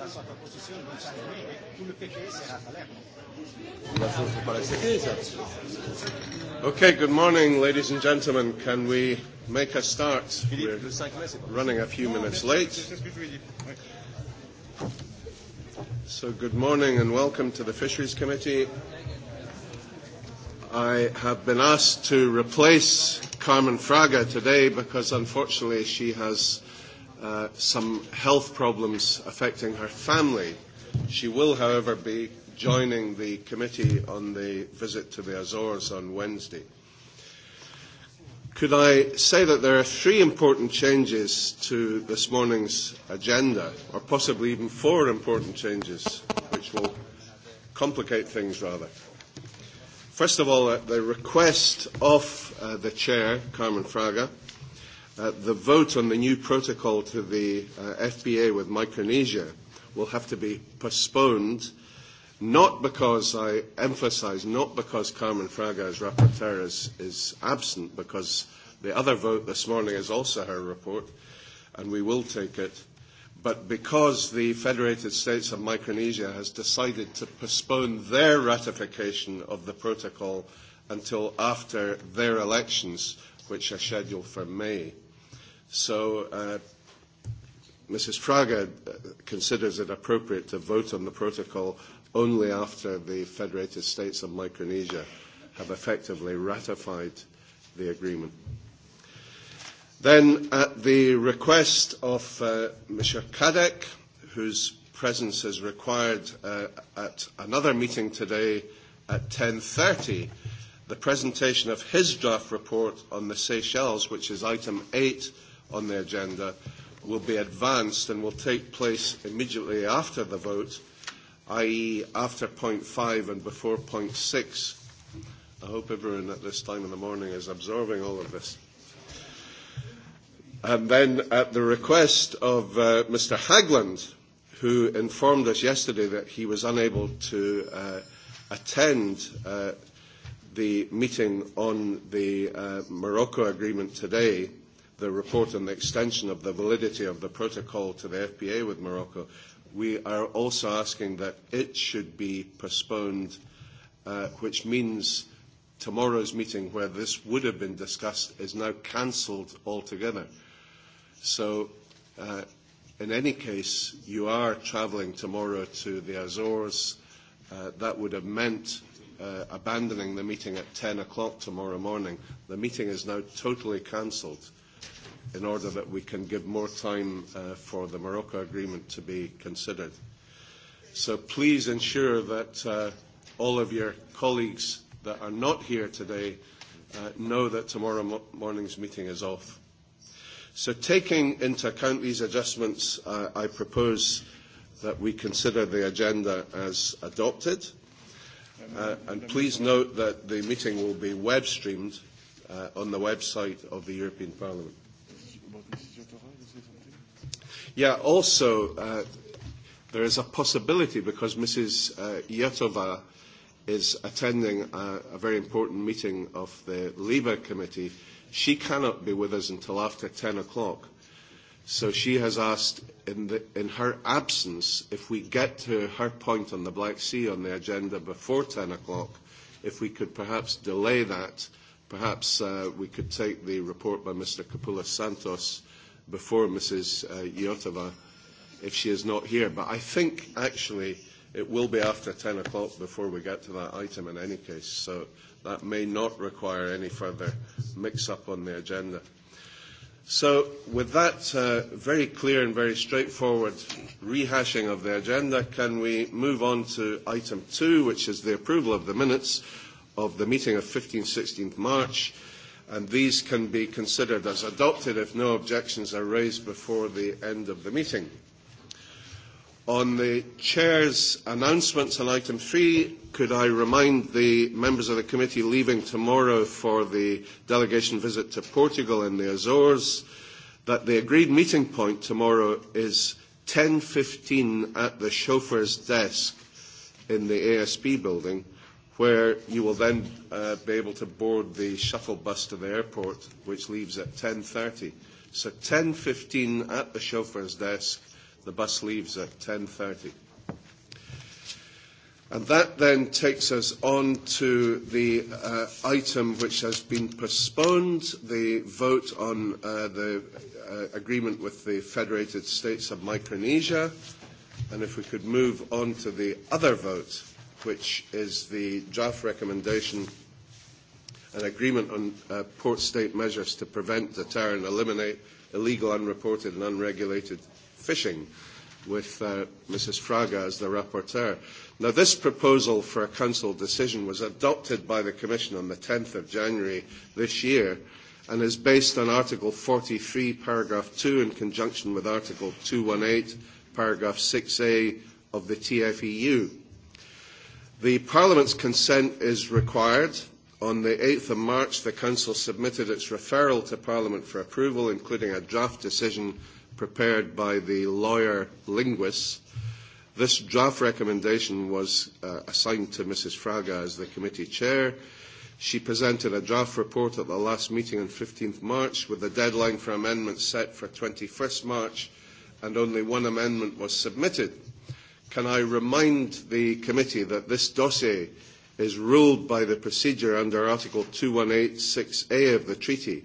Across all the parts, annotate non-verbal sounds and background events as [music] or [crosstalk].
la sua proposizione non sa nemmeno era Palermo. Okay, good morning, ladies and gentlemen. Can we make a start? We're running a few minutes late. So, good morning and welcome to the Fisheries Committee. I have been asked to replace Carmen Fraga today because unfortunately she has some health problems affecting her family. She will, however, be joining the committee on the visit to the Azores on Wednesday. Could I say that there are three important changes to this morning's agenda, or possibly even four important changes, which will complicate things rather. First of all, at the request of uh, the chair, Carmen Fraga, the vote on the new protocol to the FBA with Micronesia will have to be postponed, not because I emphasise, not because Carmen Fraga, as rapporteur, is, is absent, because the other vote this morning is also her report, and we will take it, but because the Federated States of Micronesia has decided to postpone their ratification of the protocol until after their elections, which are scheduled for May. So uh, Mrs. Fraga considers it appropriate to vote on the protocol only after the Federated States of Micronesia have effectively ratified the agreement. Then, at the request of uh, Mr. Kadek, whose presence is required uh, at another meeting today at 10.30, the presentation of his draft report on the Seychelles, which is item 8 on the agenda will be advanced and will take place immediately after the vote, i.e. after point five and before point six. I hope everyone at this time in the morning is absorbing all of this. And then at the request of uh, Mr Hagland, who informed us yesterday that he was unable to uh, attend uh, the meeting on the uh, Morocco agreement today, the report on the extension of the validity of the protocol to the FPA with Morocco, we are also asking that it should be postponed, uh, which means tomorrow's meeting where this would have been discussed is now cancelled altogether. So uh, in any case, you are travelling tomorrow to the Azores. Uh, that would have meant uh, abandoning the meeting at 10 o'clock tomorrow morning. The meeting is now totally cancelled in order that we can give more time uh, for the Morocco agreement to be considered. So please ensure that uh, all of your colleagues that are not here today uh, know that tomorrow morning's meeting is off. So taking into account these adjustments, uh, I propose that we consider the agenda as adopted. Uh, and please note that the meeting will be web streamed uh, on the website of the European Parliament. Yeah, also, uh, there is a possibility because Mrs. Uh, Yatova is attending a, a very important meeting of the Labour Committee. She cannot be with us until after 10 o'clock. So she has asked, in, the, in her absence, if we get to her point on the Black Sea on the agenda before 10 o'clock, if we could perhaps delay that Perhaps uh, we could take the report by Mr. Capoulas Santos before Mrs. Uh, Iotova, if she is not here. But I think actually it will be after 10 o'clock before we get to that item in any case. So that may not require any further mix-up on the agenda. So with that uh, very clear and very straightforward rehashing of the agenda, can we move on to item two, which is the approval of the minutes of the meeting of 15th, 16th March, and these can be considered as adopted if no objections are raised before the end of the meeting. On the Chair's announcements on item three, could I remind the members of the committee leaving tomorrow for the delegation visit to Portugal and the Azores that the agreed meeting point tomorrow is 10.15 at the chauffeur's desk in the ASP building where you will then uh, be able to board the shuttle bus to the airport, which leaves at 10.30. So 10.15 at the chauffeur's desk, the bus leaves at 10.30. And that then takes us on to the uh, item which has been postponed, the vote on uh, the uh, agreement with the Federated States of Micronesia. And if we could move on to the other vote which is the draft recommendation an agreement on uh, port state measures to prevent, deter and eliminate illegal, unreported and unregulated fishing with uh, Mrs Fraga as the rapporteur. Now this proposal for a council decision was adopted by the Commission on the 10th of January this year and is based on Article 43, paragraph 2 in conjunction with Article 218, paragraph 6a of the TFEU. The Parliament's consent is required. On the 8th of March, the Council submitted its referral to Parliament for approval, including a draft decision prepared by the lawyer linguists. This draft recommendation was uh, assigned to Mrs. Fraga as the committee chair. She presented a draft report at the last meeting on 15th March with the deadline for amendments set for 21st March and only one amendment was submitted. Can I remind the committee that this dossier is ruled by the procedure under Article 2186A of the Treaty,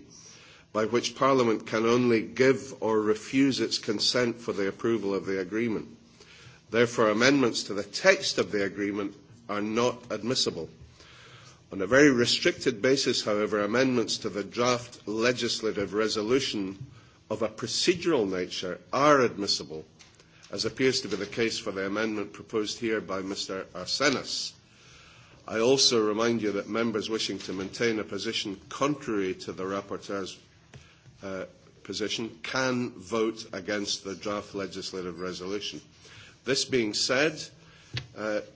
by which Parliament can only give or refuse its consent for the approval of the agreement. Therefore, amendments to the text of the agreement are not admissible. On a very restricted basis, however, amendments to the draft legislative resolution of a procedural nature are admissible as appears to be the case for the amendment proposed here by Mr Arsenis. I also remind you that members wishing to maintain a position contrary to the rapporteur's position can vote against the draft legislative resolution. This being said,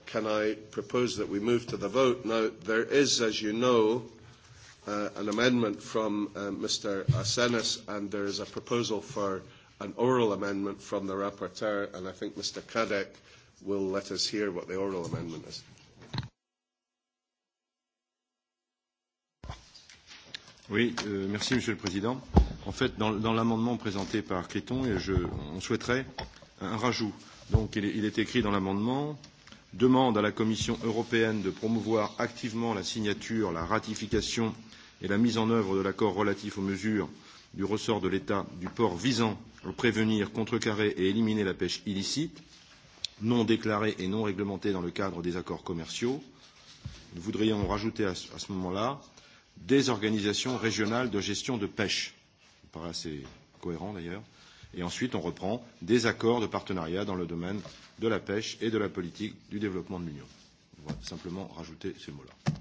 can I propose that we move to the vote? Now, there is, as you know, an amendment from Mr. Arsenis, and there is a proposal for an oral amendment from the rapporteur, and I think Mr. Cadec will let us hear what the oral amendment is. Oui, euh, merci Monsieur le Président. En fait, dans, dans l'amendement présenté par Criton, et je, on souhaiterait un rajout. Donc, il, il est écrit dans l'amendement demande à la Commission européenne de promouvoir activement la signature, la ratification et la mise en œuvre de l'accord relatif aux mesures du ressort de l'État du port visant prévenir, contrecarrer et éliminer la pêche illicite, non déclarée et non réglementée dans le cadre des accords commerciaux. Nous voudrions rajouter à ce moment-là des organisations régionales de gestion de pêche. Ça paraît assez cohérent d'ailleurs. Et ensuite, on reprend des accords de partenariat dans le domaine de la pêche et de la politique du développement de l'Union. On va simplement rajouter ces mots-là.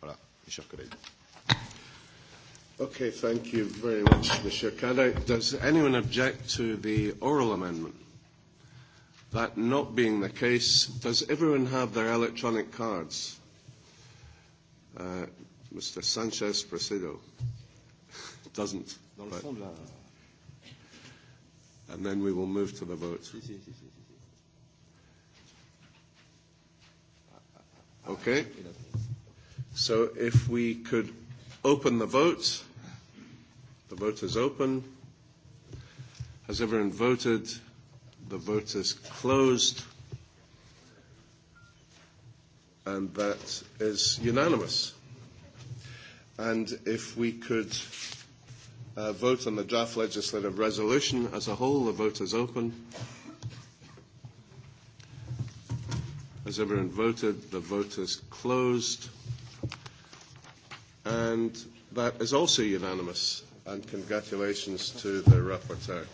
Voilà, mes chers collègues. Okay, thank you very much, Mr. Cadec. Does anyone object to the oral amendment? That not being the case, does everyone have their electronic cards? Uh, Mr. Sanchez Presido doesn't. And then we will move to the vote. Okay. So if we could open the vote. The vote is open. Has everyone voted? The vote is closed. And that is unanimous. And if we could uh, vote on the draft legislative resolution as a whole, the vote is open. Has everyone voted? The vote is closed. And that is also unanimous and congratulations to the rapporteur.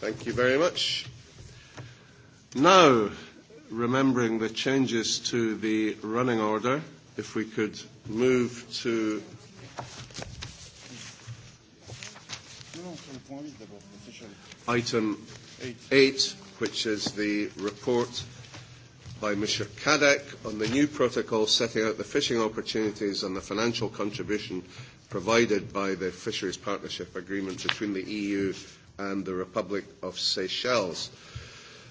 Thank you very much. Now, remembering the changes to the running order, if we could move to. Item eight, which is the report by Mr. Kadek on the new protocol setting out the fishing opportunities and the financial contribution provided by the Fisheries Partnership Agreement between the EU and the Republic of Seychelles.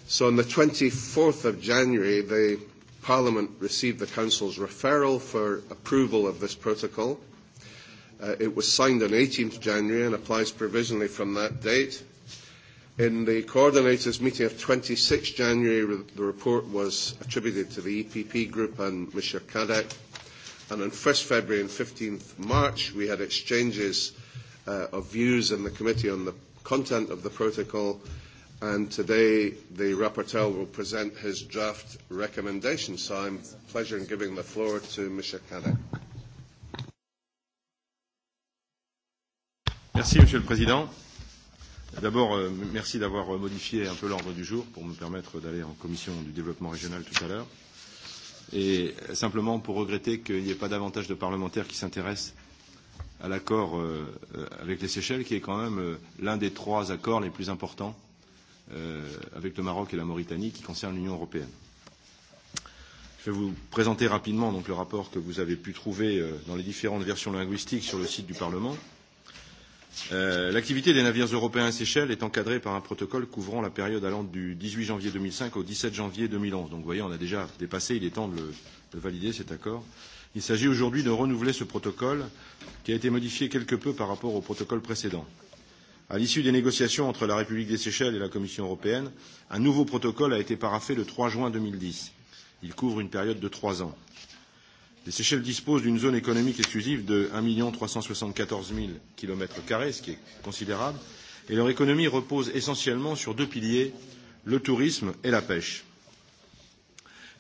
So on the 24th of January, the Parliament received the Council's referral for approval of this protocol. Uh, it was signed on 18th January and applies provisionally from that date. In the coordinators' meeting of 26 January, the report was attributed to the EPP group and Mr. Kadak. And on 1st February and 15th March, we had exchanges uh, of views in the committee on the content of the protocol. And today, the rapporteur will present his draft recommendation. So I'm pleasure in giving the floor to Mr. Cadet. Merci, Monsieur le Président. D'abord, merci d'avoir modifié un peu l'ordre du jour pour me permettre d'aller en commission du développement régional tout à l'heure. Et simplement pour regretter qu'il n'y ait pas davantage de parlementaires qui s'intéressent à l'accord euh, avec les Seychelles, qui est quand même euh, l'un des trois accords les plus importants euh, avec le Maroc et la Mauritanie qui concerne l'Union européenne. Je vais vous présenter rapidement donc, le rapport que vous avez pu trouver euh, dans les différentes versions linguistiques sur le site du Parlement. Euh, L'activité des navires européens à Seychelles est encadrée par un protocole couvrant la période allant du 18 janvier 2005 au 17 janvier 2011. Donc vous voyez, on a déjà dépassé, il est temps de, le, de valider cet accord. Il s'agit aujourd'hui de renouveler ce protocole qui a été modifié quelque peu par rapport au protocole précédent. À l'issue des négociations entre la République des Seychelles et la Commission européenne, un nouveau protocole a été paraphé le 3 juin 2010. Il couvre une période de trois ans. Les Seychelles disposent d'une zone économique exclusive de 1 374 000 km carrés, ce qui est considérable, et leur économie repose essentiellement sur deux piliers, le tourisme et la pêche.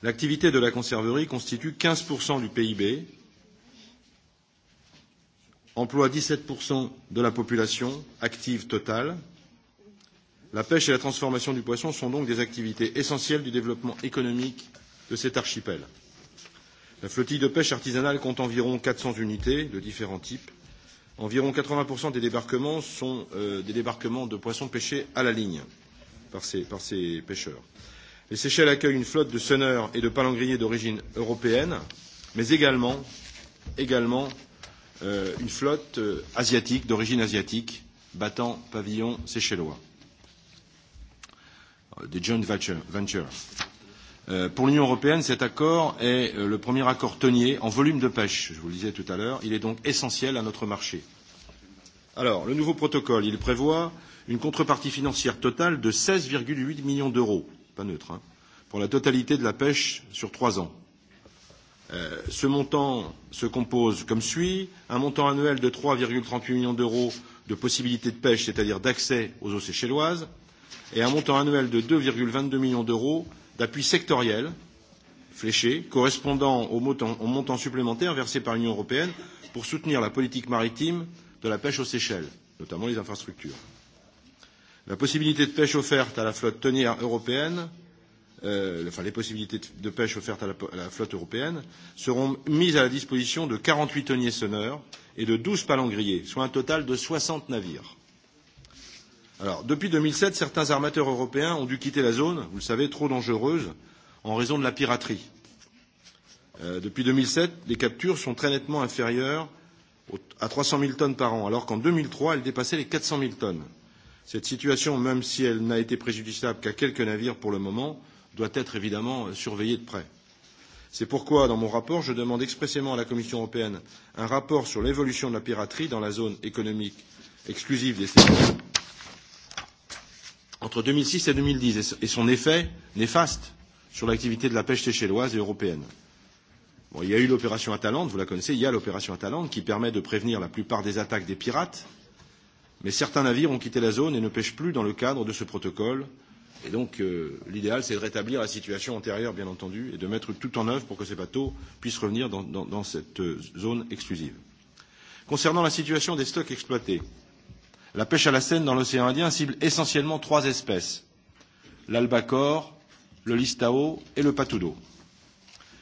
L'activité de la conserverie constitue 15% du PIB, emploie 17% de la population active totale. La pêche et la transformation du poisson sont donc des activités essentielles du développement économique de cet archipel. La flottille de pêche artisanale compte environ 400 unités de différents types. Environ 80% des débarquements sont euh, des débarquements de poissons pêchés à la ligne par ces, par ces pêcheurs. Les Seychelles accueillent une flotte de sonneurs et de palangriers d'origine européenne, mais également, également euh, une flotte euh, asiatique, d'origine asiatique, battant pavillon Seychellois Des joint ventures. Pour l'Union européenne, cet accord est le premier accord tonnier en volume de pêche, je vous le disais tout à l'heure. Il est donc essentiel à notre marché. Alors, le nouveau protocole, il prévoit une contrepartie financière totale de 16,8 millions d'euros, pas neutre, hein, pour la totalité de la pêche sur trois ans. ce montant se compose comme suit un montant annuel de 3,38 millions d'euros de possibilités de pêche, c'est-à-dire d'accès aux eaux séchelloises, et un montant annuel de 2,22 millions d'euros d'appui sectoriel fléché correspondant aux montants supplémentaires versé par l'Union européenne pour soutenir la politique maritime de la pêche aux Seychelles, notamment les infrastructures. La possibilité de pêche offerte à la flotte tenière européenne euh, enfin les possibilités de pêche offertes à la, à la flotte européenne seront mises à la disposition de 48 tonniers sonneurs et de 12 palangriers, soit un total de 60 navires. Alors, depuis 2007, certains armateurs européens ont dû quitter la zone, vous le savez, trop dangereuse, en raison de la piraterie. Euh, depuis 2007, les captures sont très nettement inférieures à 300 000 tonnes par an, alors qu'en 2003, elles dépassaient les 400 000 tonnes. Cette situation, même si elle n'a été préjudiciable qu'à quelques navires pour le moment, doit être évidemment surveillée de près. C'est pourquoi, dans mon rapport, je demande expressément à la Commission européenne un rapport sur l'évolution de la piraterie dans la zone économique exclusive des CPE entre 2006 et 2010 et son effet néfaste sur l'activité de la pêche séchelloise et européenne. Bon, il y a eu l'opération Atalante, vous la connaissez, il y a l'opération Atalante qui permet de prévenir la plupart des attaques des pirates, mais certains navires ont quitté la zone et ne pêchent plus dans le cadre de ce protocole. Et donc euh, l'idéal, c'est de rétablir la situation antérieure, bien entendu, et de mettre tout en œuvre pour que ces bateaux puissent revenir dans, dans, dans cette zone exclusive. Concernant la situation des stocks exploités, La pêche à la Seine dans l'océan Indien cible essentiellement trois espèces l'albacore, le listao et le patudo.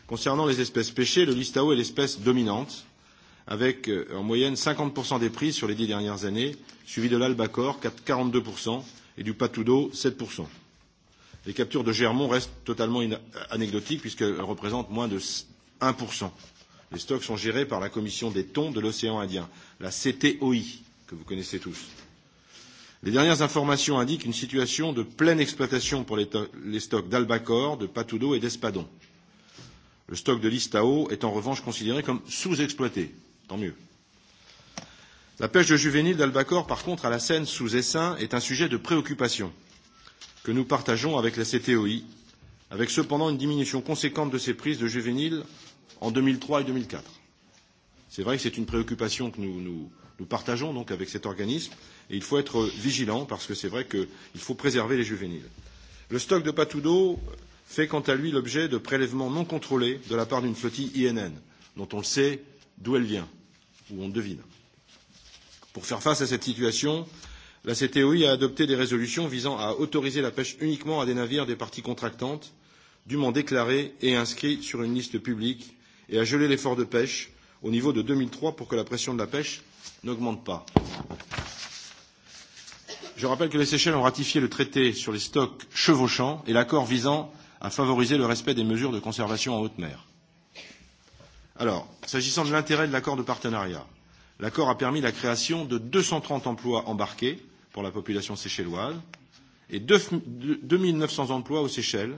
Concernant les espèces pêchées, le listao est l'espèce dominante, avec en moyenne 50% des prix sur les dix dernières années, suivi de l'albacore, 42%, et du patudo, 7%. Les captures de Germont restent totalement anecdotiques, puisqu'elles représentent moins de 1%. Les stocks sont gérés par la Commission des thons de l'océan Indien, la CTOI, que vous connaissez tous. Les dernières informations indiquent une situation de pleine exploitation pour les stocks d'Albacore, de Patudo et d'Espadon. Le stock de l'Istao est en revanche considéré comme sous-exploité. Tant mieux. La pêche de juvéniles d'Albacore, par contre, à la Seine sous essaim est un sujet de préoccupation que nous partageons avec la CTOI, avec cependant une diminution conséquente de ses prises de juvéniles en 2003 et 2004. C'est vrai que c'est une préoccupation que nous, nous, nous partageons donc avec cet organisme et il faut être vigilant parce que c'est vrai qu'il faut préserver les juvéniles. Le stock de patou d'eau fait quant à lui l'objet de prélèvements non contrôlés de la part d'une flottille INN, dont on le sait d'où elle vient, ou on devine. Pour faire face à cette situation, la CTOI a adopté des résolutions visant à autoriser la pêche uniquement à des navires des parties contractantes, dûment déclarés et inscrits sur une liste publique, et à geler l'effort de pêche au niveau de deux mille trois pour que la pression de la pêche n'augmente pas. Je rappelle que les Seychelles ont ratifié le traité sur les stocks chevauchants et l'accord visant à favoriser le respect des mesures de conservation en haute mer. Alors, s'agissant de l'intérêt de l'accord de partenariat, l'accord a permis la création de 230 emplois embarqués pour la population séchelloise et 2 900 emplois aux Seychelles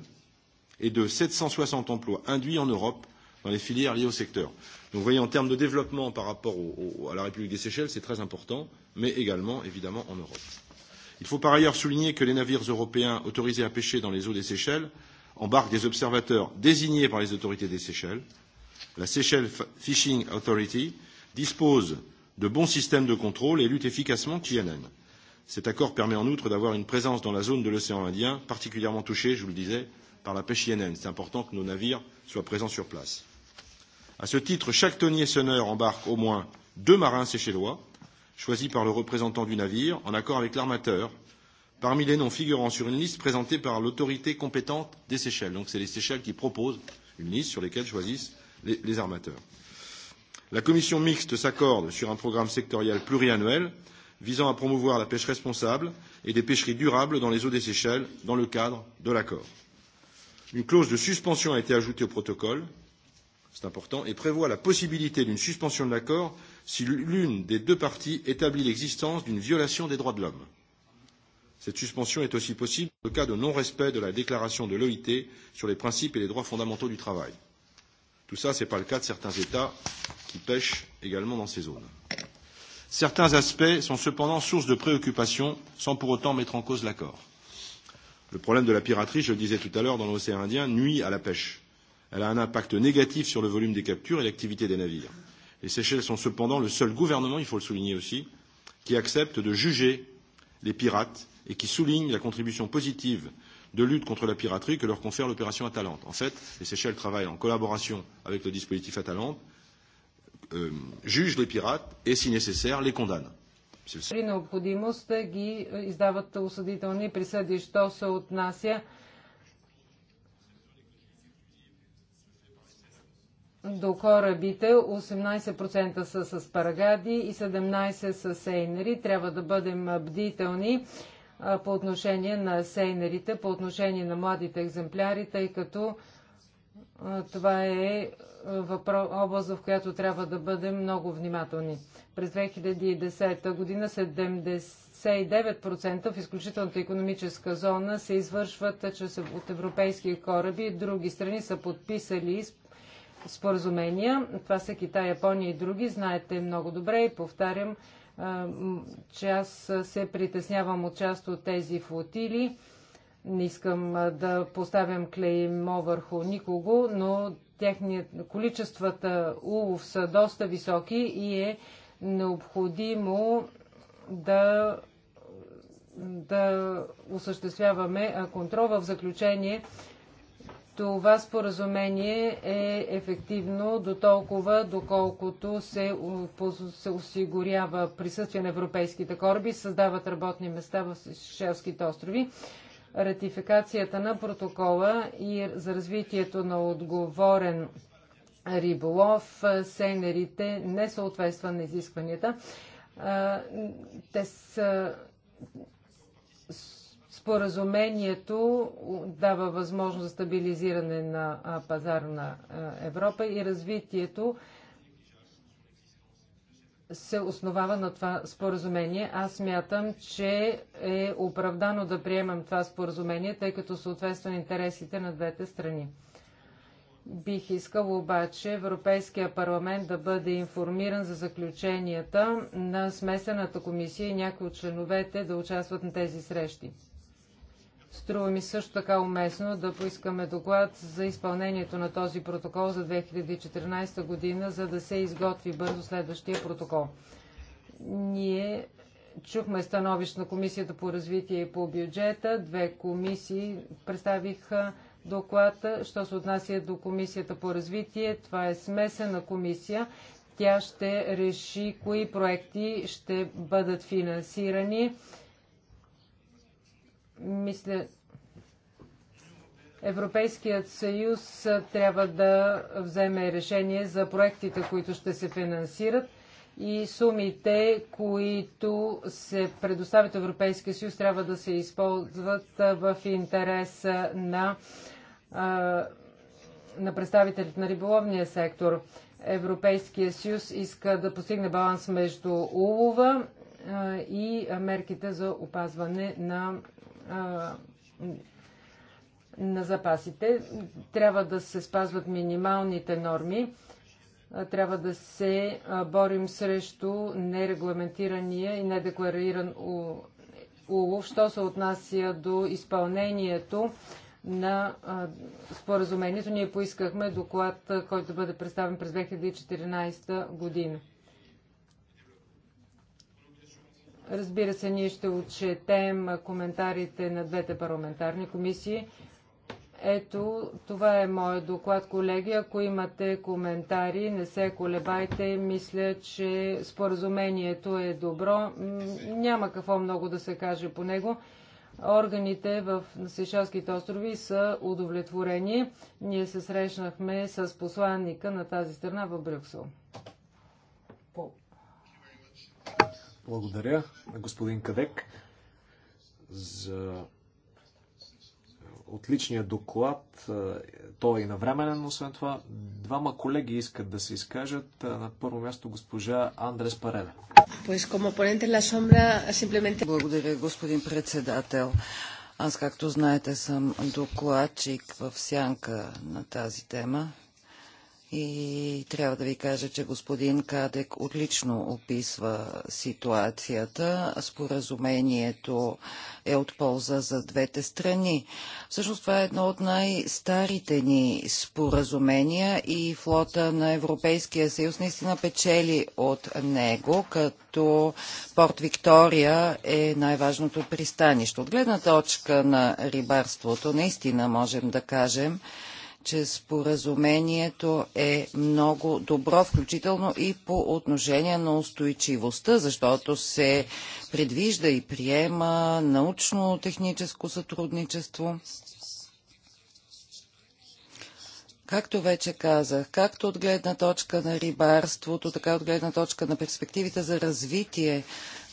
et de 760 emplois induits en Europe dans les filières liées au secteur. Donc vous voyez, en termes de développement par rapport au, au, à la République des Seychelles, c'est très important, mais également, évidemment, en Europe. Il faut par ailleurs souligner que les navires européens autorisés à pêcher dans les eaux des Seychelles embarquent des observateurs désignés par les autorités des Seychelles. La Seychelles Fishing Authority dispose de bons systèmes de contrôle et lutte efficacement TNN. Cet accord permet en outre d'avoir une présence dans la zone de l'océan Indien, particulièrement touchée, je vous le disais, par la pêche INN. C'est important que nos navires soient présents sur place. À ce titre, chaque tonnier sonneur embarque au moins deux marins séchellois, choisis par le représentant du navire, en accord avec l'armateur, parmi les noms figurant sur une liste présentée par l'autorité compétente des Seychelles. Donc c'est les Seychelles qui proposent une liste sur laquelle choisissent les, les armateurs. La commission mixte s'accorde sur un programme sectoriel pluriannuel visant à promouvoir la pêche responsable et des pêcheries durables dans les eaux des Seychelles dans le cadre de l'accord. Une clause de suspension a été ajoutée au protocole c'est important, et prévoit la possibilité d'une suspension de l'accord si l'une des deux parties établit l'existence d'une violation des droits de l'homme. Cette suspension est aussi possible dans le cas de non-respect de la déclaration de l'OIT sur les principes et les droits fondamentaux du travail. Tout ça, ce n'est pas le cas de certains États qui pêchent également dans ces zones. Certains aspects sont cependant source de préoccupation sans pour autant mettre en cause l'accord. Le problème de la piraterie, je le disais tout à l'heure, dans l'océan Indien nuit à la pêche. Elle a un impact négatif sur le volume des captures et l'activité des navires. Les Seychelles sont cependant le seul gouvernement, il faut le souligner aussi, qui accepte de juger les pirates et qui souligne la contribution positive de lutte contre la piraterie que leur confère l'opération Atalante. En fait, les Seychelles travaillent en collaboration avec le dispositif Atalante, euh, jugent les pirates et, si nécessaire, les condamnent. При необходимост ги издават осъдителни присъди, що се отнася до корабите 18% са с парагади и 17% са сейнери. Трябва да бъдем бдителни по отношение на сейнерите, по отношение на младите екземпляри, тъй като това е, е област, в която трябва да бъдем много внимателни. През 2010 година 79% в изключителната економическа зона се извършват от европейски кораби. Други страни са подписали споразумения. Това са Китай, Япония и други. Знаете много добре и повтарям, че аз се притеснявам от част от тези флотили. Не искам да поставям клеймо върху никого, но техният, количествата улов са доста високи и е необходимо да, да осъществяваме контрол. В заключение това споразумение е ефективно до толкова, доколкото се, се осигурява присъствие на европейските кораби, създават работни места в Шелските острови. Ратификацията на протокола и за развитието на отговорен риболов, сенерите не съответства на изискванията. Те са Споразумението дава възможност за стабилизиране на пазар на Европа и развитието се основава на това споразумение. Аз мятам, че е оправдано да приемам това споразумение, тъй като съответства на интересите на двете страни. Бих искал обаче Европейския парламент да бъде информиран за заключенията на смесената комисия и някои от членовете да участват на тези срещи. Струва ми също така уместно да поискаме доклад за изпълнението на този протокол за 2014 година, за да се изготви бързо следващия протокол. Ние чухме становище на Комисията по развитие и по бюджета. Две комисии представиха доклада, Що се отнася до Комисията по развитие, това е смесена комисия. Тя ще реши кои проекти ще бъдат финансирани мисля, Европейският съюз трябва да вземе решение за проектите, които ще се финансират и сумите, които се предоставят Европейския съюз, трябва да се използват в интерес на, на представителите на риболовния сектор. Европейския съюз иска да постигне баланс между улова и мерките за опазване на на запасите. Трябва да се спазват минималните норми. Трябва да се борим срещу нерегламентирания и недеклариран улов, що се отнася до изпълнението на споразумението. Ние поискахме доклад, който бъде представен през 2014 година. Разбира се, ние ще отчетем коментарите на двете парламентарни комисии. Ето, това е моят доклад, колеги. Ако имате коментари, не се колебайте. Мисля, че споразумението е добро. Няма какво много да се каже по него. Органите в Сейшалските острови са удовлетворени. Ние се срещнахме с посланника на тази страна в Брюксел. Благодаря на господин Кадек за отличния доклад. Е, той е и навременен, освен това. Двама колеги искат да се изкажат. Е, на първо място госпожа Андрес Пареда. Благодаря, господин председател. Аз, както знаете, съм докладчик в сянка на тази тема. И трябва да ви кажа, че господин Кадек отлично описва ситуацията. Споразумението е от полза за двете страни. Всъщност това е едно от най-старите ни споразумения и флота на Европейския съюз наистина печели от него, като Порт Виктория е най-важното пристанище. От гледна точка на рибарството наистина можем да кажем, че споразумението е много добро, включително и по отношение на устойчивостта, защото се предвижда и приема научно-техническо сътрудничество. Както вече казах, както от гледна точка на рибарството, така от гледна точка на перспективите за развитие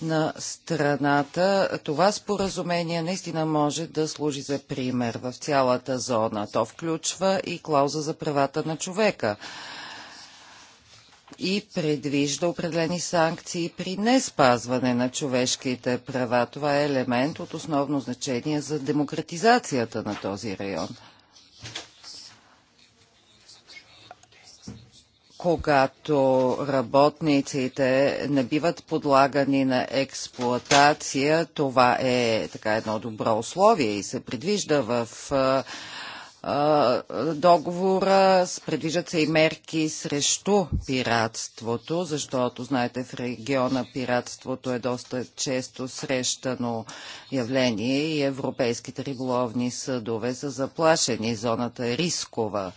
на страната. Това споразумение наистина може да служи за пример в цялата зона. То включва и клауза за правата на човека и предвижда определени санкции при неспазване на човешките права. Това е елемент от основно значение за демократизацията на този район. когато работниците не биват подлагани на експлоатация, това е така едно добро условие и се предвижда в договора, предвиждат се и мерки срещу пиратството, защото, знаете, в региона пиратството е доста често срещано явление и европейските риболовни съдове са заплашени, зоната е рискова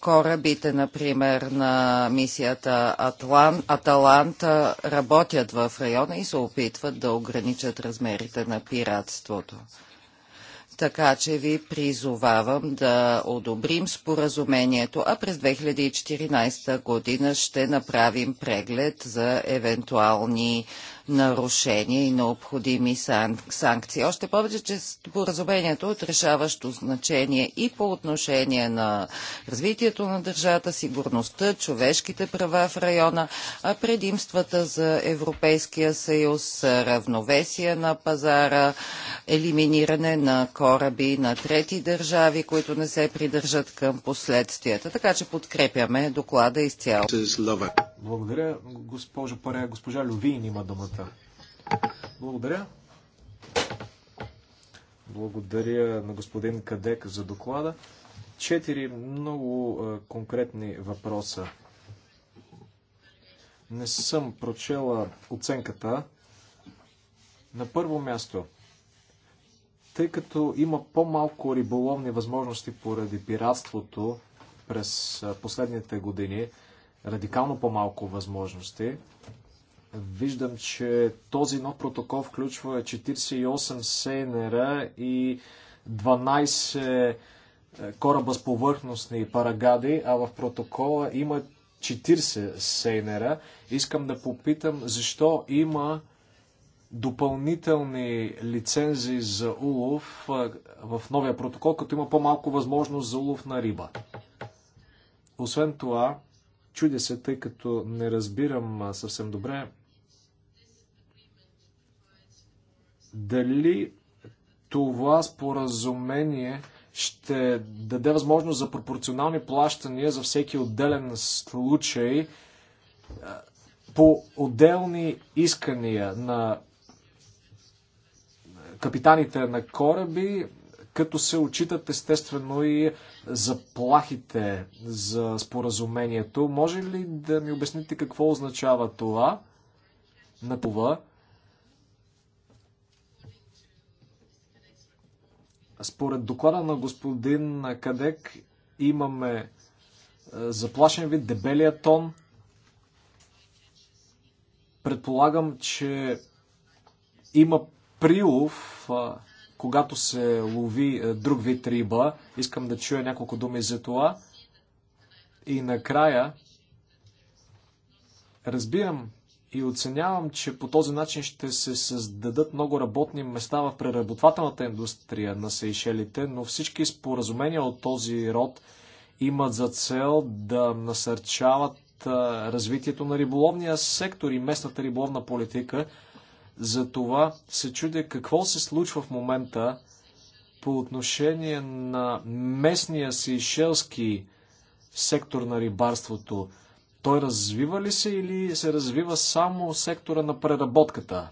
корабите, например, на мисията Атлан, Аталанта работят в района и се опитват да ограничат размерите на пиратството. Така че ви призовавам да одобрим споразумението, а през 2014 година ще направим преглед за евентуални нарушения и необходими санкции. Още повече, че споразумението е от решаващо значение и по отношение на развитието на държавата, сигурността, човешките права в района, а предимствата за Европейския съюз, равновесие на пазара, елиминиране на кораби на трети държави, които не се придържат към последствията. Така че подкрепяме доклада изцяло. Благодаря, госпожо Паре, Госпожа Лювин има думата. Благодаря. Благодаря на господин Кадек за доклада. Четири много е, конкретни въпроса. Не съм прочела оценката. На първо място, тъй като има по-малко риболовни възможности поради пиратството през е, последните години, радикално по-малко възможности. Виждам, че този нов протокол включва 48 сейнера и 12 е, кораба с повърхностни парагади, а в протокола има 40 сейнера. Искам да попитам защо има допълнителни лицензи за улов е, в новия протокол, като има по-малко възможност за улов на риба. Освен това, Чудя се, тъй като не разбирам съвсем добре дали това споразумение ще даде възможност за пропорционални плащания за всеки отделен случай по отделни искания на капитаните на кораби като се отчитат естествено и заплахите за споразумението. Може ли да ми обясните какво означава това? На това. Според доклада на господин Кадек имаме е, заплашен вид, дебелия тон. Предполагам, че има прилов е, когато се лови е, друг вид риба. Искам да чуя няколко думи за това. И накрая разбирам и оценявам, че по този начин ще се създадат много работни места в преработвателната индустрия на Сейшелите, но всички споразумения от този род имат за цел да насърчават е, развитието на риболовния сектор и местната риболовна политика. Затова се чудя какво се случва в момента по отношение на местния сейшелски сектор на рибарството. Той развива ли се или се развива само сектора на преработката?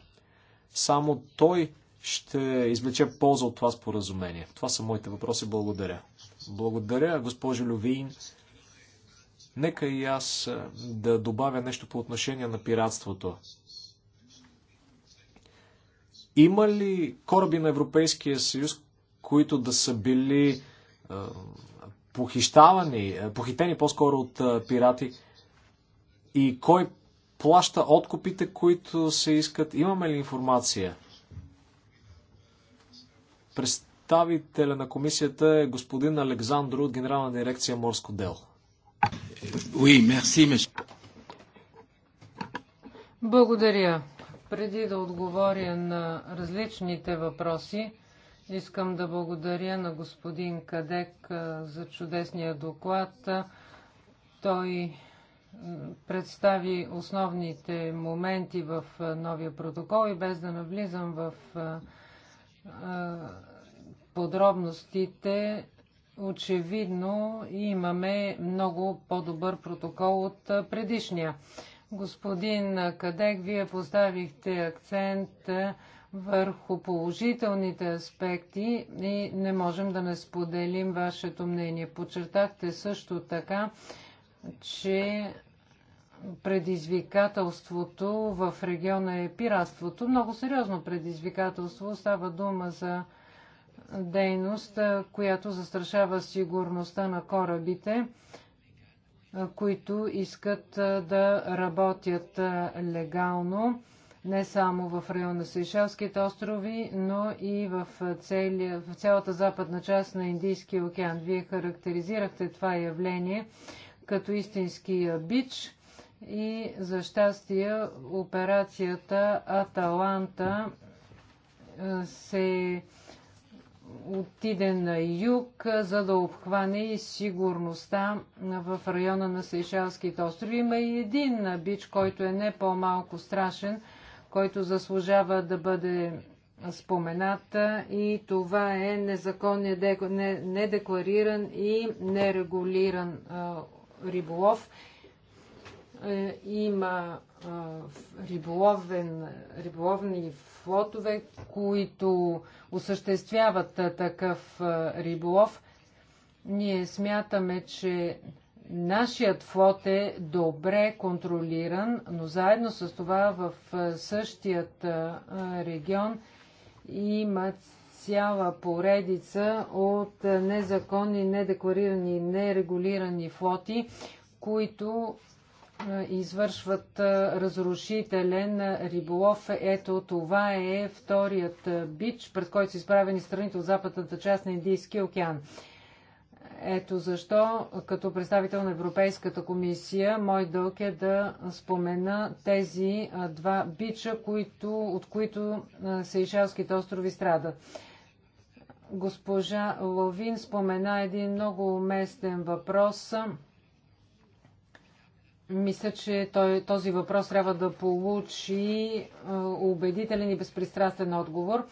Само той ще извлече полза от това споразумение. Това са моите въпроси. Благодаря. Благодаря, госпожо Лювин. Нека и аз да добавя нещо по отношение на пиратството. Има ли кораби на Европейския съюз, които да са били е, похищавани, е, похитени по-скоро от е, пирати? И кой плаща откупите, които се искат? Имаме ли информация? Представителя на комисията е господин Александро от Генерална дирекция Морско дело. Oui, merci, Благодаря, преди да отговоря на различните въпроси, искам да благодаря на господин Кадек за чудесния доклад. Той представи основните моменти в новия протокол и без да навлизам в подробностите, очевидно имаме много по-добър протокол от предишния. Господин Кадек, вие поставихте акцент върху положителните аспекти и не можем да не споделим вашето мнение. Подчертахте също така, че предизвикателството в региона е пиратството. Много сериозно предизвикателство. Става дума за дейност, която застрашава сигурността на корабите които искат да работят легално не само в района на Сейшелските острови, но и в, цели, в цялата западна част на Индийския океан. Вие характеризирахте това явление като истински бич и за щастие операцията Аталанта се отиде на юг, за да обхване и сигурността в района на Сейшелските острови. Има и един бич, който е не по-малко страшен, който заслужава да бъде спомената и това е незаконен, недеклариран и нерегулиран риболов. Е, има риболовен, риболовни флотове, които осъществяват такъв риболов. Ние смятаме, че нашият флот е добре контролиран, но заедно с това в същият регион има цяла поредица от незаконни, недекларирани, нерегулирани флоти, които извършват разрушителен риболов. Ето това е вторият бич, пред който са изправени страните от западната част на Индийския океан. Ето защо, като представител на Европейската комисия, мой дълг е да спомена тези два бича, които, от които Сейшелските острови страдат. Госпожа Ловин спомена един много уместен въпрос – мисля, че той, този въпрос трябва да получи е, убедителен и безпристрастен отговор.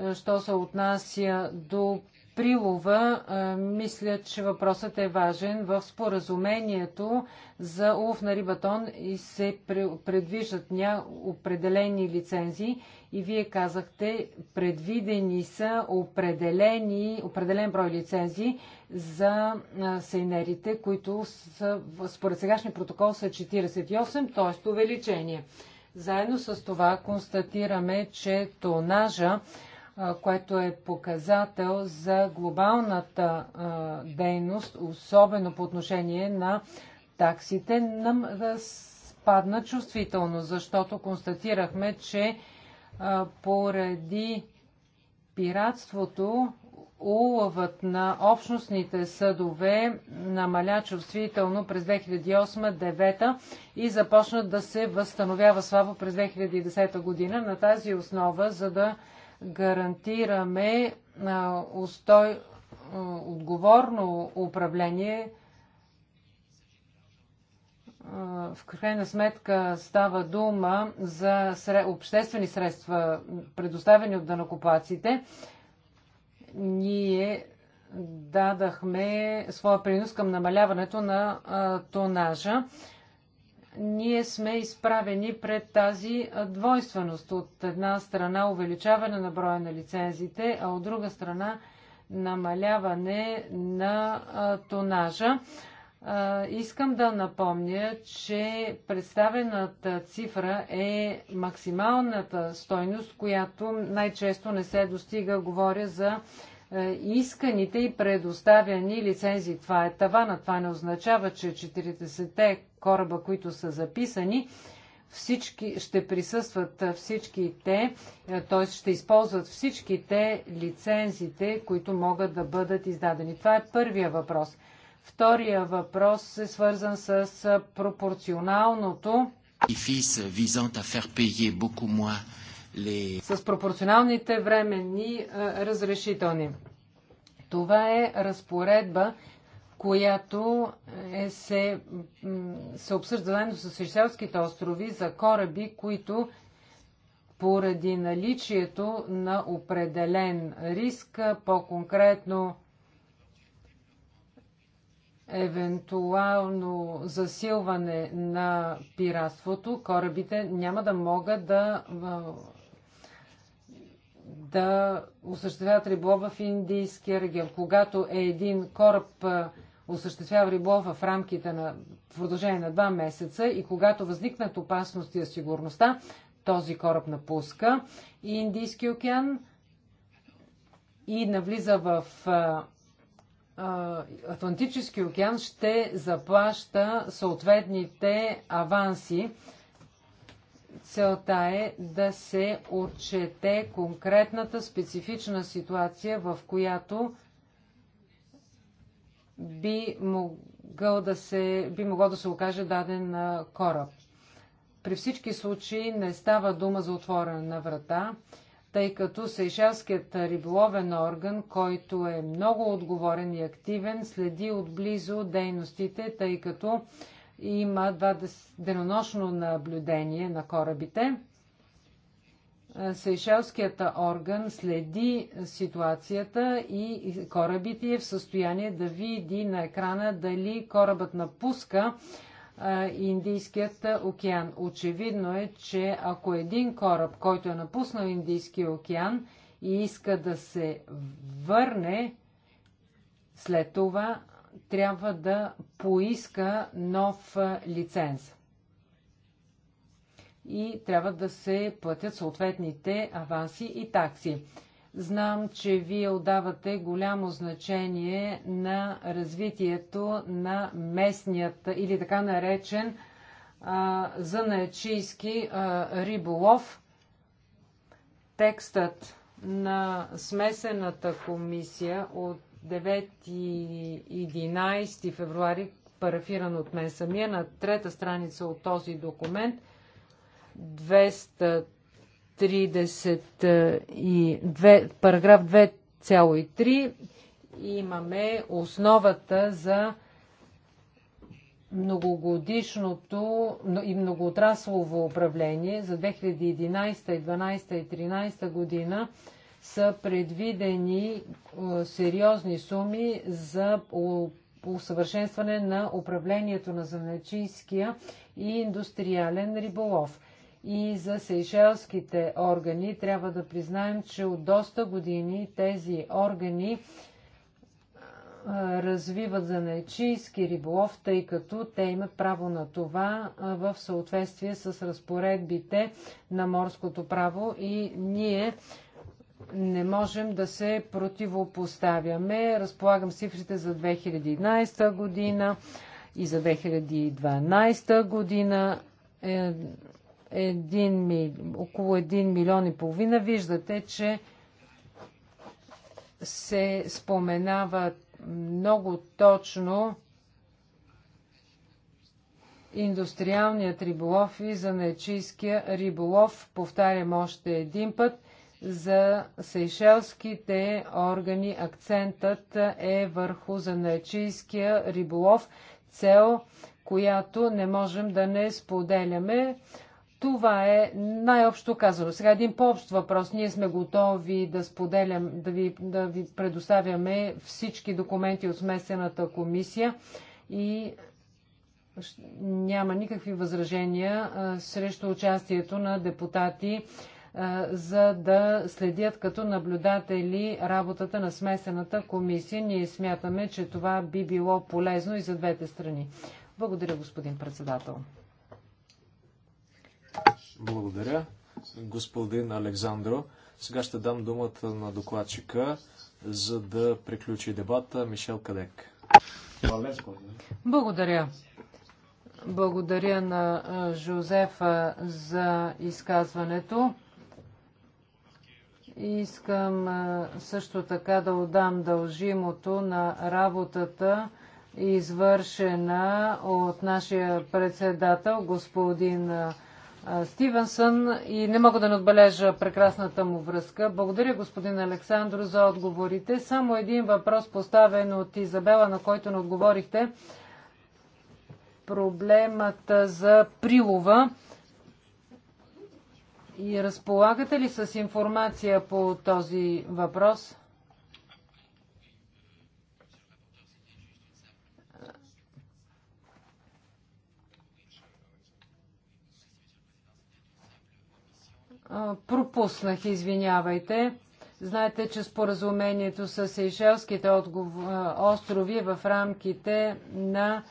Е, що се отнася до прилова, е, мисля, че въпросът е важен. В споразумението за улов на рибатон и се предвиждат ня определени лицензии и вие казахте, предвидени са определени, определен брой лицензии за сейнерите, които са, според сегашния протокол са 48, т.е. увеличение. Заедно с това констатираме, че тонажа, което е показател за глобалната дейност, особено по отношение на таксите, нам спадна чувствително, защото констатирахме, че поради пиратството уловът на общностните съдове намаля чувствително през 2008-2009 и започна да се възстановява слабо през 2010 година. На тази основа, за да гарантираме устой, отговорно управление, в крайна сметка става дума за обществени средства, предоставени от данокопаците, ние дадахме своя принос към намаляването на тонажа. Ние сме изправени пред тази двойственост. От една страна увеличаване на броя на лицензите, а от друга страна намаляване на тонажа. Искам да напомня, че представената цифра е максималната стойност, която най-често не се достига. Говоря за е, исканите и предоставяни лицензии. Това е тавана. Това не означава, че 40-те кораба, които са записани, всички, ще присъстват е, всички те, е, т.е. ще използват всичките лицензите, които могат да бъдат издадени. Това е първия въпрос. Втория въпрос е свързан с пропорционалното с пропорционалните временни разрешителни. Това е разпоредба, която е се, се обсъжда заедно с Сейшелските острови за кораби, които поради наличието на определен риск, по-конкретно евентуално засилване на пиратството, корабите няма да могат да, да осъществяват риболов в Индийския регион. Когато е един кораб осъществява риболов в рамките на в продължение на два месеца и когато възникнат опасности за сигурността, този кораб напуска Индийски океан и навлиза в Атлантически океан ще заплаща съответните аванси. Целта е да се отчете конкретната специфична ситуация, в която би могъл да се, би могъл да се окаже даден кораб. При всички случаи не става дума за отворена врата тъй като Сейшелският риболовен орган, който е много отговорен и активен, следи отблизо дейностите, тъй като има два денонощно наблюдение на корабите. Сейшелският орган следи ситуацията и корабите е в състояние да види на екрана дали корабът напуска Индийският океан. Очевидно е, че ако един кораб, който е напуснал Индийския океан и иска да се върне, след това трябва да поиска нов лиценз. И трябва да се платят съответните аванси и такси. Знам, че вие отдавате голямо значение на развитието на местният или така наречен занаячийски риболов. Текстът на смесената комисия от 9 и 11 февруари, парафиран от мен самия, на трета страница от този документ, 200 32, параграф 2,3 имаме основата за многогодишното и многоотраслово управление за 2011, 2012 и 2013 година са предвидени е, сериозни суми за усъвършенстване на управлението на занечийския и индустриален риболов и за сейшелските органи. Трябва да признаем, че от доста години тези органи развиват за занечийски риболов, тъй като те имат право на това в съответствие с разпоредбите на морското право и ние не можем да се противопоставяме. Разполагам цифрите за 2011 година и за 2012 година. Е, 1, около 1 милион и половина. Виждате, че се споменава много точно индустриалният риболов и занечийския риболов. Повтарям още един път. За сейшелските органи акцентът е върху занечийския риболов, цел, която не можем да не споделяме. Това е най-общо казано. Сега един по-общ въпрос. Ние сме готови да споделям, да ви, да ви предоставяме всички документи от смесената комисия и няма никакви възражения а, срещу участието на депутати, за да следят като наблюдатели работата на смесената комисия. Ние смятаме, че това би било полезно и за двете страни. Благодаря, господин председател. Благодаря, господин Александро. Сега ще дам думата на докладчика, за да приключи дебата Мишел Кадек. Благодаря. Благодаря на Жозефа за изказването. Искам също така да отдам дължимото на работата, извършена от нашия председател, господин Стивенсън и не мога да не отбележа прекрасната му връзка. Благодаря господин Александро за отговорите. Само един въпрос поставен от Изабела, на който не отговорихте. Проблемът за прилова. И разполагате ли с информация по този въпрос? пропуснах, извинявайте. Знаете, че споразумението с Сейшелските острови е в рамките на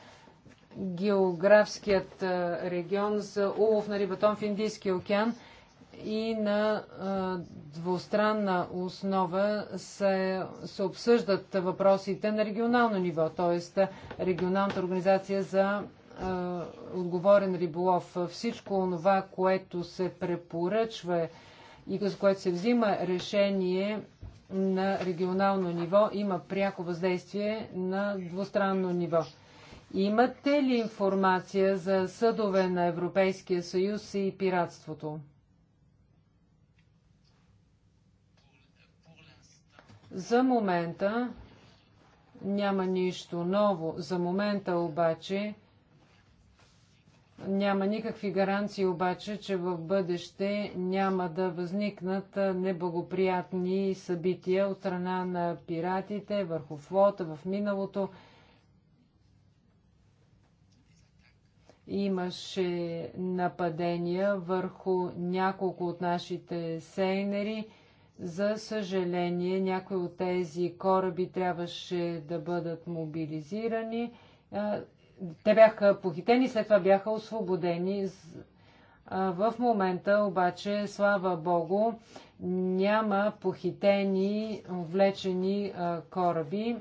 географският регион за улов на рибатон в Индийския океан и на двустранна основа се, се обсъждат въпросите на регионално ниво, т.е. регионалната организация за отговорен риболов. Всичко това, което се препоръчва и за което се взима решение на регионално ниво, има пряко въздействие на двустранно ниво. Имате ли информация за съдове на Европейския съюз и пиратството? За момента няма нищо ново. За момента обаче няма никакви гаранции обаче, че в бъдеще няма да възникнат неблагоприятни събития от страна на пиратите върху флота в миналото. Имаше нападения върху няколко от нашите сейнери. За съжаление, някои от тези кораби трябваше да бъдат мобилизирани те бяха похитени, след това бяха освободени. В момента обаче, слава Богу, няма похитени, влечени кораби.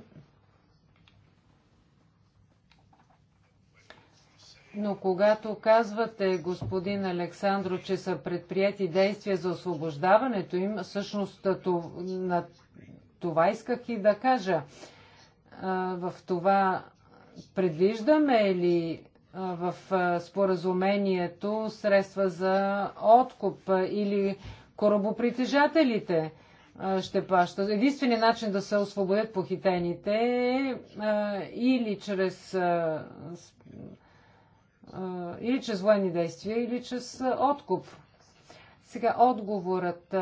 Но когато казвате, господин Александро, че са предприяти действия за освобождаването им, всъщност това исках и да кажа. В това Предвиждаме ли в споразумението средства за откуп или корабопритежателите ще плащат. Единственият начин да се освободят похитените е или чрез, или чрез военни действия, или чрез откуп. Сега отговорът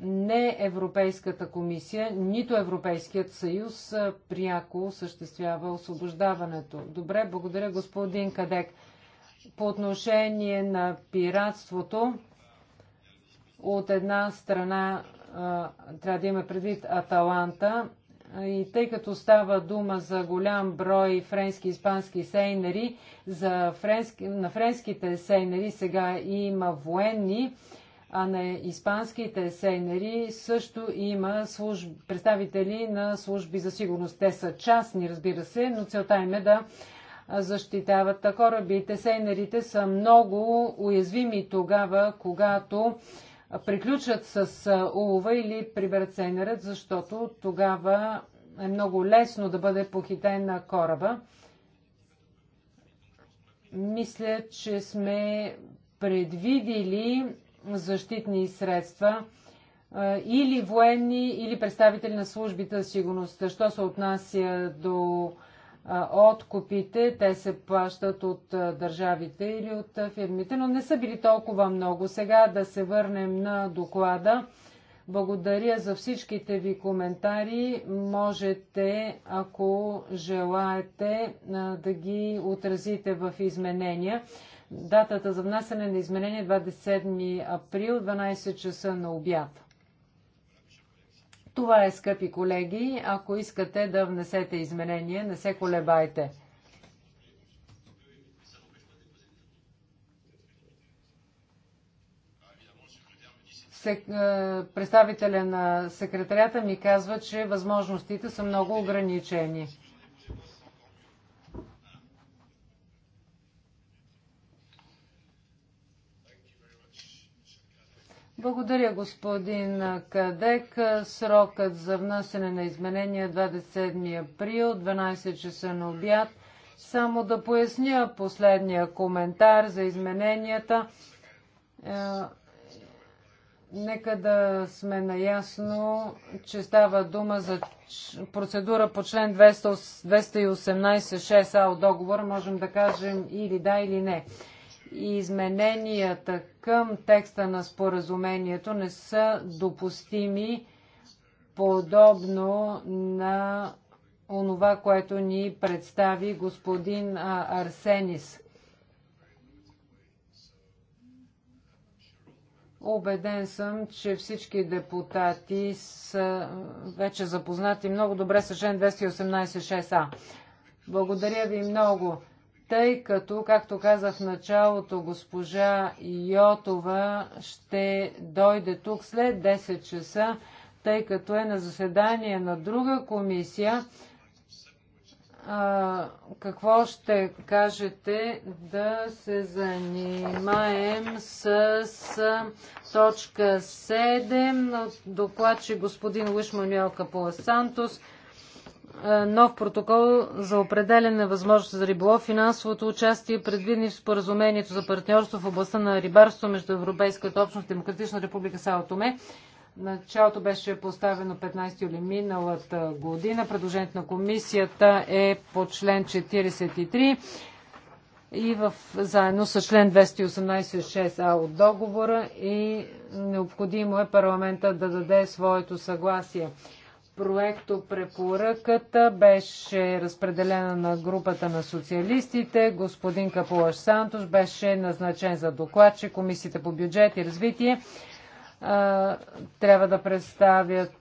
не Европейската комисия, нито Европейският съюз пряко осъществява освобождаването. Добре, благодаря господин Кадек. По отношение на пиратството, от една страна трябва да има предвид Аталанта и тъй като става дума за голям брой френски и испански сейнери, за френски, на френските сейнери сега има военни, а на испанските сейнери също има служб... представители на служби за сигурност. Те са частни, разбира се, но целта им е да защитават корабите. Сейнерите са много уязвими тогава, когато приключат с улова или приберат сейнерът, защото тогава е много лесно да бъде похитен на кораба. Мисля, че сме предвидили защитни средства или военни, или представители на службите за сигурност. Що се отнася до откупите, те се плащат от държавите или от фирмите, но не са били толкова много. Сега да се върнем на доклада. Благодаря за всичките ви коментари. Можете, ако желаете, да ги отразите в изменения. Датата за внасяне на изменение 27 е април, 12 часа на обяд. Това е, скъпи колеги. Ако искате да внесете изменение, не се колебайте. Е, представителя на секретарята ми казва, че възможностите са много ограничени. Благодаря, господин Кадек. Срокът за внасене на изменения 27 е април, 12 часа на обяд. Само да поясня последния коментар за измененията. Е, нека да сме наясно, че става дума за процедура по член 218.6а от договора. Можем да кажем или да, или не измененията към текста на споразумението не са допустими подобно на онова, което ни представи господин Арсенис. Обеден съм, че всички депутати са вече запознати много добре с член 218.6а. Благодаря ви много тъй като, както казах в началото, госпожа Йотова ще дойде тук след 10 часа, тъй като е на заседание на друга комисия. А, какво ще кажете да се занимаем с, с точка 7 доклад, че господин Луиш Манюел Капула Сантос – е, нов протокол за определене на възможност за риболов, финансовото участие, е предвидни в споразумението за партньорство в областта на рибарство между Европейската общност и Демократична република Сао Томе. Началото беше поставено 15 юли миналата година. Предложението на комисията е по член 43 и в, заедно с член 218.6а от договора и необходимо е парламента да даде своето съгласие. Проекто препоръката беше разпределена на групата на социалистите. Господин Капулаш Сантос беше назначен за доклад, че Комисията по бюджет и развитие трябва да представят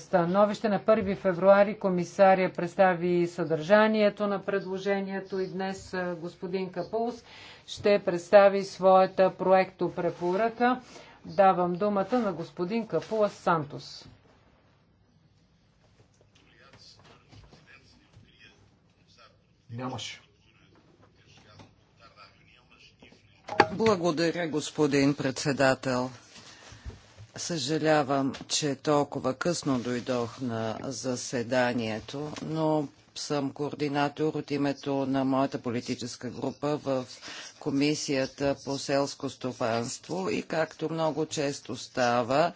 становище. На 1 февруари комисария представи съдържанието на предложението и днес господин Капулс ще представи своята проекто препоръка. Давам думата на господин Капула Сантос. Нямаше. Благодаря, господин председател. Съжалявам, че толкова късно дойдох на заседанието, но съм координатор от името на моята политическа група в Комисията по селско стопанство и както много често става,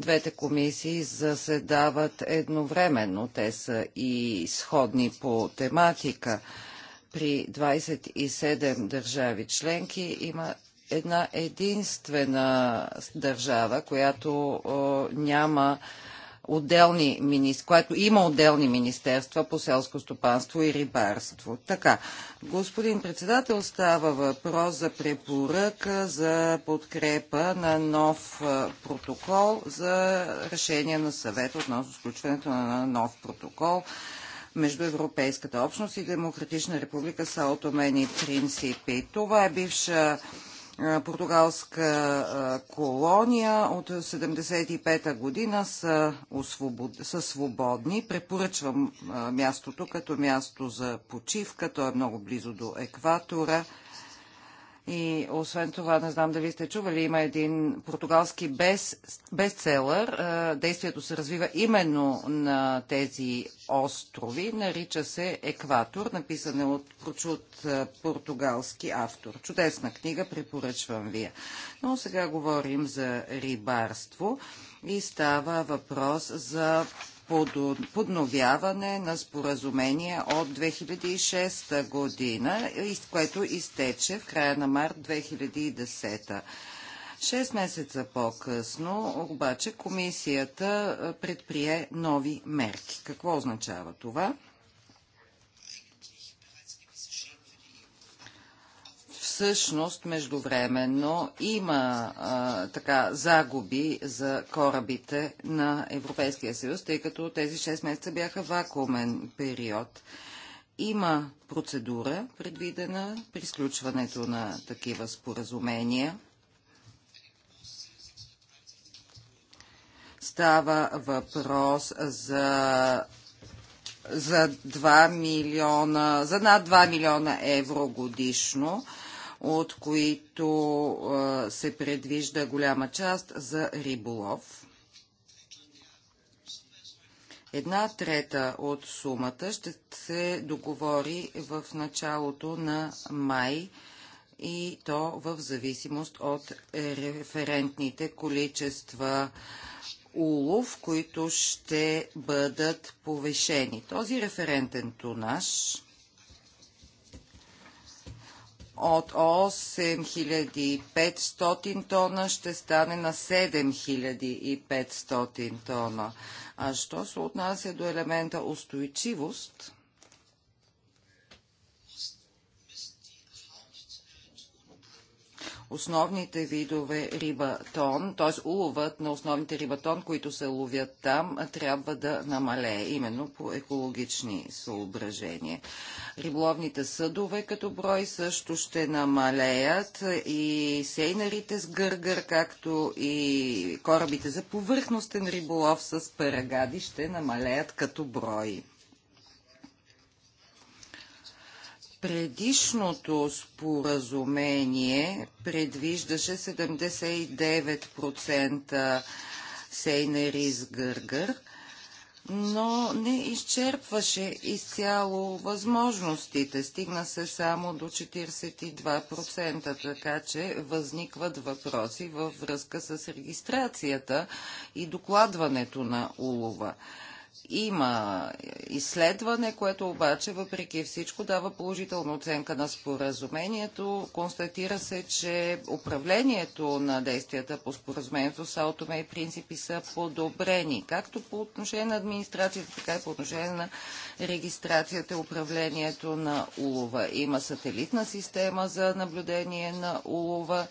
двете комисии заседават едновременно. Те са и сходни по тематика. При 27 държави членки има една единствена държава, която о, няма отделни, министерства, което има отделни министерства по селско стопанство и рибарство. Така, господин председател, става въпрос за препоръка за подкрепа на нов протокол за решение на съвет относно сключването на нов протокол между Европейската общност и Демократична република Сао Томен и Принципи. Това е бивша португалска колония от 75-та година са, освобод... са свободни. Препоръчвам мястото като място за почивка. То е много близо до екватора. И освен това, не знам дали сте чували, има един португалски без, бестселър. Е, действието се развива именно на тези острови. Нарича се Екватор, написане от прочут е, португалски автор. Чудесна книга, препоръчвам вие. Но сега говорим за рибарство и става въпрос за подновяване на споразумение от 2006 година, което изтече в края на март 2010. Шест месеца по-късно, обаче, комисията предприе нови мерки. Какво означава това? всъщност междувременно има а, така загуби за корабите на Европейския съюз, тъй като тези 6 месеца бяха вакуумен период. Има процедура предвидена при сключването на такива споразумения. Става въпрос за за 2 милиона, за над 2 милиона евро годишно от които се предвижда голяма част за риболов. Една трета от сумата ще се договори в началото на май и то в зависимост от референтните количества улов, които ще бъдат повишени. Този референтен тонаж от 8500 тона ще стане на 7500 тона. А що се отнася до елемента устойчивост, основните видове рибатон, т.е. уловът на основните рибатон, които се ловят там, трябва да намалее, именно по екологични съображения. Риболовните съдове като брой също ще намалеят и сейнарите с гъргър, както и корабите за повърхностен риболов с парагади ще намалеят като брой. Предишното споразумение предвиждаше 79% сейнерис гъргър, но не изчерпваше изцяло възможностите. Стигна се само до 42%, така че възникват въпроси във връзка с регистрацията и докладването на улова. Има изследване, което обаче въпреки всичко дава положителна оценка на споразумението. Констатира се, че управлението на действията по споразумението с Аутоме и принципи са подобрени, както по отношение на администрацията, така и по отношение на регистрацията и управлението на улова. Има сателитна система за наблюдение на улова,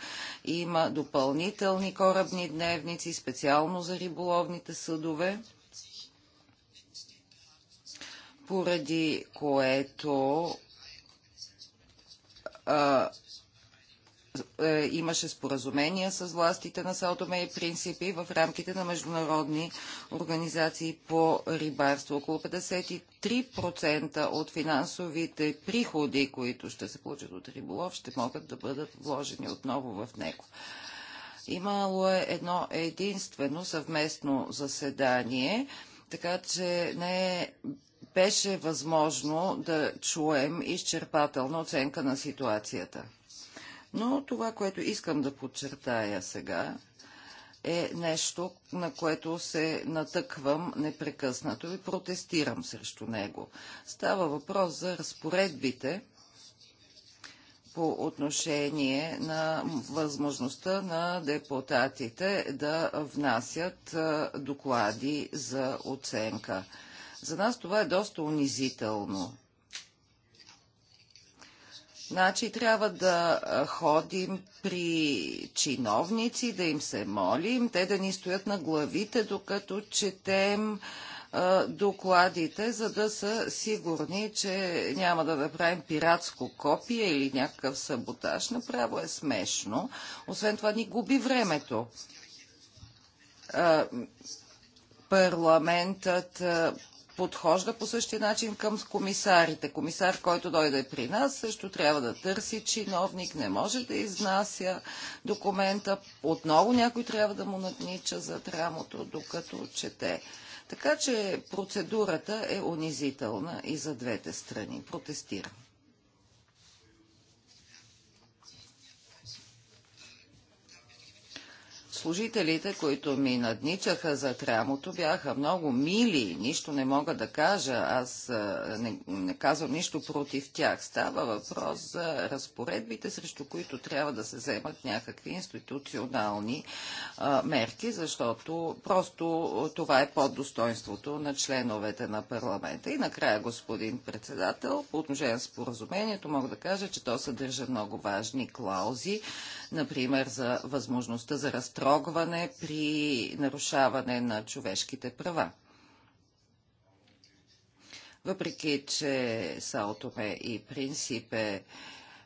има допълнителни корабни дневници специално за риболовните съдове поради което а, е, имаше споразумения с властите на Саотоме и Принципи в рамките на международни организации по рибарство. Около 53% от финансовите приходи, които ще се получат от риболов, ще могат да бъдат вложени отново в него. Имало е едно единствено съвместно заседание, така че не е беше възможно да чуем изчерпателна оценка на ситуацията. Но това, което искам да подчертая сега, е нещо, на което се натъквам непрекъснато и протестирам срещу него. Става въпрос за разпоредбите по отношение на възможността на депутатите да внасят доклади за оценка. За нас това е доста унизително. Значи трябва да ходим при чиновници, да им се молим, те да ни стоят на главите, докато четем а, докладите, за да са сигурни, че няма да направим пиратско копие или някакъв саботаж. Направо е смешно. Освен това ни губи времето. А, парламентът подхожда по същия начин към комисарите. Комисар, който дойде при нас, също трябва да търси чиновник, не може да изнася документа. Отново някой трябва да му наднича за трамото, докато чете. Така че процедурата е унизителна и за двете страни. Протестирам. Служителите, които ми надничаха за трямото, бяха много мили. Нищо не мога да кажа. Аз не, не казвам нищо против тях. Става въпрос за разпоредбите, срещу които трябва да се вземат някакви институционални а, мерки, защото просто това е под достоинството на членовете на парламента. И накрая, господин председател, по отношение на споразумението, мога да кажа, че то съдържа много важни клаузи например за възможността за разтрогване при нарушаване на човешките права. Въпреки, че Саотоме и принципе. е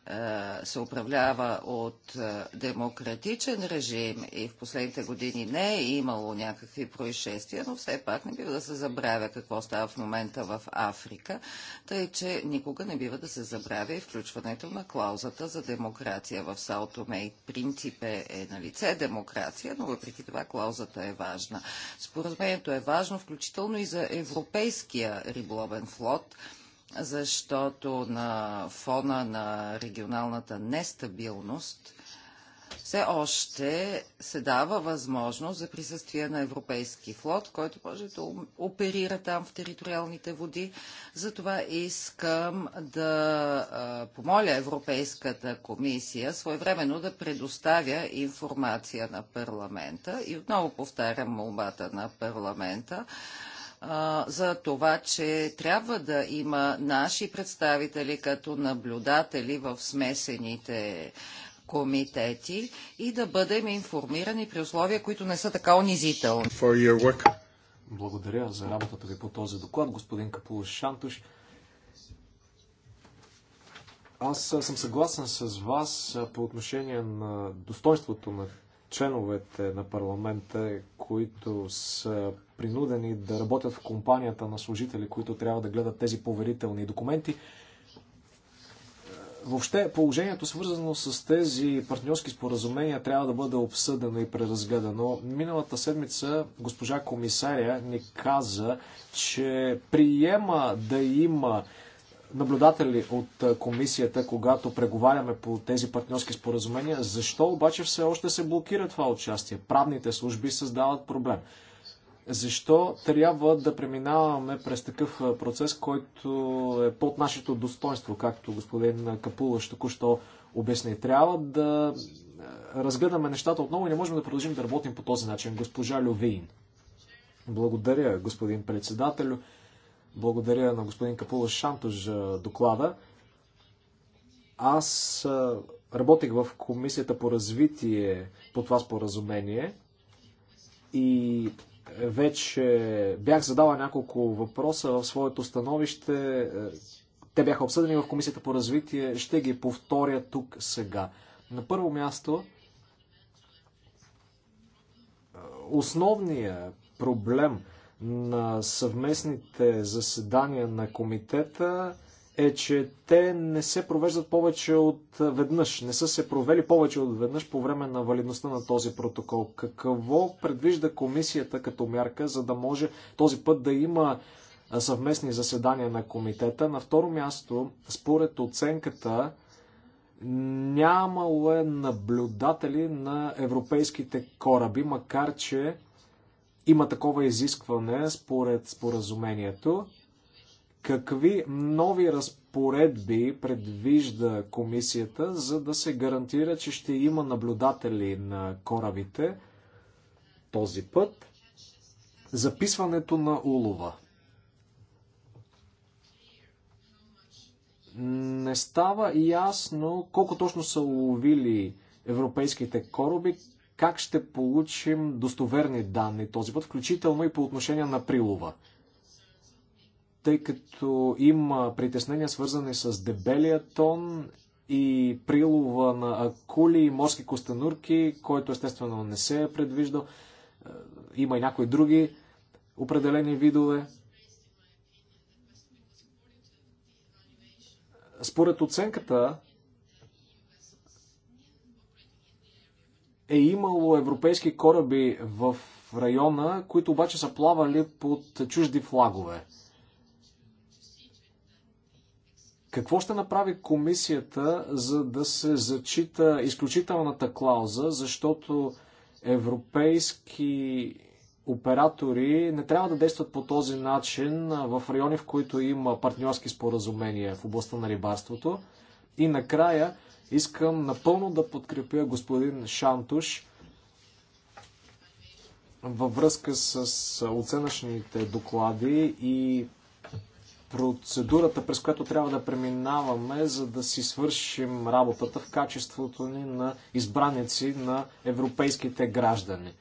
е, се управлява от е, демократичен режим и в последните години не е имало някакви происшествия, но все пак не бива да се забравя какво става в момента в Африка, тъй че никога не бива да се забравя и включването на клаузата за демокрация в Саутомей. и принципе е на лице демокрация, но въпреки това клаузата е важна. Споразумението е важно включително и за европейския риболовен флот, защото на фона на регионалната нестабилност все още се дава възможност за присъствие на европейски флот, който може да оперира там в териториалните води. Затова искам да помоля Европейската комисия своевременно да предоставя информация на парламента и отново повтарям молбата на парламента за това, че трябва да има наши представители като наблюдатели в смесените комитети и да бъдем информирани при условия, които не са така унизителни. Благодаря за работата ви по този доклад, господин Капулов Шантуш. Аз съм съгласен с вас по отношение на достоинството на членовете на парламента, които са принудени да работят в компанията на служители, които трябва да гледат тези поверителни документи. Въобще положението свързано с тези партньорски споразумения трябва да бъде обсъдено и преразгледано. Миналата седмица госпожа комисаря ни каза, че приема да има наблюдатели от комисията, когато преговаряме по тези партньорски споразумения. Защо обаче все още се блокира това участие? Правните служби създават проблем. Защо трябва да преминаваме през такъв процес, който е под нашето достоинство, както господин Капулаш току-що обясни? Трябва да разгледаме нещата отново и не можем да продължим да работим по този начин. Госпожа Лювин. Благодаря, господин председател. Благодаря на господин Капула Шантош за доклада. Аз работех в комисията по развитие по това споразумение и вече бях задала няколко въпроса в своето становище. Те бяха обсъдени в Комисията по развитие. Ще ги повторя тук сега. На първо място, основният проблем на съвместните заседания на комитета е, че те не се провеждат повече от веднъж, не са се провели повече от веднъж по време на валидността на този протокол. Какво предвижда комисията като мярка, за да може този път да има съвместни заседания на комитета? На второ място, според оценката, нямало е наблюдатели на европейските кораби, макар че има такова изискване според споразумението. Какви нови разпоредби предвижда комисията, за да се гарантира, че ще има наблюдатели на корабите този път? Записването на улова. Не става ясно колко точно са уловили европейските кораби, как ще получим достоверни данни този път, включително и по отношение на прилова тъй като има притеснения свързани с дебелия тон и прилова на акули и морски костенурки, който естествено не се е предвиждал. Е, има и някои други определени видове. Според оценката е имало европейски кораби в района, които обаче са плавали под чужди флагове. Какво ще направи комисията, за да се зачита изключителната клауза, защото европейски оператори не трябва да действат по този начин в райони, в които има партньорски споразумения в областта на рибарството. И накрая искам напълно да подкрепя господин Шантуш във връзка с оценъчните доклади и процедурата, през която трябва да преминаваме, за да си свършим работата в качеството ни на избраници на европейските граждани.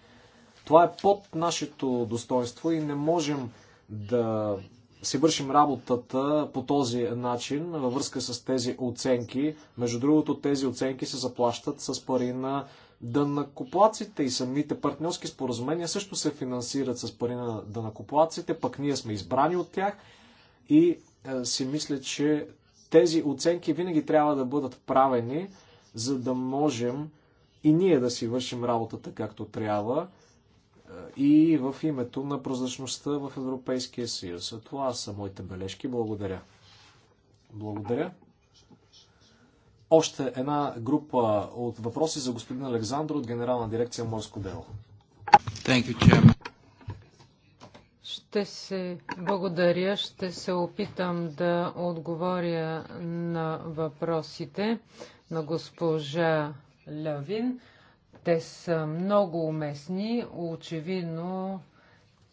Това е под нашето достоинство и не можем да си вършим работата по този начин във връзка с тези оценки. Между другото, тези оценки се заплащат с пари на дънакоплаците и самите партньорски споразумения също се финансират с пари на дънакоплаците, пък ние сме избрани от тях – и е, си мисля, че тези оценки винаги трябва да бъдат правени, за да можем и ние да си вършим работата както трябва е, и в името на прозрачността в Европейския съюз. А това са моите бележки. Благодаря. Благодаря. Още една група от въпроси за господин Александр от Генерална дирекция Морско дело. Thank you, ще се благодаря, ще се опитам да отговоря на въпросите на госпожа Лявин. Те са много уместни. Очевидно,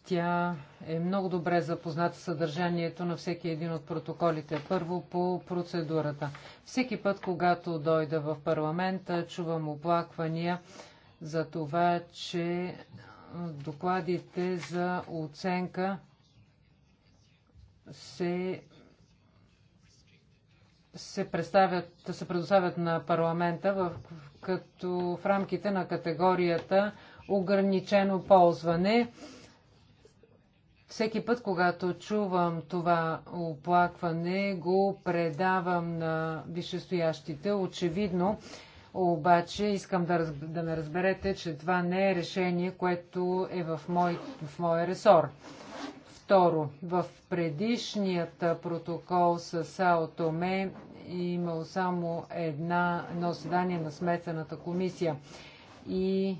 тя е много добре запозната с съдържанието на всеки един от протоколите. Първо по процедурата. Всеки път, когато дойда в парламента, чувам оплаквания за това, че докладите за оценка се, се представят, се предоставят на парламента в, като в рамките на категорията ограничено ползване. Всеки път, когато чувам това оплакване, го предавам на висшестоящите. Очевидно, обаче искам да, да ме разберете, че това не е решение, което е в мой, в мой ресор. Второ, в предишният протокол с Сао Томе е имало само една, едно седание на смесената комисия. И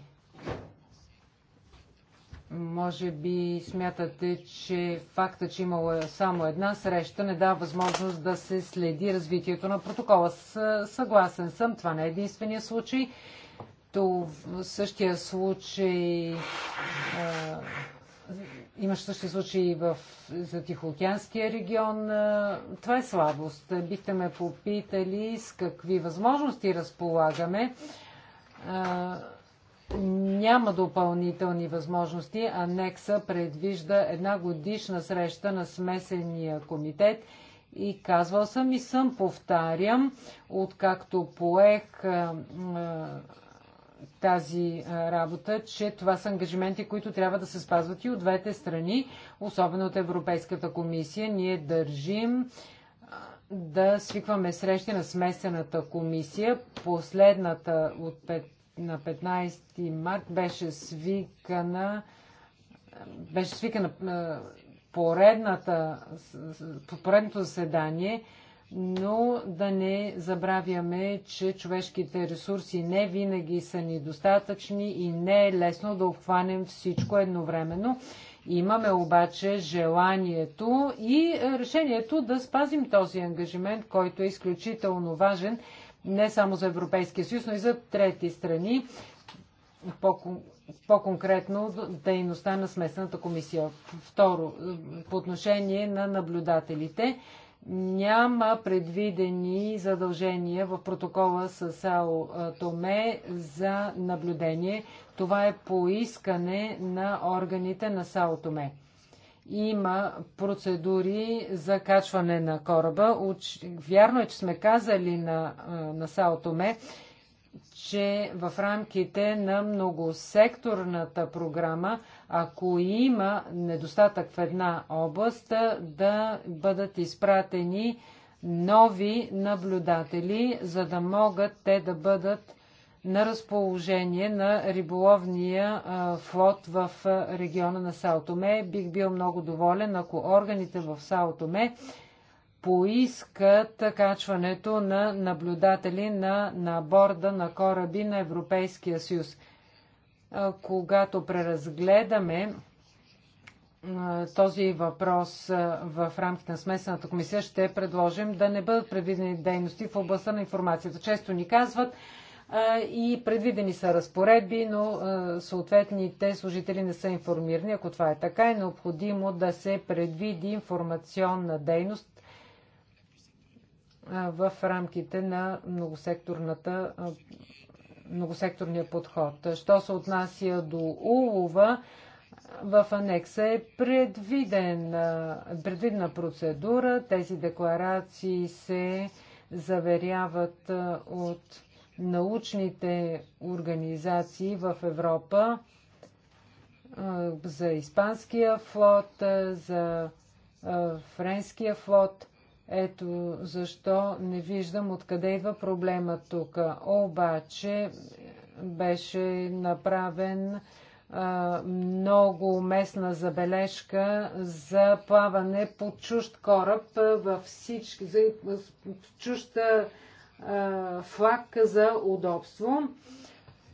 може би смятате, че факта, че имало е само една среща, не дава възможност да се следи развитието на протокола. Съгласен съм, това не е единствения случай. То в същия случай имаше същи случаи в, за Тихоокеанския регион. Това е слабост. Бихте ме попитали с какви възможности разполагаме няма допълнителни възможности. Анекса предвижда една годишна среща на смесения комитет и казвал съм и съм повтарям, откакто поех а, а, тази работа, че това са ангажименти, които трябва да се спазват и от двете страни, особено от Европейската комисия. Ние държим да свикваме срещи на смесената комисия. Последната от пет, на 15 март беше свикана беше свикана поредната, поредното заседание, но да не забравяме, че човешките ресурси не винаги са ни достатъчни и не е лесно да обхванем всичко едновременно. Имаме обаче желанието и решението да спазим този ангажимент, който е изключително важен – не само за Европейския съюз, но и за трети страни, по-конкретно дейността на сместната комисия. Второ, по отношение на наблюдателите, няма предвидени задължения в протокола с САО Томе за наблюдение. Това е поискане на органите на САО Томе има процедури за качване на кораба. Уч... Вярно е, че сме казали на, на Саотоме, че в рамките на многосекторната програма, ако има недостатък в една област, да бъдат изпратени нови наблюдатели, за да могат те да бъдат на разположение на риболовния флот в региона на Саотоме. Бих бил много доволен, ако органите в Саотоме поискат качването на наблюдатели на, на борда на кораби на Европейския съюз. Когато преразгледаме този въпрос в рамките на смесената комисия, ще предложим да не бъдат предвидени дейности в областта на информацията. Често ни казват, и предвидени са разпоредби, но съответните служители не са информирани. Ако това е така, е необходимо да се предвиди информационна дейност в рамките на многосекторната многосекторния подход. Що се отнася до улова, в анекса е предвиден, предвидна процедура. Тези декларации се заверяват от научните организации в Европа за испанския флот, за френския флот. Ето защо не виждам откъде идва проблема тук. Обаче беше направен много местна забележка за плаване по чужд кораб във всички, за чужда флаг за удобство.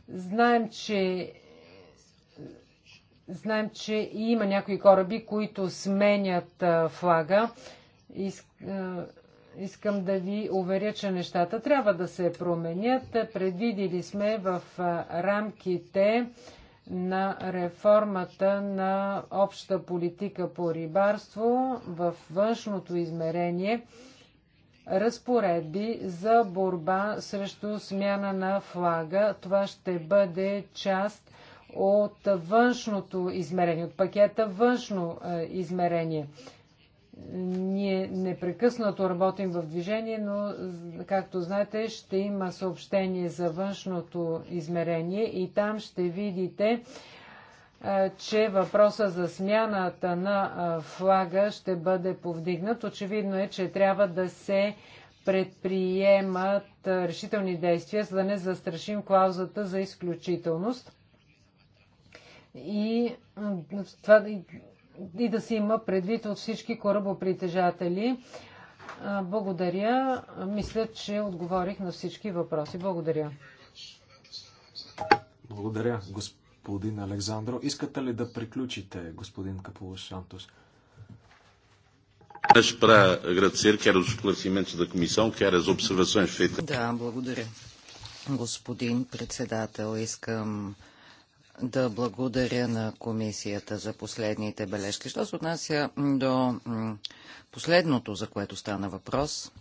Знаем, че Знаем, че има някои кораби, които сменят флага. Искам да ви уверя, че нещата трябва да се променят. Предвидили сме в рамките на реформата на обща политика по рибарство в външното измерение разпоредби за борба срещу смяна на флага. Това ще бъде част от външното измерение, от пакета външно е, измерение. Ние непрекъснато работим в движение, но, както знаете, ще има съобщение за външното измерение и там ще видите е, че въпроса за смяната на е, флага ще бъде повдигнат. Очевидно е, че трябва да се предприемат е, решителни действия, за да не застрашим клаузата за изключителност и, това, и да се има предвид от всички корабопритежатели. Благодаря. Мисля, че отговорих на всички въпроси. Благодаря. Благодаря, господин господин Александро. Искате ли да приключите, господин Капулаш Сантос? Да, благодаря. Господин председател, искам да благодаря на комисията за последните бележки. Що се отнася до последното, за което стана въпрос,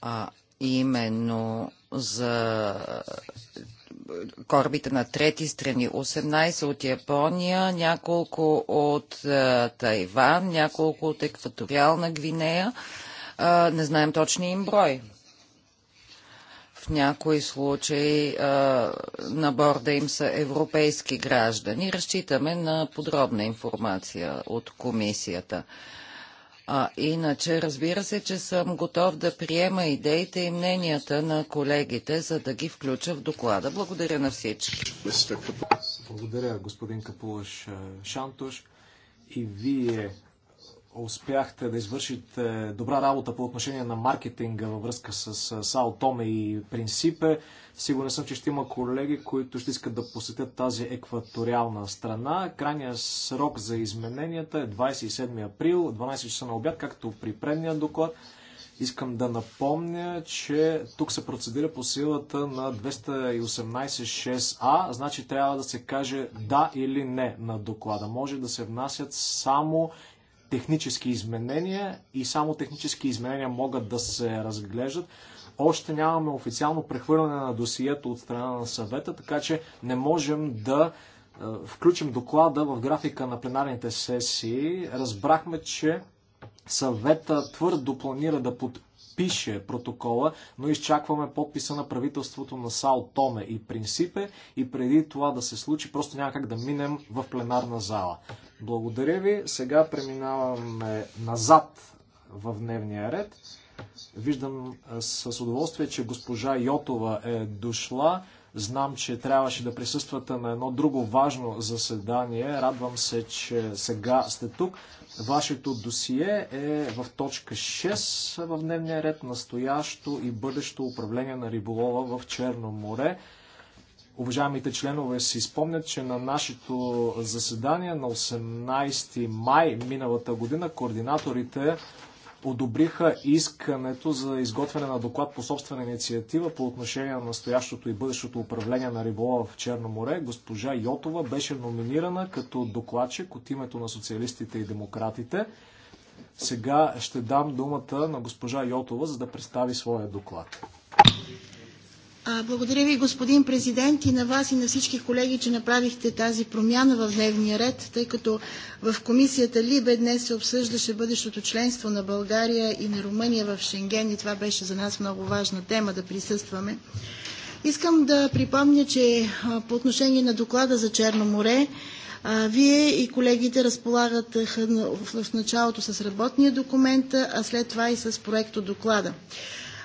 а именно за корабите на трети страни, 18 от Япония, няколко от е, Тайван, няколко от Екваториална Гвинея. Е, не знаем точния им брой. В някои случаи е, на борда им са европейски граждани. Разчитаме на подробна информация от комисията. А, иначе, разбира се, че съм готов да приема идеите и мненията на колегите, за да ги включа в доклада. Благодаря на всички. Благодаря, господин Капулаш Шантош. И вие успяхте да извършите добра работа по отношение на маркетинга във връзка с Сао Томе и Принципе. Сигурен съм, че ще има колеги, които ще искат да посетят тази екваториална страна. Крайният срок за измененията е 27 април, 12 часа на обяд, както при предния доклад. Искам да напомня, че тук се процедира по силата на 218.6а, значи трябва да се каже да или не на доклада. Може да се внасят само технически изменения и само технически изменения могат да се разглеждат. Още нямаме официално прехвърляне на досието от страна на съвета, така че не можем да е, включим доклада в графика на пленарните сесии. Разбрахме, че съвета твърдо планира да подпише протокола, но изчакваме подписа на правителството на Сао Томе и Принципе и преди това да се случи, просто няма как да минем в пленарна зала. Благодаря ви. Сега преминаваме назад в дневния ред. Виждам с удоволствие, че госпожа Йотова е дошла. Знам, че трябваше да присъствате на едно друго важно заседание. Радвам се, че сега сте тук. Вашето досие е в точка 6 в дневния ред настоящо и бъдещо управление на риболова в Черно море. Уважаемите членове си спомнят, че на нашето заседание на 18 май миналата година координаторите одобриха искането за изготвяне на доклад по собствена инициатива по отношение на настоящото и бъдещото управление на риболова в Черно море. Госпожа Йотова беше номинирана като докладчик от името на социалистите и демократите. Сега ще дам думата на госпожа Йотова, за да представи своя доклад. Благодаря ви, господин президент, и на вас и на всички колеги, че направихте тази промяна в дневния ред, тъй като в комисията Либе днес се обсъждаше бъдещото членство на България и на Румъния в Шенген и това беше за нас много важна тема да присъстваме. Искам да припомня, че по отношение на доклада за Черно море, вие и колегите разполагат в началото с работния документ, а след това и с проекто доклада. доклада.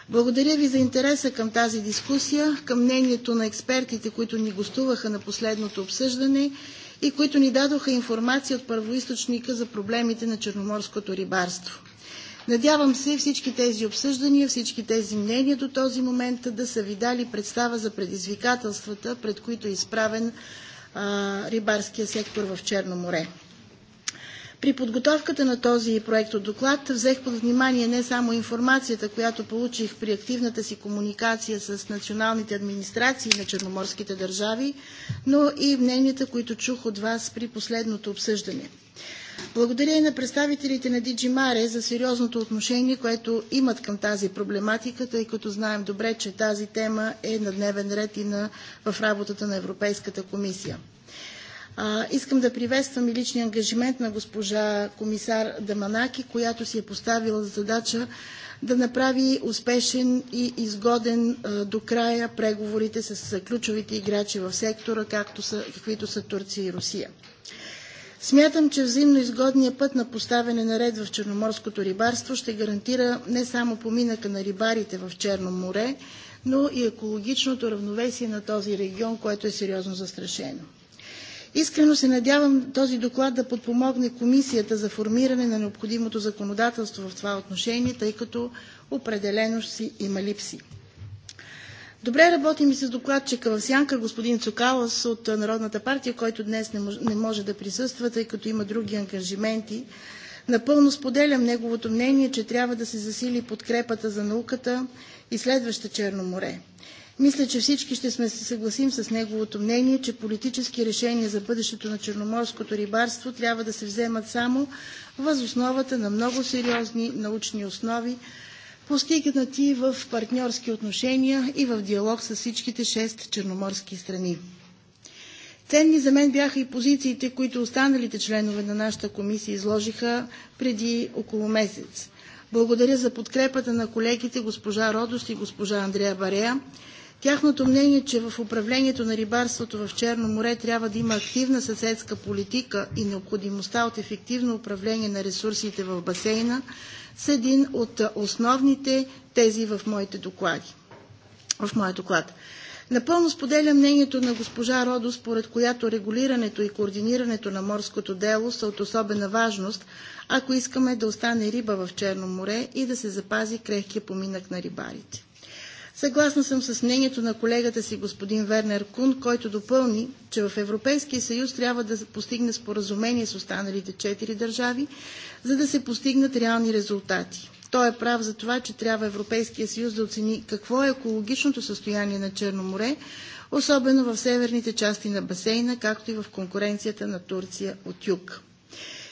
Благодаря ви за интереса към тази дискусия, към мнението на експертите, които ни гостуваха на последното обсъждане и които ни дадоха информация от първоисточника за проблемите на черноморското рибарство. Надявам се всички тези обсъждания, всички тези мнения до този момент да са ви дали представа за предизвикателствата, пред които е изправен а, рибарския сектор в Черно море. При подготовката на този проект от доклад взех под внимание не само информацията, която получих при активната си комуникация с националните администрации на черноморските държави, но и мненията, които чух от вас при последното обсъждане. Благодаря и на представителите на Диджи Маре за сериозното отношение, което имат към тази проблематика, тъй като знаем добре, че тази тема е на дневен ред и на, в работата на Европейската комисия. А, искам да приветствам и личния ангажимент на госпожа комисар Даманаки, която си е поставила задача да направи успешен и изгоден а, до края преговорите с ключовите играчи в сектора, както са, каквито са Турция и Русия. Смятам, че взаимно изгодният път на поставяне на ред в черноморското рибарство ще гарантира не само поминъка на рибарите в Черно море, но и екологичното равновесие на този регион, което е сериозно застрашено. Искрено се надявам този доклад да подпомогне Комисията за формиране на необходимото законодателство в това отношение, тъй като определено си има липси. Добре работим и с докладчика в сянка, господин Цукалас от Народната партия, който днес не може, не може да присъства, тъй като има други ангажименти. Напълно споделям неговото мнение, че трябва да се засили подкрепата за науката и следваща Черно море. Мисля, че всички ще сме се съгласим с неговото мнение, че политически решения за бъдещето на черноморското рибарство трябва да се вземат само въз основата на много сериозни научни основи, постигнати в партньорски отношения и в диалог с всичките шест черноморски страни. Ценни за мен бяха и позициите, които останалите членове на нашата комисия изложиха преди около месец. Благодаря за подкрепата на колегите госпожа Родост и госпожа Андрея Барея, Тяхното мнение, че в управлението на рибарството в Черно море трябва да има активна съседска политика и необходимостта от ефективно управление на ресурсите в басейна са един от основните тези в моите доклади. В моя доклад. Напълно споделя мнението на госпожа Родо, според която регулирането и координирането на морското дело са от особена важност, ако искаме да остане риба в Черно море и да се запази крехкия поминък на рибарите. Съгласна съм с мнението на колегата си господин Вернер Кун, който допълни, че в Европейския съюз трябва да постигне споразумение с останалите четири държави, за да се постигнат реални резултати. Той е прав за това, че трябва Европейския съюз да оцени какво е екологичното състояние на Черно море, особено в северните части на басейна, както и в конкуренцията на Турция от юг.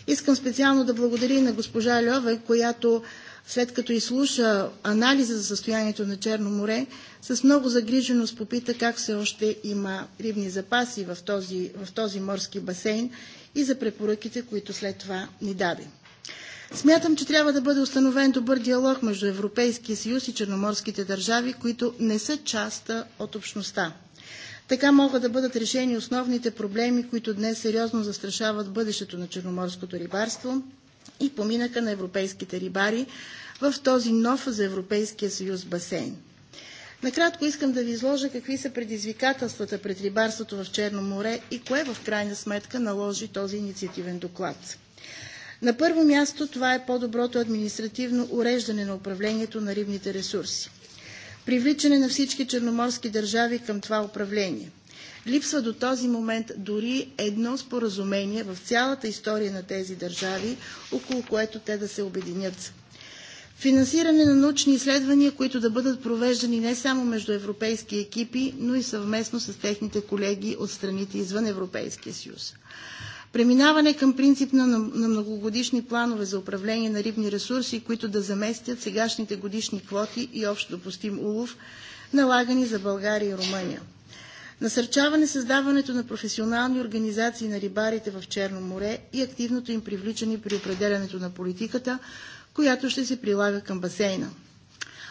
Искам специално да благодаря и на госпожа Льове, която след като изслуша анализа за състоянието на Черно море, с много загриженост попита как все още има рибни запаси в този, в този морски басейн и за препоръките, които след това ни даде. Смятам, че трябва да бъде установен добър диалог между Европейския съюз и черноморските държави, които не са част от общността. Така могат да бъдат решени основните проблеми, които днес сериозно застрашават бъдещето на черноморското рибарство, и поминъка на европейските рибари в този нов за Европейския съюз басейн. Накратко искам да ви изложа какви са предизвикателствата пред рибарството в Черно море и кое в крайна сметка наложи този инициативен доклад. На първо място това е по-доброто административно уреждане на управлението на рибните ресурси. Привличане на всички черноморски държави към това управление. Липсва до този момент дори едно споразумение в цялата история на тези държави, около което те да се обединят. Финансиране на научни изследвания, които да бъдат провеждани не само между европейски екипи, но и съвместно с техните колеги от страните извън Европейския съюз. Преминаване към принцип на, на многогодишни планове за управление на рибни ресурси, които да заместят сегашните годишни квоти и общо допустим улов, налагани за България и Румъния насърчаване създаването на професионални организации на рибарите в Черно море и активното им привличане при определянето на политиката, която ще се прилага към басейна.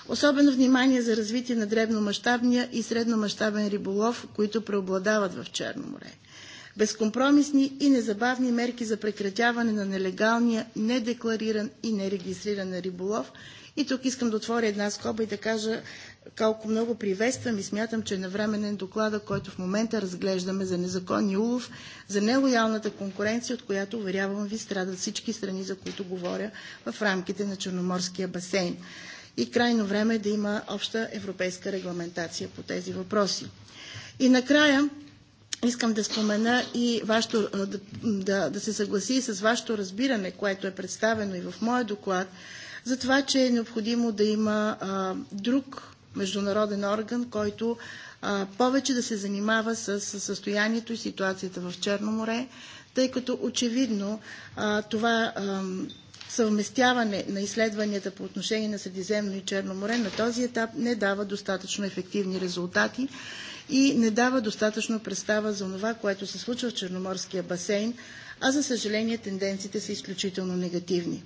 Особено внимание за развитие на дребномащабния и средномащабен риболов, които преобладават в Черно море. Безкомпромисни и незабавни мерки за прекратяване на нелегалния, недеклариран и нерегистриран риболов. И тук искам да отворя една скоба и да кажа, колко много приветствам и смятам, че е навременен доклада, който в момента разглеждаме за незаконния улов, за нелоялната конкуренция, от която, уверявам ви, страдат всички страни, за които говоря в рамките на Черноморския басейн. И крайно време е да има обща европейска регламентация по тези въпроси. И накрая искам да спомена и вашето, да, да, да се съгласи с вашето разбиране, което е представено и в моя доклад, за това, че е необходимо да има а, друг международен орган, който а, повече да се занимава с, с състоянието и ситуацията в Черно море, тъй като очевидно а, това а, съвместяване на изследванията по отношение на Средиземно и Черно море на този етап не дава достатъчно ефективни резултати и не дава достатъчно представа за това, което се случва в Черноморския басейн, а за съжаление тенденциите са изключително негативни.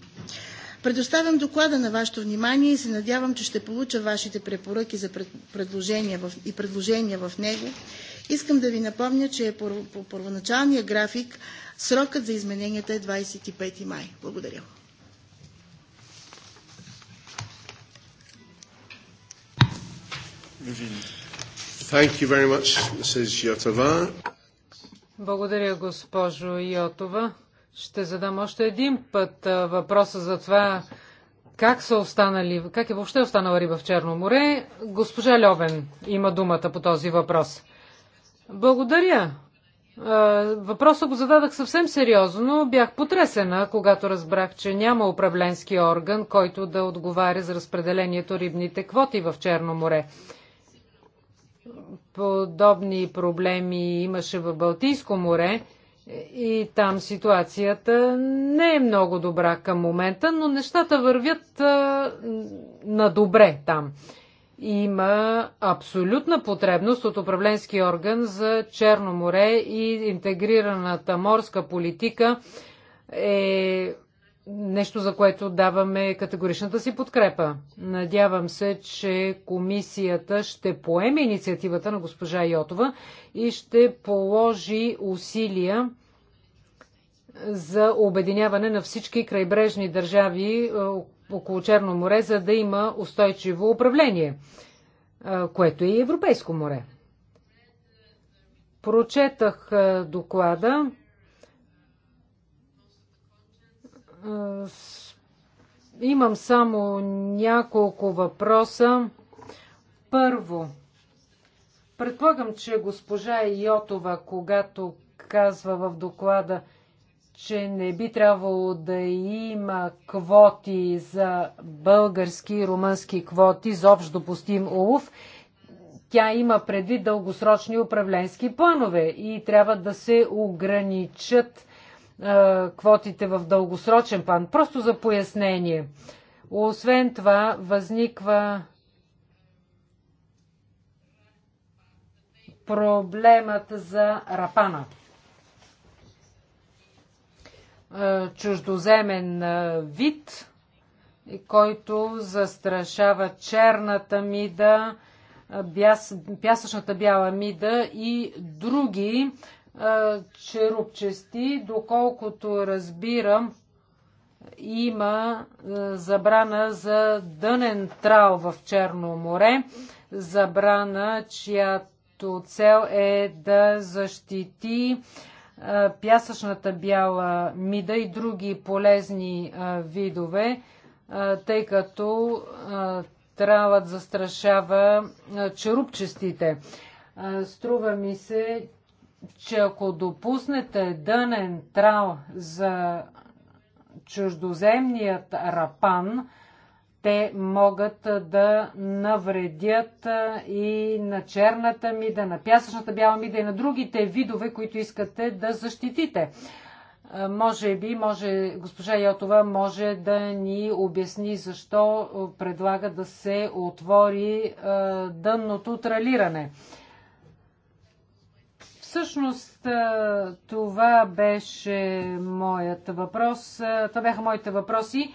Предоставям доклада на вашето внимание и се надявам, че ще получа вашите препоръки за предложения в, и предложения в него. Искам да ви напомня, че по, по първоначалния график срокът за измененията е 25 май. Благодаря. Thank you very much, Mrs. Yotova. Благодаря, госпожо Йотова. Ще задам още един път въпроса за това как са останали, как е въобще останала риба в Черно море. Госпожа Льовен има думата по този въпрос. Благодаря. Въпросът го зададах съвсем сериозно. Бях потресена, когато разбрах, че няма управленски орган, който да отговаря за разпределението рибните квоти в Черно море. Подобни проблеми имаше в Балтийско море и там ситуацията не е много добра към момента, но нещата вървят на добре там. Има абсолютна потребност от управленски орган за Черно море и интегрираната морска политика е нещо, за което даваме категоричната си подкрепа. Надявам се, че комисията ще поеме инициативата на госпожа Йотова и ще положи усилия за обединяване на всички крайбрежни държави е, около Черно море, за да има устойчиво управление, е, което е и Европейско море. Прочетах е, доклада Е, имам само няколко въпроса. Първо, предполагам, че госпожа Йотова, когато казва в доклада, че не би трябвало да има квоти за български и румънски квоти за общ допустим улов, тя има предвид дългосрочни управленски планове и трябва да се ограничат квотите в дългосрочен план. Просто за пояснение. Освен това, възниква проблемът за рапана. Чуждоземен вид, който застрашава черната мида, пясъчната бяла мида и други черупчести. Доколкото разбирам, има забрана за дънен трал в Черно море, забрана, чиято цел е да защити пясъчната бяла мида и други полезни видове, тъй като тралът застрашава черупчестите. Струва ми се, че ако допуснете дънен трал за чуждоземният рапан, те могат да навредят и на черната мида, на пясъчната бяла мида и на другите видове, които искате да защитите. Може би, може, госпожа Йотова може да ни обясни защо предлага да се отвори дънното тралиране. Всъщност това беше моят въпрос. Това бяха моите въпроси.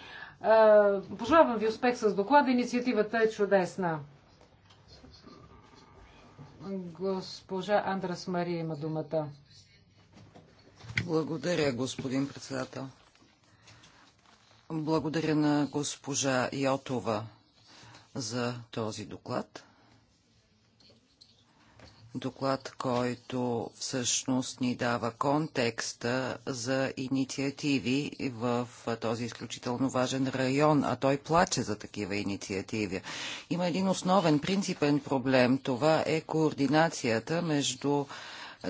Пожелавам ви успех с доклада. Инициативата е чудесна. Госпожа Андрас Мария има думата. Благодаря, господин председател. Благодаря на госпожа Йотова за този доклад доклад, който всъщност ни дава контекста за инициативи в този изключително важен район, а той плаче за такива инициативи. Има един основен принципен проблем. Това е координацията между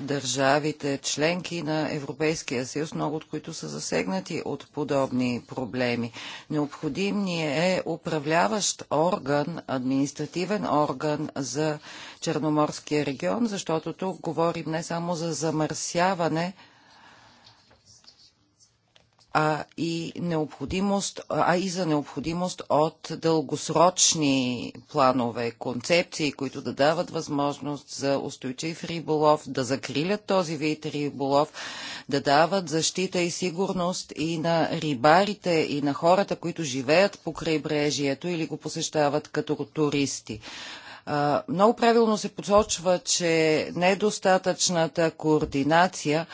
държавите, членки на Европейския съюз, много от които са засегнати от подобни проблеми. Необходим ни е управляващ орган, административен орган за Черноморския регион, защото тук говорим не само за замърсяване, а и, необходимост, а и за необходимост от дългосрочни планове, концепции, които да дават възможност за устойчив риболов, да закрилят този вид риболов, да дават защита и сигурност и на рибарите, и на хората, които живеят по крайбрежието или го посещават като туристи. Много правилно се посочва, че недостатъчната координация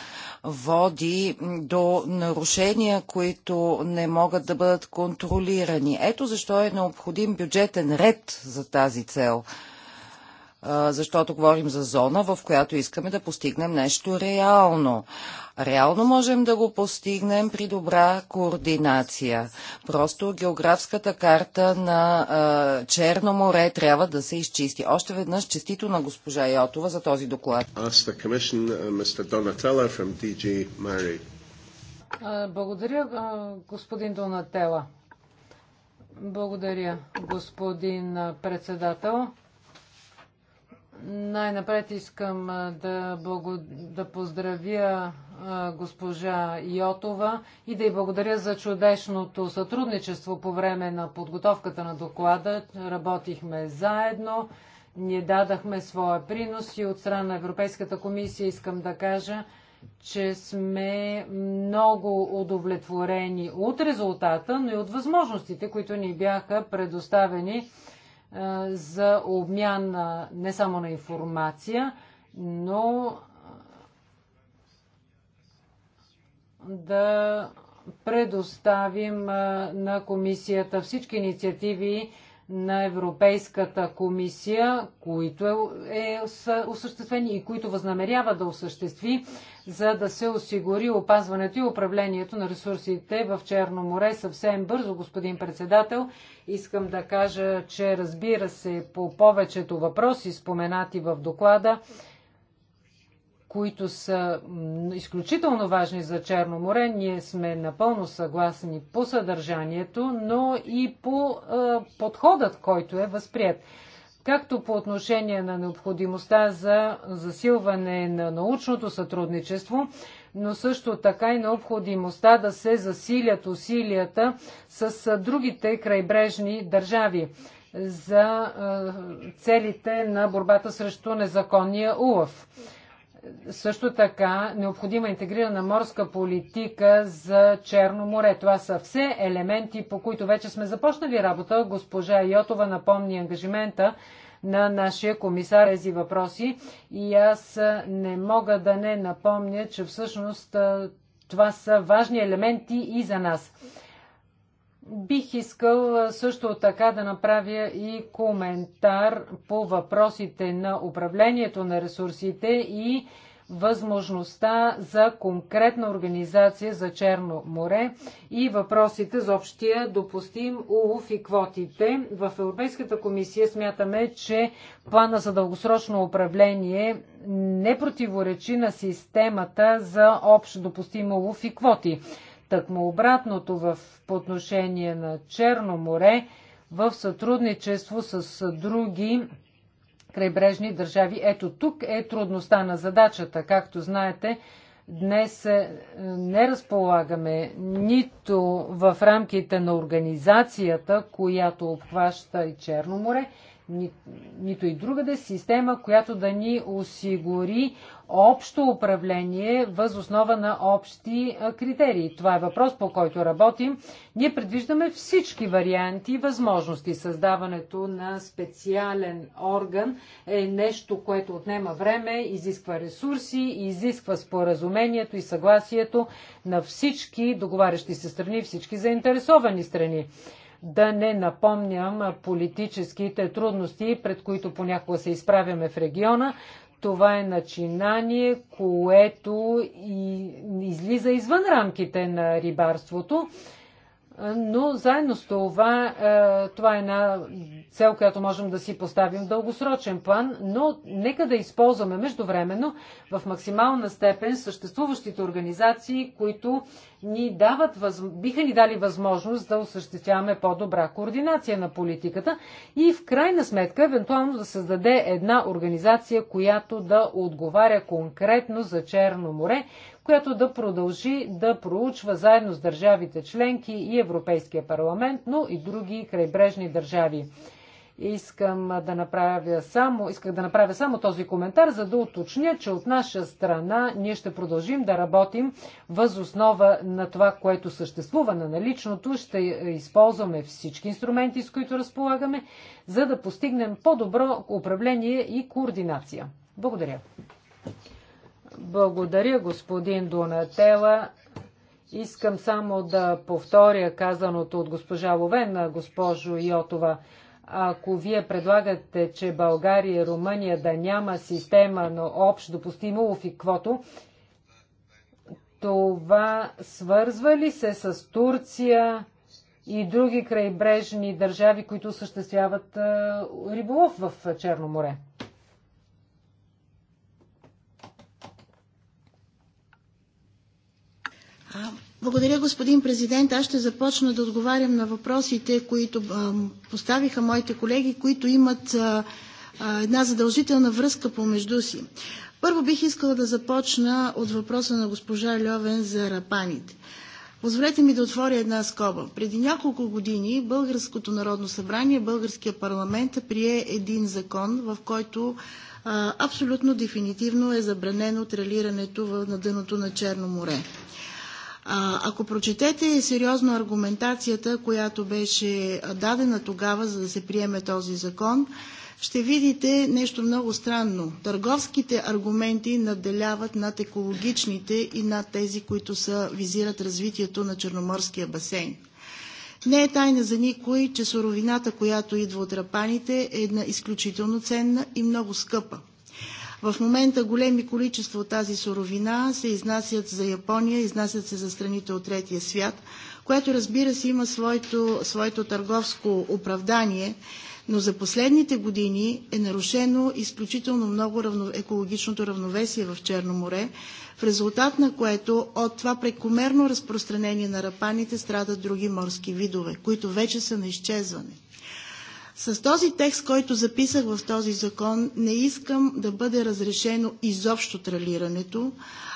води до нарушения, които не могат да бъдат контролирани. Ето защо е необходим бюджетен ред за тази цел – защото говорим за зона, в която искаме да постигнем нещо реално. Реално можем да го постигнем при добра координация. Просто географската карта на а, Черно море трябва да се изчисти. Още веднъж честито на госпожа Йотова за този доклад. Uh, благодаря, господин Донателла. Благодаря, господин председател. Най-напред искам да, благо... да поздравя госпожа Йотова и да й благодаря за чудесното сътрудничество по време на подготовката на доклада. Работихме заедно, ние дадахме своя принос и от страна на Европейската комисия искам да кажа, че сме много удовлетворени от резултата, но и от възможностите, които ни бяха предоставени за обмян не само на информация, но да предоставим на комисията всички инициативи, на Европейската комисия, които е, е осъществени и които възнамерява да осъществи, за да се осигури опазването и управлението на ресурсите в Черно море. Съвсем бързо, господин председател, искам да кажа, че разбира се по повечето въпроси, споменати в доклада, които са изключително важни за Черно море. Ние сме напълно съгласни по съдържанието, но и по подходът, който е възприят. Както по отношение на необходимостта за засилване на научното сътрудничество, но също така и необходимостта да се засилят усилията с другите крайбрежни държави за целите на борбата срещу незаконния улов също така необходима интегрирана морска политика за Черно море. Това са все елементи, по които вече сме започнали работа. Госпожа Йотова напомни ангажимента на нашия комисар тези въпроси и аз не мога да не напомня, че всъщност това са важни елементи и за нас. Бих искал също така да направя и коментар по въпросите на управлението на ресурсите и възможността за конкретна организация за Черно море и въпросите за общия допустим улов и квотите. В Европейската комисия смятаме, че плана за дългосрочно управление не противоречи на системата за общ допустим улов и квоти. Тъкмо обратното в, отношение на Черно море, в сътрудничество с други крайбрежни държави. Ето тук е трудността на задачата. Както знаете, днес е, не разполагаме нито в рамките на организацията, която обхваща и Черно море, ни, нито и другаде система, която да ни осигури общо управление въз основа на общи критерии. Това е въпрос, по който работим. Ние предвиждаме всички варианти и възможности. Създаването на специален орган е нещо, което отнема време, изисква ресурси, изисква споразумението и съгласието на всички договарящи се страни, всички заинтересовани страни да не напомням политическите трудности, пред които понякога се изправяме в региона, това е начинание, което и излиза извън рамките на рибарството но заедно с това, това е една цел, която можем да си поставим в дългосрочен план, но нека да използваме междувременно в максимална степен съществуващите организации, които ни дават, биха ни дали възможност да осъществяваме по-добра координация на политиката и в крайна сметка евентуално да създаде една организация, която да отговаря конкретно за Черно море, която да продължи да проучва заедно с държавите членки и Европейския парламент, но и други крайбрежни държави. Искам да направя само, исках да направя само този коментар, за да уточня, че от наша страна ние ще продължим да работим въз основа на това, което съществува на наличното. Ще използваме всички инструменти, с които разполагаме, за да постигнем по-добро управление и координация. Благодаря. Благодаря, господин Донатела. Искам само да повторя казаното от госпожа Ловена, госпожо Йотова. Ако вие предлагате, че България и Румъния да няма система на общ допустимо и квото, това свързва ли се с Турция и други крайбрежни държави, които осъществяват риболов в Черно море? Благодаря, господин президент. Аз ще започна да отговарям на въпросите, които поставиха моите колеги, които имат една задължителна връзка помежду си. Първо бих искала да започна от въпроса на госпожа Льовен за рапаните. Позволете ми да отворя една скоба. Преди няколко години Българското народно събрание, Българския парламент прие един закон, в който абсолютно дефинитивно е забранено тралирането на дъното на Черно море. А, ако прочетете сериозно аргументацията, която беше дадена тогава, за да се приеме този закон, ще видите нещо много странно. Търговските аргументи надделяват над екологичните и над тези, които са, визират развитието на Черноморския басейн. Не е тайна за никой, че суровината, която идва от рапаните, е една изключително ценна и много скъпа. В момента големи количества от тази суровина се изнасят за Япония, изнасят се за страните от третия свят, което разбира се има своето, своето търговско оправдание, но за последните години е нарушено изключително много равно, екологичното равновесие в Черно море, в резултат на което от това прекомерно разпространение на рапаните страдат други морски видове, които вече са на изчезване. С този текст, който записах в този закон, не искам да бъде разрешено изобщо тралирането,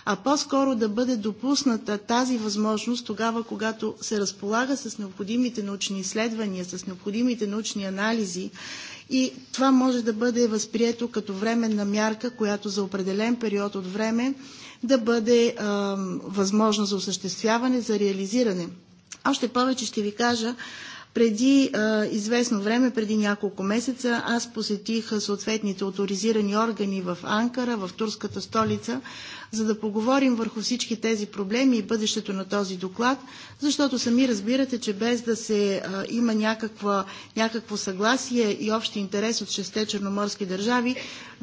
а по-скоро да бъде допусната тази възможност тогава, когато се разполага с необходимите научни изследвания, с необходимите научни анализи и това може да бъде възприето като временна мярка, която за определен период от време да бъде е, възможна за осъществяване, за реализиране. Още повече ще ви кажа, преди а, известно време, преди няколко месеца, аз посетих съответните авторизирани органи в Анкара, в турската столица, за да поговорим върху всички тези проблеми и бъдещето на този доклад, защото сами разбирате, че без да се а, има някаква, някакво съгласие и общи интерес от шесте черноморски държави,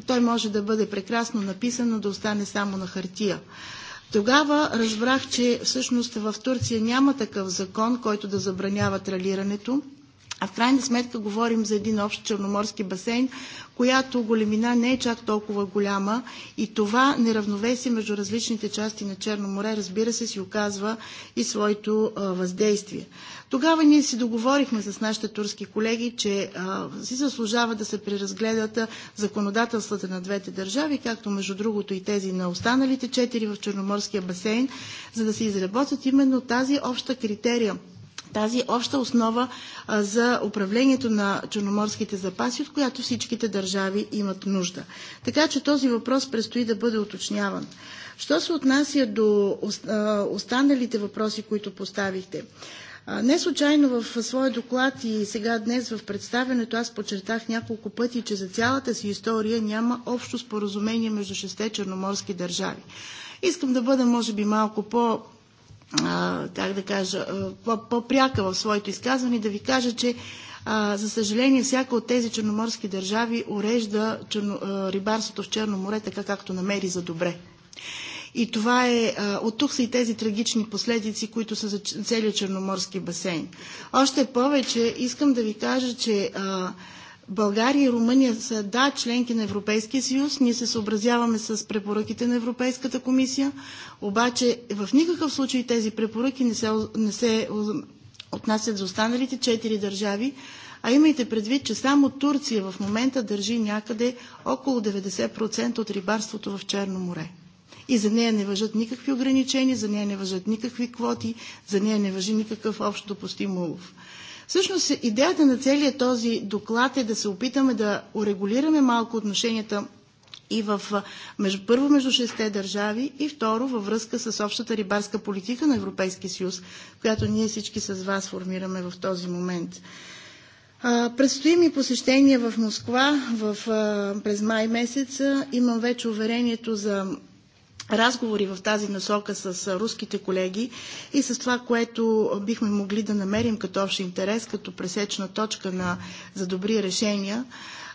той може да бъде прекрасно написан, но да остане само на хартия. Тогава разбрах, че всъщност в Турция няма такъв закон, който да забранява тралирането. А в крайна сметка говорим за един общ черноморски басейн, която големина не е чак толкова голяма и това неравновесие между различните части на Черно море, разбира се, си оказва и своето въздействие. Тогава ние си договорихме с нашите турски колеги, че си заслужава да се преразгледат законодателствата на двете държави, както между другото и тези на останалите четири в Черноморския басейн, за да се изработят именно тази обща критерия – тази обща основа за управлението на черноморските запаси, от която всичките държави имат нужда. Така че този въпрос предстои да бъде уточняван. Що се отнася до останалите въпроси, които поставихте? Не случайно в своя доклад и сега днес в представенето аз подчертах няколко пъти, че за цялата си история няма общо споразумение между шесте черноморски държави. Искам да бъда, може би, малко по- как да кажа, по-пряка в своето изказване, да ви кажа, че за съжаление, всяка от тези черноморски държави урежда черно, рибарството в Черно море така, както намери за добре. И това е, от тук са и тези трагични последици, които са за целият черноморски басейн. Още повече искам да ви кажа, че а, България и Румъния са да членки на Европейския съюз, ние се съобразяваме с препоръките на Европейската комисия, обаче в никакъв случай тези препоръки не се, не се отнасят за останалите четири държави, а имайте предвид, че само Турция в момента държи някъде около 90% от рибарството в Черно море. И за нея не въжат никакви ограничения, за нея не въжат никакви квоти, за нея не въжи никакъв общо допустим улов. Всъщност идеята на целият този доклад е да се опитаме да урегулираме малко отношенията и в, между, първо между шесте държави и второ във връзка с общата рибарска политика на Европейския съюз, която ние всички с вас формираме в този момент. Предстои ми посещение в Москва в, през май месец. Имам вече уверението за разговори в тази насока с руските колеги и с това, което бихме могли да намерим като общ интерес, като пресечна точка на, за добри решения.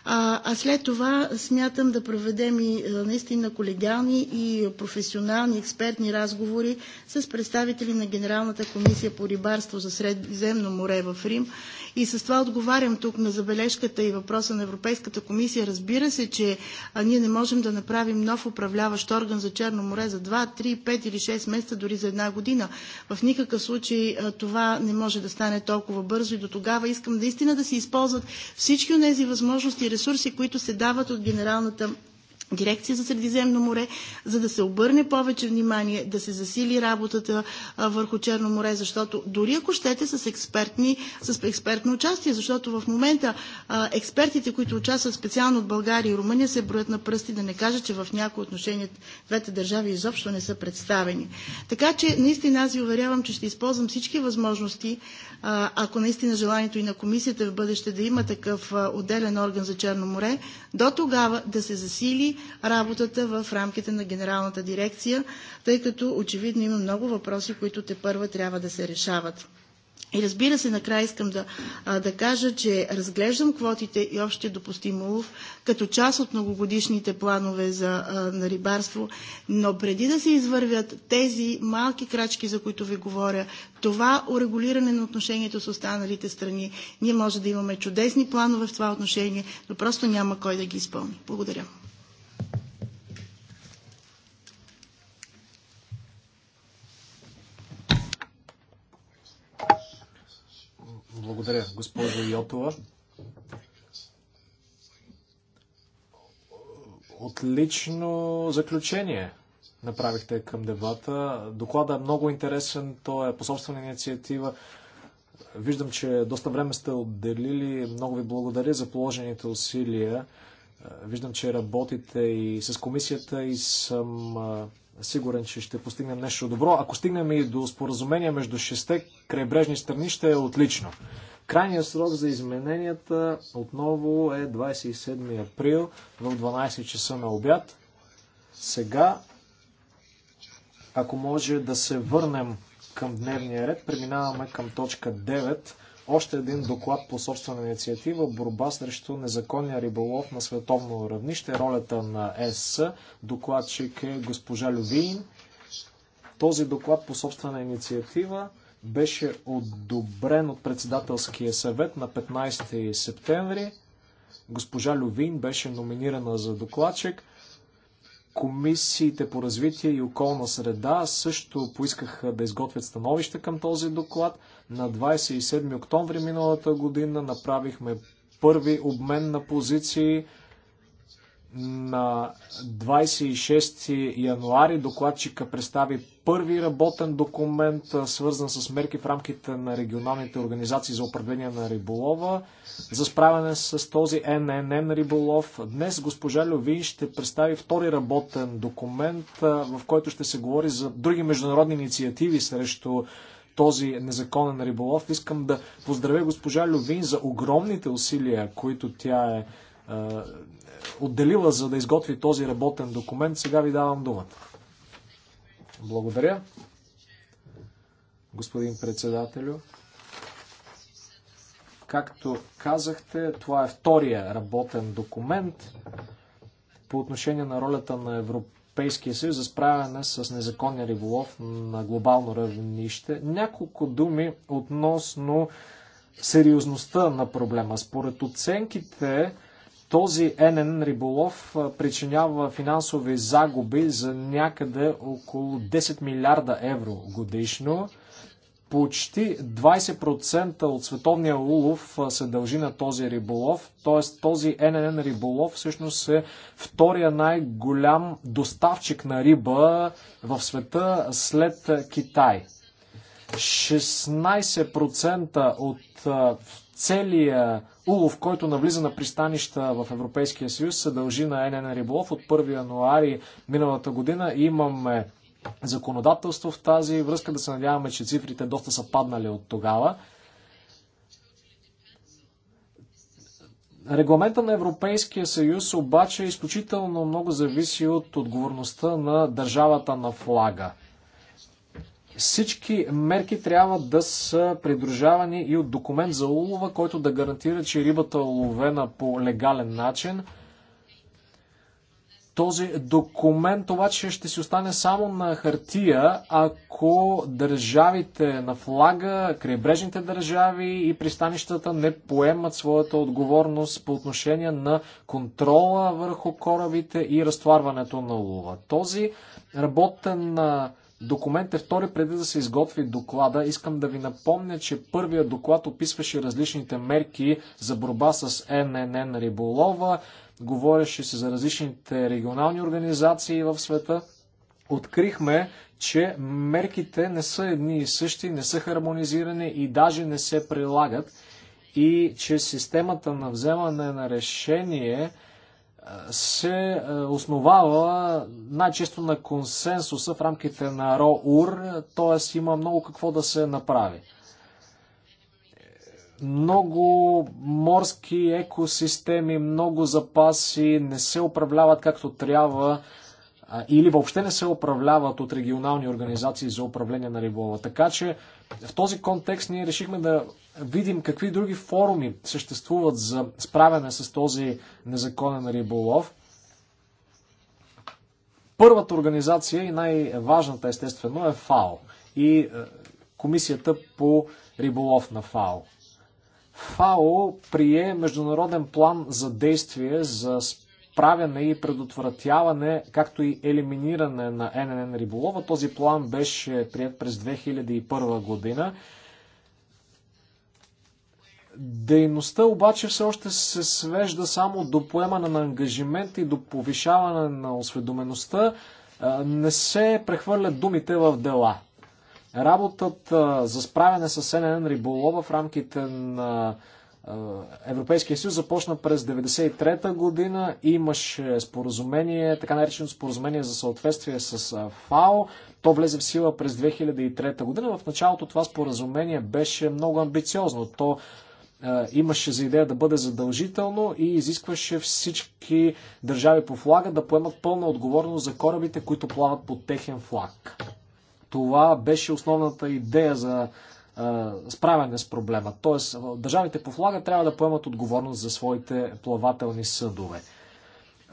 А, а след това смятам да проведем и наистина колегиални и професионални експертни разговори с представители на Генералната комисия по рибарство за Средиземно море в Рим. И с това отговарям тук на забележката и въпроса на Европейската комисия. Разбира се, че а, ние не можем да направим нов управляващ орган за Черно море за 2, 3, 5 или 6 месеца, дори за една година. В никакъв случай а, това не може да стане толкова бързо и до тогава искам наистина да се използват всички от тези възможности, ресурси, които се дават от Генералната дирекция за Средиземно море, за да се обърне повече внимание, да се засили работата върху Черно море, защото дори ако щете с, експертни, с експертно участие, защото в момента експертите, които участват специално от България и Румъния, се броят на пръсти, да не кажа, че в някои отношения двете държави изобщо не са представени. Така че наистина аз ви уверявам, че ще използвам всички възможности, ако наистина желанието и на комисията в бъдеще да има такъв отделен орган за Черно море, до тогава да се засили работата в рамките на генералната дирекция, тъй като очевидно има много въпроси, които те първа трябва да се решават. И разбира се, накрая искам да, а, да кажа, че разглеждам квотите и общия допустим улов като част от многогодишните планове за, а, на рибарство, но преди да се извървят тези малки крачки, за които ви говоря, това урегулиране на отношението с останалите страни, ние може да имаме чудесни планове в това отношение, но просто няма кой да ги изпълни. Благодаря. Благодаря, госпожо Йотова. Отлично заключение направихте към дебата. Докладът е много интересен, той е по собствена инициатива. Виждам, че доста време сте отделили. Много ви благодаря за положените усилия. Виждам, че работите и с комисията и съм сигурен, че ще постигнем нещо добро. Ако стигнем и до споразумение между шесте крайбрежни страни, ще е отлично. Крайният срок за измененията отново е 27 април в 12 часа на обяд. Сега, ако може да се върнем към дневния ред, преминаваме към точка 9 още един доклад по собствена инициатива борба срещу незаконния риболов на световно равнище, ролята на ЕС. Докладчик е госпожа Любин. Този доклад по собствена инициатива беше одобрен от председателския съвет на 15 септември. Госпожа Лювин беше номинирана за докладчик. Комисиите по развитие и околна среда също поискаха да изготвят становище към този доклад. На 27 октомври миналата година направихме първи обмен на позиции на 26 януари докладчика представи първи работен документ, свързан с мерки в рамките на регионалните организации за управление на риболова, за справяне с този ННН риболов. Днес госпожа Лювин ще представи втори работен документ, в който ще се говори за други международни инициативи срещу този незаконен риболов. Искам да поздравя госпожа Лювин за огромните усилия, които тя е е, отделила за да изготви този работен документ. Сега ви давам думата. Благодаря, господин председателю. Както казахте, това е втория работен документ по отношение на ролята на Европейския съюз за справяне с незаконния риболов на глобално равнище. Няколко думи относно сериозността на проблема. Според оценките този енен риболов причинява финансови загуби за някъде около 10 милиарда евро годишно. Почти 20% от световния улов се дължи на този риболов, т.е. този ННН риболов всъщност е втория най-голям доставчик на риба в света след Китай. 16% от целия улов, който навлиза на пристанища в Европейския съюз, се дължи на НН Риболов. От 1 януари миналата година имаме законодателство в тази връзка. Да се надяваме, че цифрите доста са паднали от тогава. Регламента на Европейския съюз обаче изключително много зависи от отговорността на държавата на флага. Всички мерки трябва да са придружавани и от документ за улова, който да гарантира, че рибата е уловена по легален начин. Този документ обаче ще си остане само на хартия, ако държавите на флага, крайбрежните държави и пристанищата не поемат своята отговорност по отношение на контрола върху корабите и разтварването на улова. Този работен Документ е втори преди да се изготви доклада. Искам да ви напомня, че първия доклад описваше различните мерки за борба с ННН риболова, говореше се за различните регионални организации в света. Открихме, че мерките не са едни и същи, не са хармонизирани и даже не се прилагат и че системата на вземане на решение се е, основава най-често на консенсуса в рамките на РОУР, т.е. има много какво да се направи. Много морски екосистеми, много запаси не се управляват както трябва или въобще не се управляват от регионални организации за управление на риболова. Така че в този контекст ние решихме да видим какви други форуми съществуват за справяне с този незаконен риболов. Първата организация и най-важната естествено е ФАО и е, Комисията по риболов на ФАО. ФАО прие международен план за действие за справяне и предотвратяване, както и елиминиране на ННН риболова. Този план беше прият през 2001 година. Дейността обаче все още се свежда само до поемане на ангажимент и до повишаване на осведомеността. Не се прехвърлят думите в дела. Работата за справяне с ННН риболова в рамките на Европейския съюз започна през 1993 година. Имаше споразумение, така наречено споразумение за съответствие с ФАО. То влезе в сила през 2003 година. В началото това споразумение беше много амбициозно. То имаше за идея да бъде задължително и изискваше всички държави по флага да поемат пълна отговорност за корабите, които плават под техен флаг. Това беше основната идея за справяне с проблема. Тоест, държавите по флага трябва да поемат отговорност за своите плавателни съдове.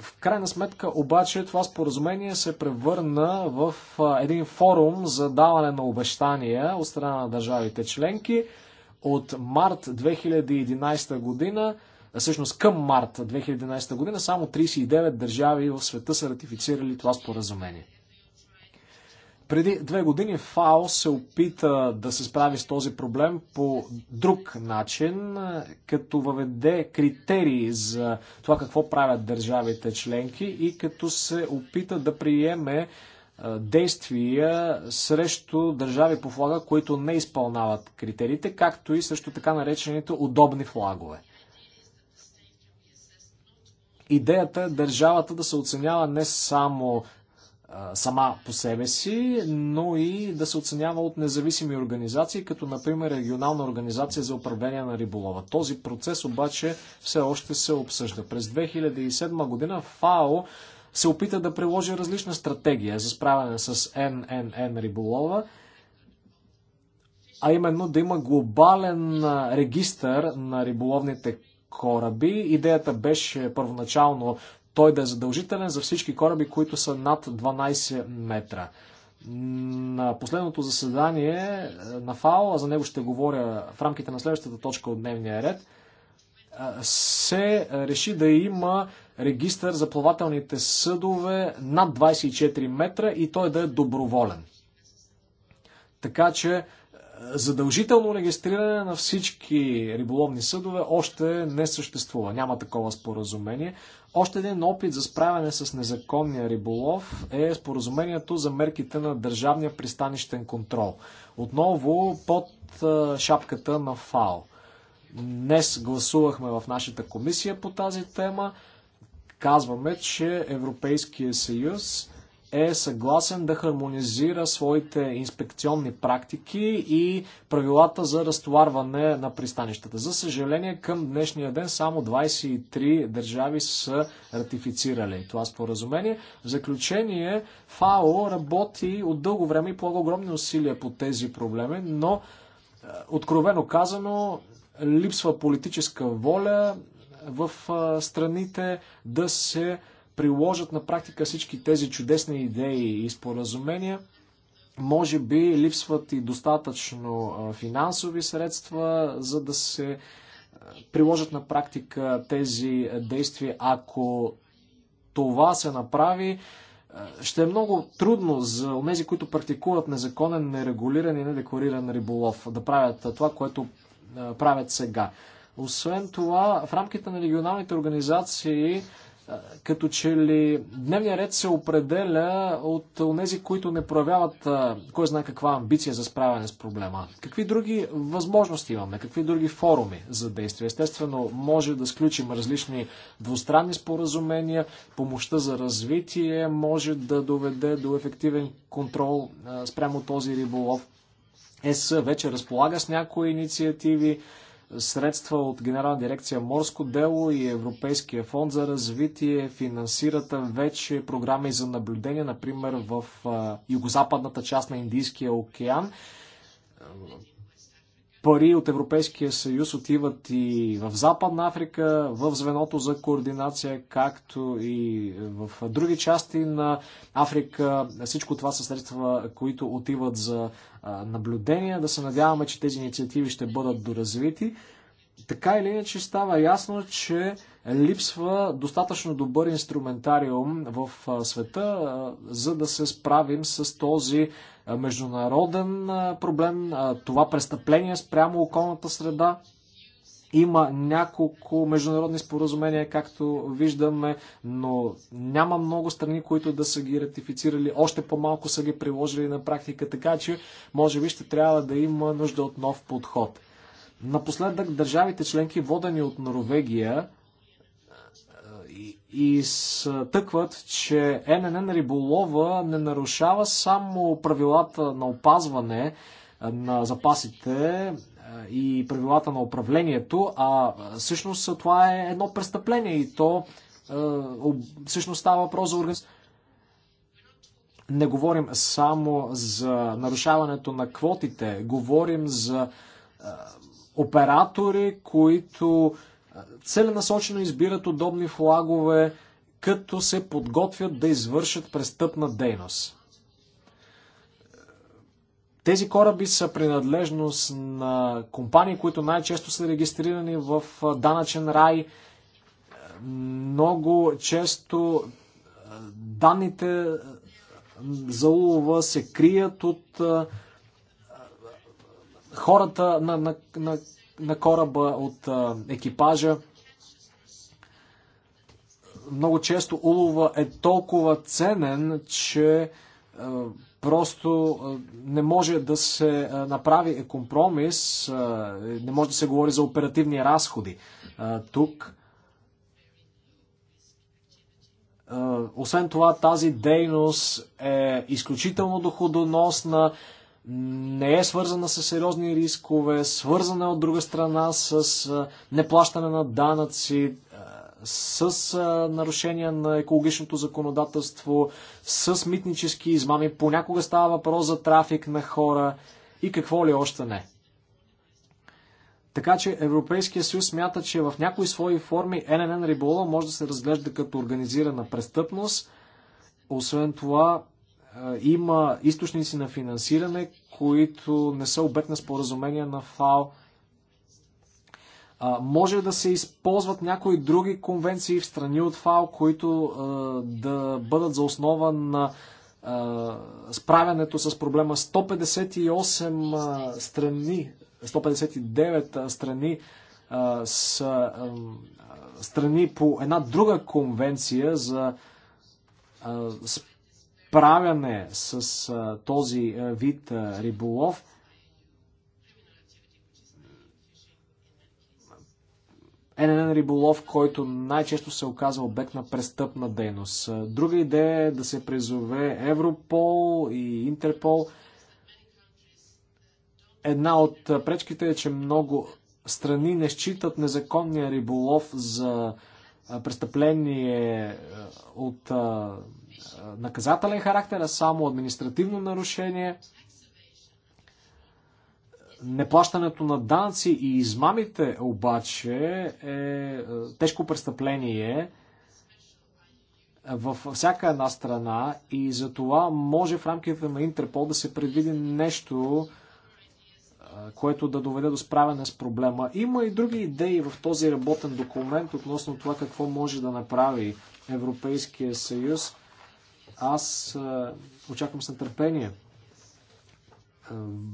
В крайна сметка обаче това споразумение се превърна в един форум за даване на обещания от страна на държавите членки. От март 2011 година, всъщност към март 2011 година, само 39 държави в света са ратифицирали това споразумение. Преди две години ФАО се опита да се справи с този проблем по друг начин, като въведе критерии за това какво правят държавите членки и като се опита да приеме действия срещу държави по флага, които не изпълняват критериите, както и също така наречените удобни флагове. Идеята е държавата да се оценява не само сама по себе си, но и да се оценява от независими организации, като например регионална организация за управление на риболова. Този процес обаче все още се обсъжда. През 2007 година ФАО се опита да приложи различна стратегия за справяне с ННН риболова, а именно да има глобален регистър на риболовните кораби. Идеята беше първоначално той да е задължителен за всички кораби, които са над 12 метра. На последното заседание е, на ФАО, а за него ще говоря в рамките на следващата точка от дневния ред, е, се реши да има регистър за плавателните съдове над 24 метра и той да е доброволен. Така че задължително регистриране на всички риболовни съдове още не съществува. Няма такова споразумение. Още един опит за справяне с незаконния риболов е споразумението за мерките на държавния пристанищен контрол. Отново под шапката на ФАО. Днес гласувахме в нашата комисия по тази тема. Казваме, че Европейския съюз е съгласен да хармонизира своите инспекционни практики и правилата за разтоварване на пристанищата. За съжаление, към днешния ден само 23 държави са ратифицирали това споразумение. В заключение, ФАО работи от дълго време и полага огромни усилия по тези проблеми, но е, откровено казано, липсва политическа воля в е, страните да се приложат на практика всички тези чудесни идеи и споразумения. Може би липсват и достатъчно финансови средства, за да се приложат на практика тези действия. Ако това се направи, ще е много трудно за тези, които практикуват незаконен, нерегулиран и недекориран риболов, да правят това, което правят сега. Освен това, в рамките на регионалните организации като че ли дневния ред се определя от тези, които не проявяват кой знае каква амбиция за справяне с проблема. Какви други възможности имаме? Какви други форуми за действие? Естествено, може да сключим различни двустранни споразумения, помощта за развитие може да доведе до ефективен контрол спрямо този риболов. ЕС вече разполага с някои инициативи, средства от Генерална дирекция Морско дело и Европейския фонд за развитие финансират вече програми за наблюдение, например в югозападната част на Индийския океан пари от Европейския съюз отиват и в Западна Африка, в звеното за координация, както и в други части на Африка. Всичко това са средства, които отиват за наблюдение. Да се надяваме, че тези инициативи ще бъдат доразвити. Така или иначе става ясно, че Липсва достатъчно добър инструментариум в света, за да се справим с този международен проблем, това престъпление спрямо околната среда. Има няколко международни споразумения, както виждаме, но няма много страни, които да са ги ратифицирали, още по-малко са ги приложили на практика, така че може би ще трябва да има нужда от нов подход. Напоследък държавите членки, водени от Норвегия, Изтъкват, че ННН риболова не нарушава само правилата на опазване е, на запасите е, и правилата на управлението, а е, всъщност това е едно престъпление и то всъщност става въпрос за организ... не говорим само за нарушаването на квотите, говорим за оператори, които целенасочено избират удобни флагове, като се подготвят да извършат престъпна дейност. Тези кораби са принадлежност на компании, които най-често са регистрирани в данъчен рай. Много често данните за улова се крият от хората на, на, на на кораба, от екипажа. Много често улова е толкова ценен, че просто не може да се направи компромис, не може да се говори за оперативни разходи. Тук освен това, тази дейност е изключително доходоносна, не е свързана с сериозни рискове, свързана е от друга страна с неплащане на данъци, с нарушения на екологичното законодателство, с митнически измами, понякога става въпрос за трафик на хора и какво ли още не. Така че Европейския съюз смята, че в някои свои форми ННН риболова може да се разглежда като организирана престъпност. Освен това, има източници на финансиране, които не са обект на споразумения на ФАО. Може да се използват някои други конвенции в страни от ФАО, които да бъдат за основа на справянето с проблема. 158 страни, 159 страни с страни по една друга конвенция за справяне с този вид риболов, е ННН риболов, който най-често се оказва обект на престъпна дейност. Друга идея е да се призове Европол и Интерпол. Една от пречките е, че много страни не считат незаконния риболов за престъпление от наказателен характер, а само административно нарушение. Неплащането на данци и измамите обаче е тежко престъпление във всяка една страна и за това може в рамките на Интерпол да се предвиди нещо, което да доведе до справяне с проблема. Има и други идеи в този работен документ относно това какво може да направи Европейския съюз. Аз е, очаквам с нетърпение е,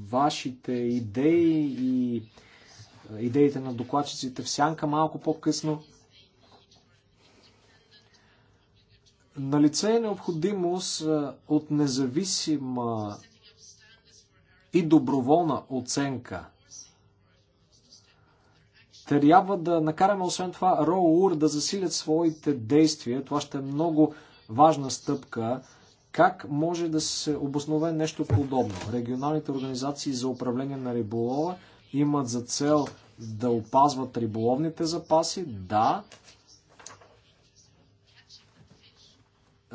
вашите идеи и е, идеите на докладчиците в сянка малко по-късно. Налице е необходимост от независима и доброволна оценка. Трябва да накараме, освен това, РОУР да засилят своите действия. Това ще е много важна стъпка. Как може да се обоснове нещо подобно? Регионалните организации за управление на риболова имат за цел да опазват риболовните запаси, да.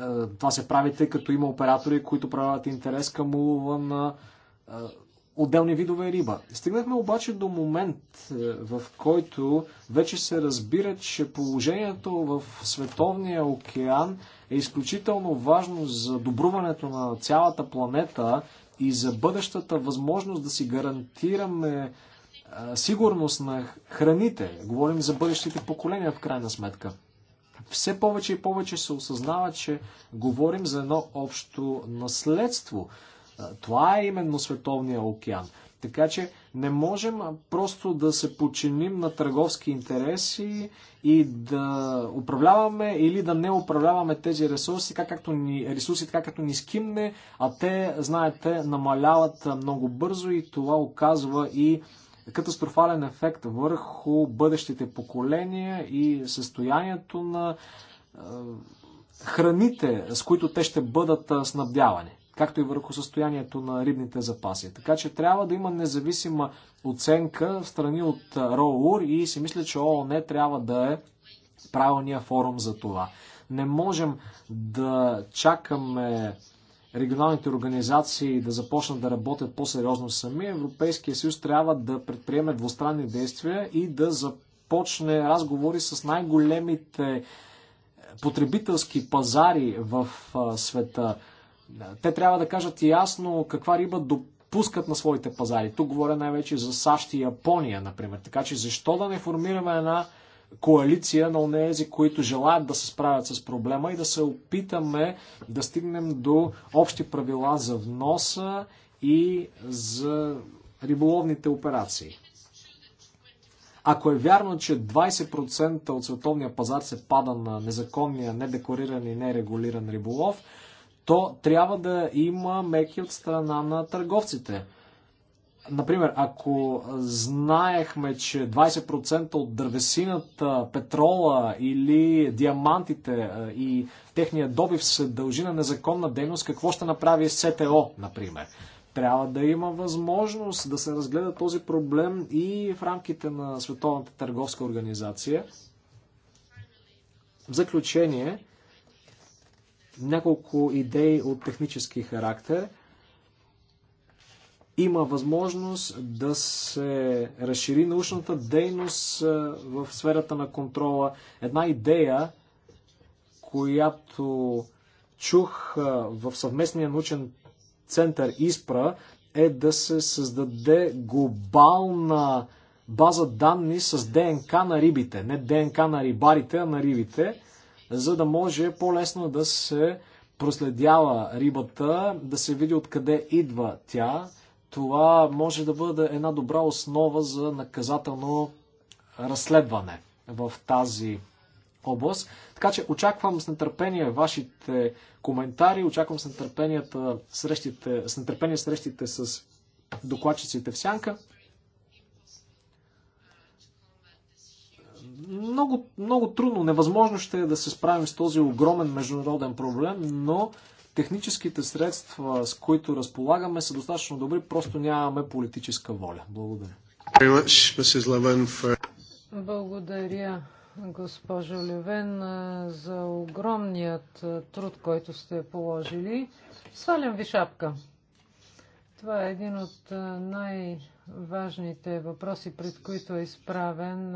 Е, това се прави, тъй като има оператори, които правят интерес към улова на е, отделни видове риба. Стигнахме обаче до момент, е, в който вече се разбира, че положението в Световния океан е изключително важно за добруването на цялата планета и за бъдещата възможност да си гарантираме е, сигурност на храните. Говорим за бъдещите поколения в крайна сметка. Все повече и повече се осъзнава, че говорим за едно общо наследство. Е, това е именно Световния океан. Така че не можем просто да се подчиним на търговски интереси и да управляваме или да не управляваме тези ресурси, така както ни, ресурси, така както ни скимне, а те, знаете, намаляват много бързо и това оказва и катастрофален ефект върху бъдещите поколения и състоянието на храните, с които те ще бъдат снабдявани както и върху състоянието на рибните запаси. Така че трябва да има независима оценка в страни от РОУР и си мисля, че ООН трябва да е правилния форум за това. Не можем да чакаме регионалните организации да започнат да работят по-сериозно сами. Европейския съюз трябва да предприеме двустранни действия и да започне разговори с най-големите потребителски пазари в света те трябва да кажат ясно каква риба допускат на своите пазари. Тук говоря най-вече за САЩ и Япония, например. Така че защо да не формираме една коалиция на онези, които желаят да се справят с проблема и да се опитаме да стигнем до общи правила за вноса и за риболовните операции. Ако е вярно, че 20% от световния пазар се пада на незаконния, недекориран и нерегулиран риболов, то трябва да има меки от страна на търговците. Например, ако знаехме, че 20% от дървесината, петрола или диамантите и техния добив се дължи на незаконна дейност, какво ще направи СТО, например? Трябва да има възможност да се разгледа този проблем и в рамките на Световната търговска организация. В заключение, няколко идеи от технически характер. Има възможност да се разшири научната дейност в сферата на контрола. Една идея, която чух в съвместния научен център ИСПРА, е да се създаде глобална база данни с ДНК на рибите. Не ДНК на рибарите, а на рибите за да може по-лесно да се проследява рибата, да се види откъде идва тя. Това може да бъде една добра основа за наказателно разследване в тази област. Така че очаквам с нетърпение вашите коментари, очаквам с, срещите, с нетърпение срещите с докладчиците в Сянка. много, много трудно, невъзможно ще е да се справим с този огромен международен проблем, но техническите средства, с които разполагаме, са достатъчно добри, просто нямаме политическа воля. Благодаря. Благодаря, госпожо Левен, за огромният труд, който сте положили. Свалям ви шапка. Това е един от най- важните въпроси, пред които е изправен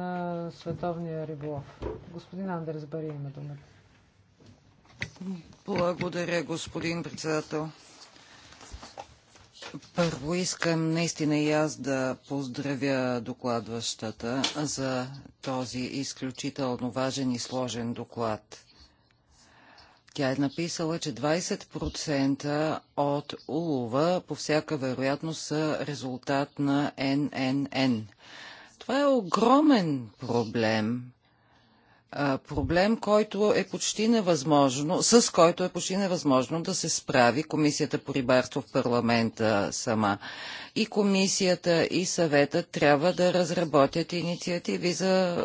световния риболов. Господин Андерс Бари има думата. Благодаря, господин председател. Първо искам наистина и аз да поздравя докладващата за този изключително важен и сложен доклад. Тя е написала, че 20% от улова по всяка вероятност са резултат на ННН. Това е огромен проблем. проблем, който е почти невъзможно, с който е почти невъзможно да се справи Комисията по рибарство в парламента сама. И Комисията, и съвета трябва да разработят инициативи за,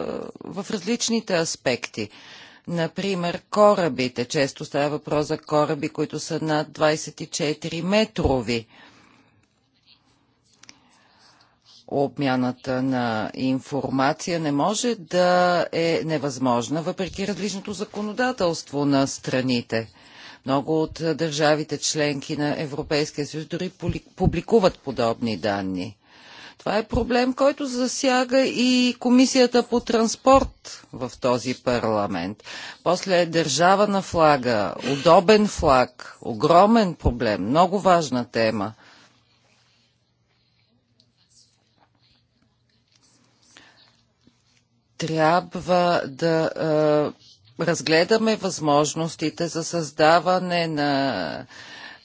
в различните аспекти Например, корабите. Често става въпрос за кораби, които са над 24 метрови. Обмяната на информация не може да е невъзможна, въпреки различното законодателство на страните. Много от държавите членки на Европейския съюз дори публикуват подобни данни. Това е проблем, който засяга и комисията по транспорт в този парламент. После държава на флага, удобен флаг, огромен проблем, много важна тема. Трябва да а, разгледаме възможностите за създаване на а,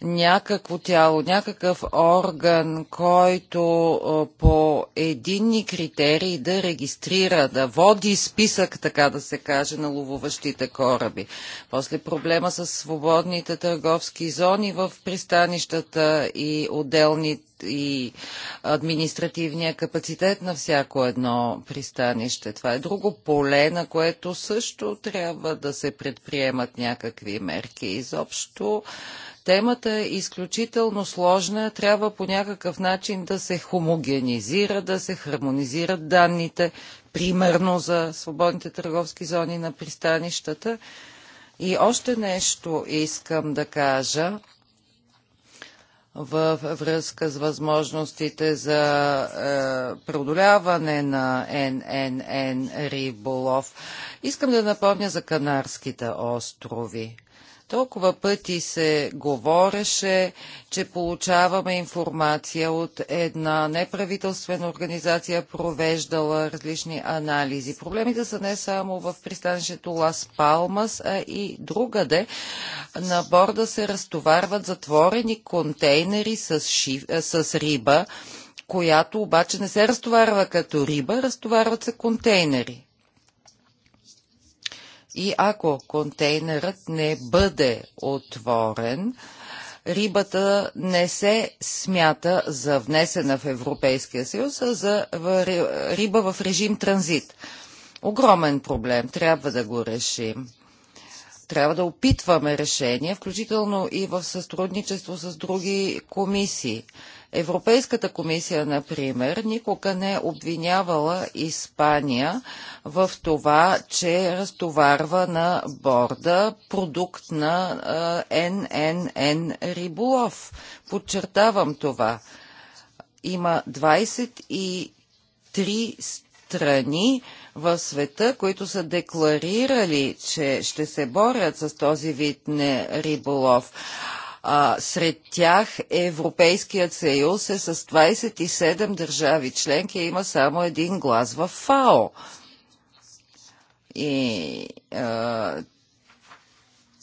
някакво тяло, някакъв орган, който по единни критерии да регистрира, да води списък, така да се каже, на ловуващите кораби. После проблема с свободните търговски зони в пристанищата и отделни и административния капацитет на всяко едно пристанище. Това е друго поле, на което също трябва да се предприемат някакви мерки. Изобщо Темата е изключително сложна, трябва по някакъв начин да се хомогенизира, да се хармонизират данните, примерно за свободните търговски зони на пристанищата. И още нещо искам да кажа във връзка с възможностите за е, преодоляване на ННН риболов. Искам да напомня за Канарските острови. Толкова пъти се говореше, че получаваме информация от една неправителствена организация, провеждала различни анализи. Проблемите са не само в пристанището Лас Палмас, а и другаде. На борда се разтоварват затворени контейнери с, шиф... с риба, която обаче не се разтоварва като риба, разтоварват се контейнери. И ако контейнерът не бъде отворен, рибата не се смята за внесена в Европейския съюз, а за риба в режим транзит. Огромен проблем, трябва да го решим. Трябва да опитваме решения, включително и в сътрудничество с други комисии. Европейската комисия, например, никога не е обвинявала Испания в това, че разтоварва на борда продукт на ННН риболов. Подчертавам това. Има 23 страни в света, които са декларирали, че ще се борят с този вид на риболов. А, сред тях Европейският съюз е с 27 държави членки и има само един глас в ФАО. И а,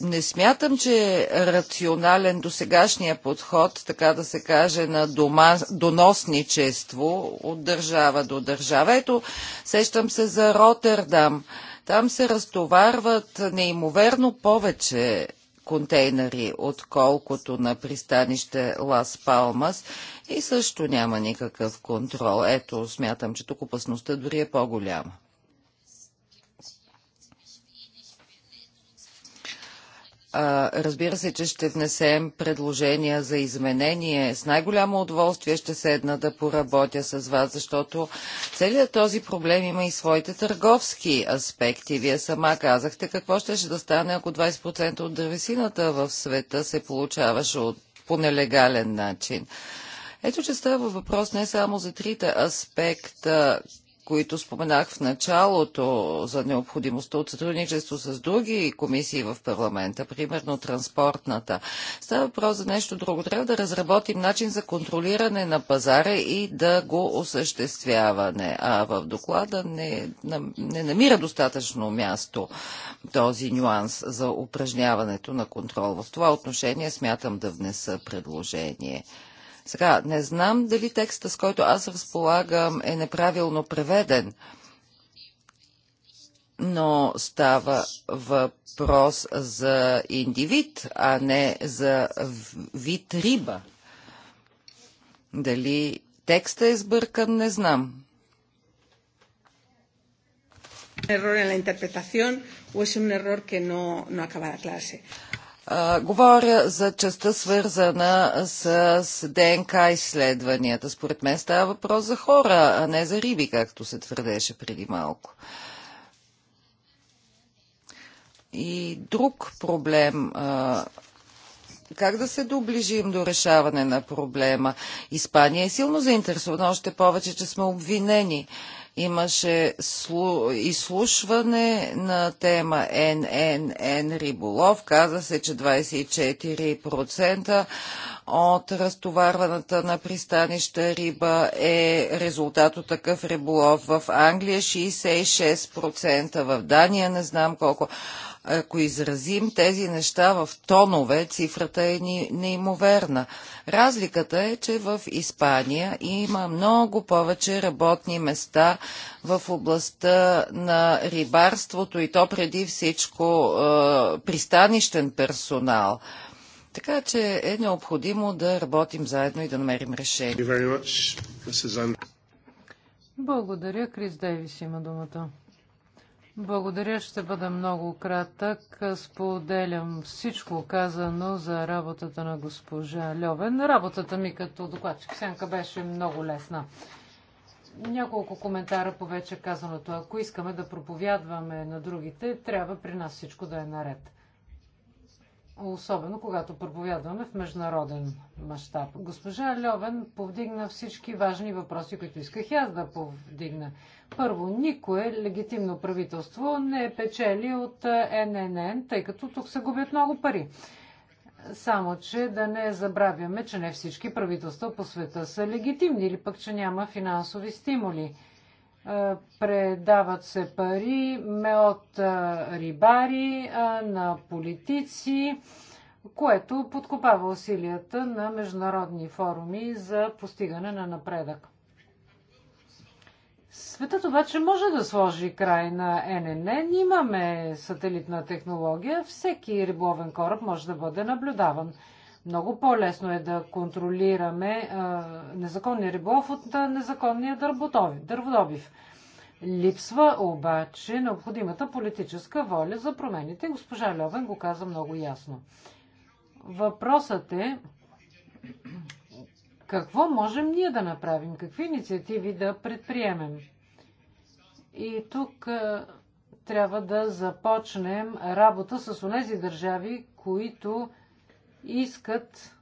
не смятам, че е рационален досегашния подход, така да се каже, на дома, доносничество от държава до държава. Ето, сещам се за Ротердам. Там се разтоварват неимоверно повече контейнери, отколкото на пристанище Лас Палмас и също няма никакъв контрол. Ето, смятам, че тук опасността дори е по-голяма. разбира се, че ще внесем предложения за изменение. С най-голямо удоволствие ще седна да поработя с вас, защото целият този проблем има и своите търговски аспекти. Вие сама казахте какво ще, ще да стане, ако 20% от древесината в света се получаваше от, по нелегален начин. Ето, че става въпрос не само за трите аспекта които споменах в началото за необходимостта от сътрудничество с други комисии в парламента, примерно транспортната. Става въпрос за нещо друго. Трябва да разработим начин за контролиране на пазара и да го осъществяване. А в доклада не, не намира достатъчно място този нюанс за упражняването на контрол. В това отношение смятам да внеса предложение. Сега, не знам дали текста, с който аз разполагам, е неправилно преведен, но става въпрос за индивид, а не за вид риба. Дали текста е сбъркан, не знам. Ерор на la interpretación o es un говоря за частта свързана с, ДНК изследванията. Според мен става въпрос за хора, а не за риби, както се твърдеше преди малко. И друг проблем. как да се доближим до решаване на проблема? Испания е силно заинтересована, още повече, че сме обвинени. Имаше изслушване на тема ННН риболов. Каза се, че 24% от разтоварваната на пристанища риба е резултат от такъв риболов. В Англия 66%, в Дания не знам колко. Ако изразим тези неща в тонове, цифрата е неимоверна. Разликата е, че в Испания има много повече работни места в областта на рибарството и то преди всичко е, пристанищен персонал. Така че е необходимо да работим заедно и да намерим решение. Благодаря. Крис Дейвис има думата. Благодаря, ще бъда много кратък. Споделям всичко казано за работата на госпожа Льовен. Работата ми като докладчик Сянка беше много лесна. Няколко коментара по вече казаното. Ако искаме да проповядваме на другите, трябва при нас всичко да е наред. Особено когато проповядваме в международен мащаб. Госпожа Льовен повдигна всички важни въпроси, които исках и аз да повдигна. Първо, никое легитимно правителство не е печели от ННН, е, тъй като тук се губят много пари. Само, че да не забравяме, че не всички правителства по света са легитимни или пък, че няма финансови стимули. Е, предават се пари ме от е, рибари на политици, което подкопава усилията на международни форуми за постигане на напредък. Светът обаче може да сложи край на ННН. Имаме сателитна технология. Всеки риболовен кораб може да бъде наблюдаван. Много по-лесно е да контролираме а, незаконния риболов от а, незаконния дърводобив. Липсва обаче необходимата политическа воля за промените. Госпожа Льовен го каза много ясно. Въпросът е какво можем ние да направим? Какви инициативи да предприемем? И тук трябва да започнем работа с онези държави, които искат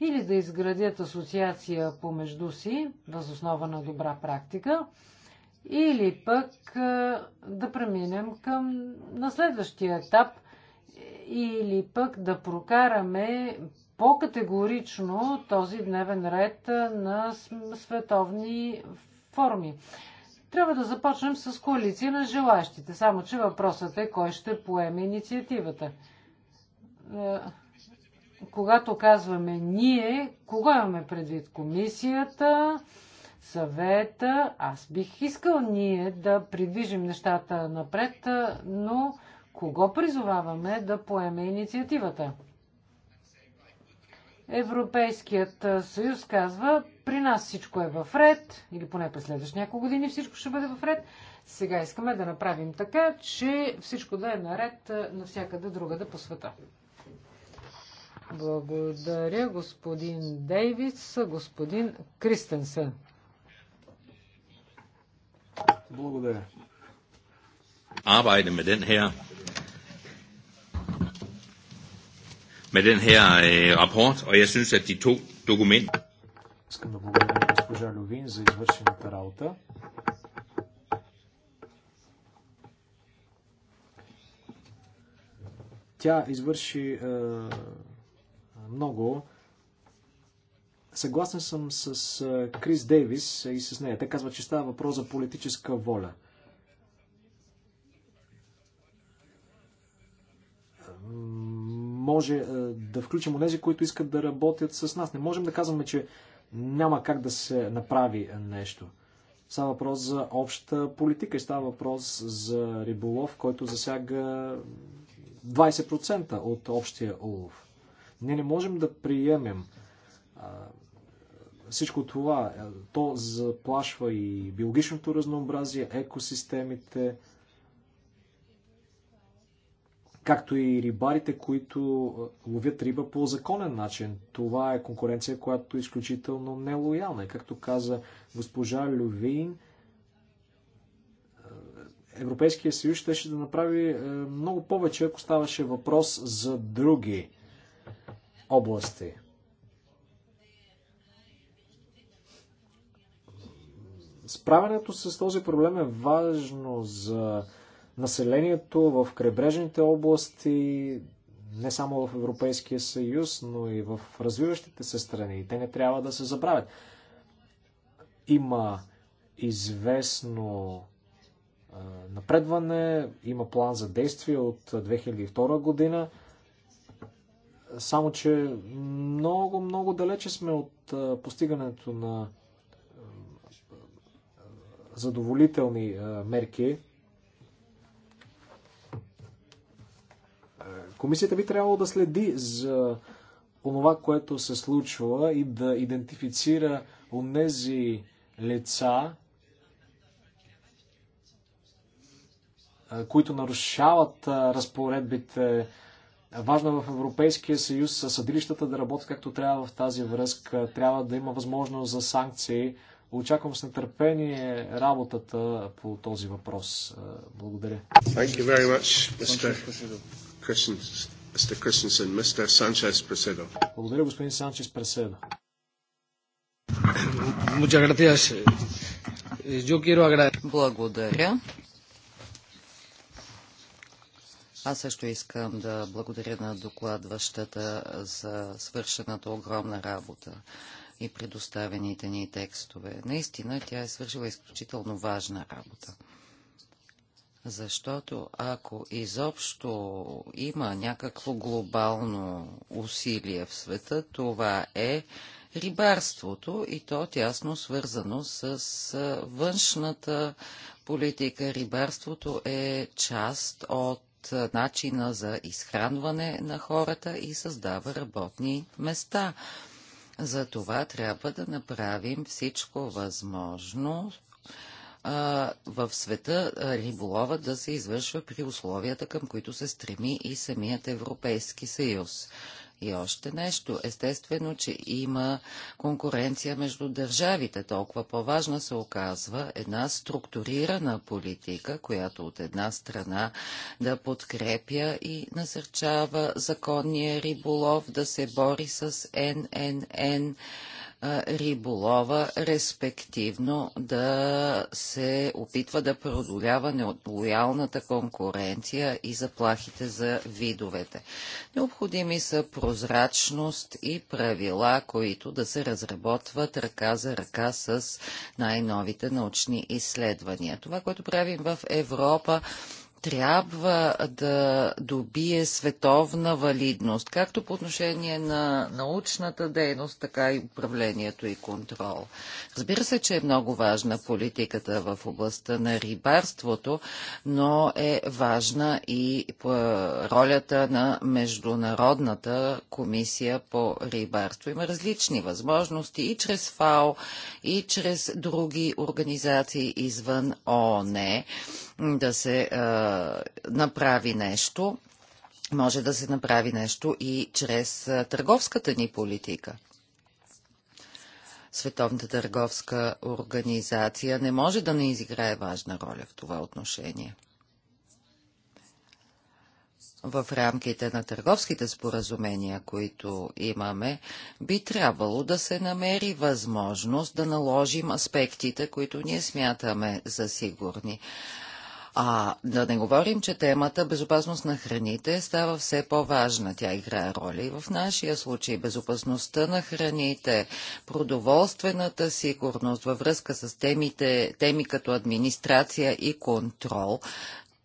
или да изградят асоциация помежду си, възоснова на добра практика, или пък да преминем към на следващия етап, или пък да прокараме по-категорично този дневен ред на световни форуми. Трябва да започнем с коалиция на желащите, само че въпросът е кой ще поеме инициативата. Когато казваме ние, кога имаме предвид? Комисията, съвета. Аз бих искал ние да придвижим нещата напред, но кого призоваваме да поеме инициативата? Европейският съюз казва, при нас всичко е в ред, или поне през следващи няколко години всичко ще бъде в ред. Сега искаме да направим така, че всичко да е наред навсякъде другаде да по света. Благодаря, господин Дейвис, господин Кристенсен. Благодаря. Arbejde med den her med den her øh, rapport, og jeg synes, at de to dokumenter... Искам да благодаря госпожа Лювин за извършената работа. Тя извърши е, много. Съгласен съм с е, Крис Дейвис и с нея. Те казват, че става въпрос за политическа воля. може е, да включим онези, които искат да работят с нас. Не можем да казваме, че няма как да се направи нещо. Става въпрос за обща политика и става въпрос за риболов, който засяга 20% от общия улов. Ние не можем да приемем а, всичко това. Е, то заплашва и биологичното разнообразие, екосистемите, както и рибарите, които ловят риба по законен начин. Това е конкуренция, която е изключително нелоялна. И както каза госпожа Лювин, Европейския съюз щеше да направи много повече, ако ставаше въпрос за други области. Справянето с този проблем е важно за населението в крайбрежните области, не само в Европейския съюз, но и в развиващите се страни. Те не трябва да се забравят. Има известно напредване, има план за действие от 2002 година. Само, че много, много далече сме от постигането на задоволителни мерки. Комисията би трябвало да следи за онова, което се случва и да идентифицира онези лица, които нарушават разпоредбите. Важно е в Европейския съюз съдилищата да работят както трябва в тази връзка. Трябва да има възможност за санкции. Очаквам с нетърпение работата по този въпрос. Благодаря. Thank you very much, Mr. Mr. Christensen, Mr. Sanchez Благодаря, господин Санчес Преседо. Благодаря. Аз също искам да благодаря на докладващата за свършената огромна работа и предоставените ни текстове. Наистина, тя е свършила изключително важна работа. Защото ако изобщо има някакво глобално усилие в света, това е рибарството и то тясно свързано с външната политика. Рибарството е част от начина за изхранване на хората и създава работни места. За това трябва да направим всичко възможно в света риболова да се извършва при условията, към които се стреми и самият Европейски съюз. И още нещо. Естествено, че има конкуренция между държавите. Толкова по-важна се оказва една структурирана политика, която от една страна да подкрепя и насърчава законния риболов, да се бори с ННН риболова, респективно да се опитва да преодолява нелоялната конкуренция и заплахите за видовете. Необходими са прозрачност и правила, които да се разработват ръка за ръка с най-новите научни изследвания. Това, което правим в Европа, трябва да добие световна валидност, както по отношение на научната дейност, така и управлението и контрол. Разбира се, че е много важна политиката в областта на рибарството, но е важна и ролята на Международната комисия по рибарство. Има различни възможности и чрез ФАО, и чрез други организации извън ООН е да се а, направи нещо, може да се направи нещо и чрез а, търговската ни политика. Световната търговска организация не може да не изиграе важна роля в това отношение. В рамките на търговските споразумения, които имаме, би трябвало да се намери възможност да наложим аспектите, които ние смятаме за сигурни. А да не говорим, че темата безопасност на храните става все по-важна. Тя играе роля и в нашия случай. Безопасността на храните, продоволствената сигурност във връзка с темите, теми като администрация и контрол,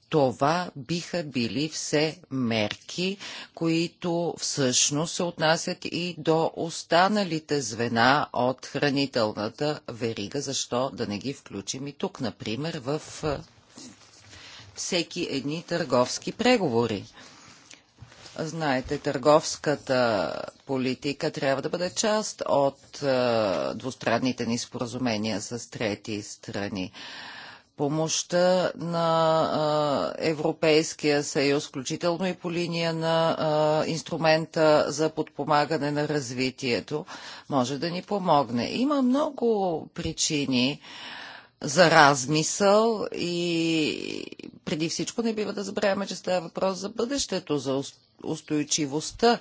това биха били все мерки, които всъщност се отнасят и до останалите звена от хранителната верига. Защо да не ги включим и тук, например, в всеки едни търговски преговори. Знаете, търговската политика трябва да бъде част от е, двустранните ни споразумения с трети страни. Помощта на е, Европейския съюз, включително и по линия на е, инструмента за подпомагане на развитието, може да ни помогне. Има много причини за размисъл и преди всичко не бива да забравяме, че става въпрос за бъдещето, за устойчивостта.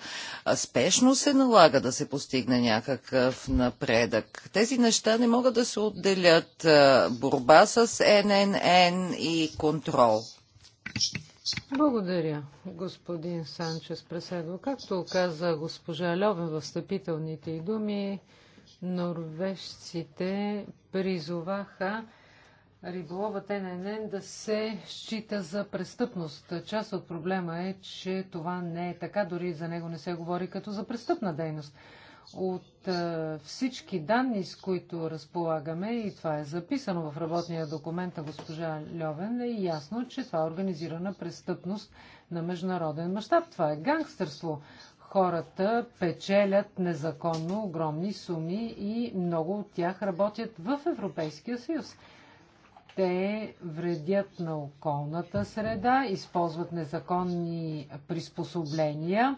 Спешно се налага да се постигне някакъв напредък. Тези неща не могат да се отделят борба с ННН и контрол. Благодаря, господин Санчес преседло. Както каза госпожа Льовен в стъпителните и думи, норвежците призоваха риболова ТНН да се счита за престъпност. Част от проблема е, че това не е така, дори за него не се говори като за престъпна дейност. От е, всички данни, с които разполагаме, и това е записано в работния документ на госпожа Льовен, е ясно, че това е организирана престъпност на международен мащаб. Това е гангстърство хората печелят незаконно огромни суми и много от тях работят в Европейския съюз. Те вредят на околната среда, използват незаконни приспособления,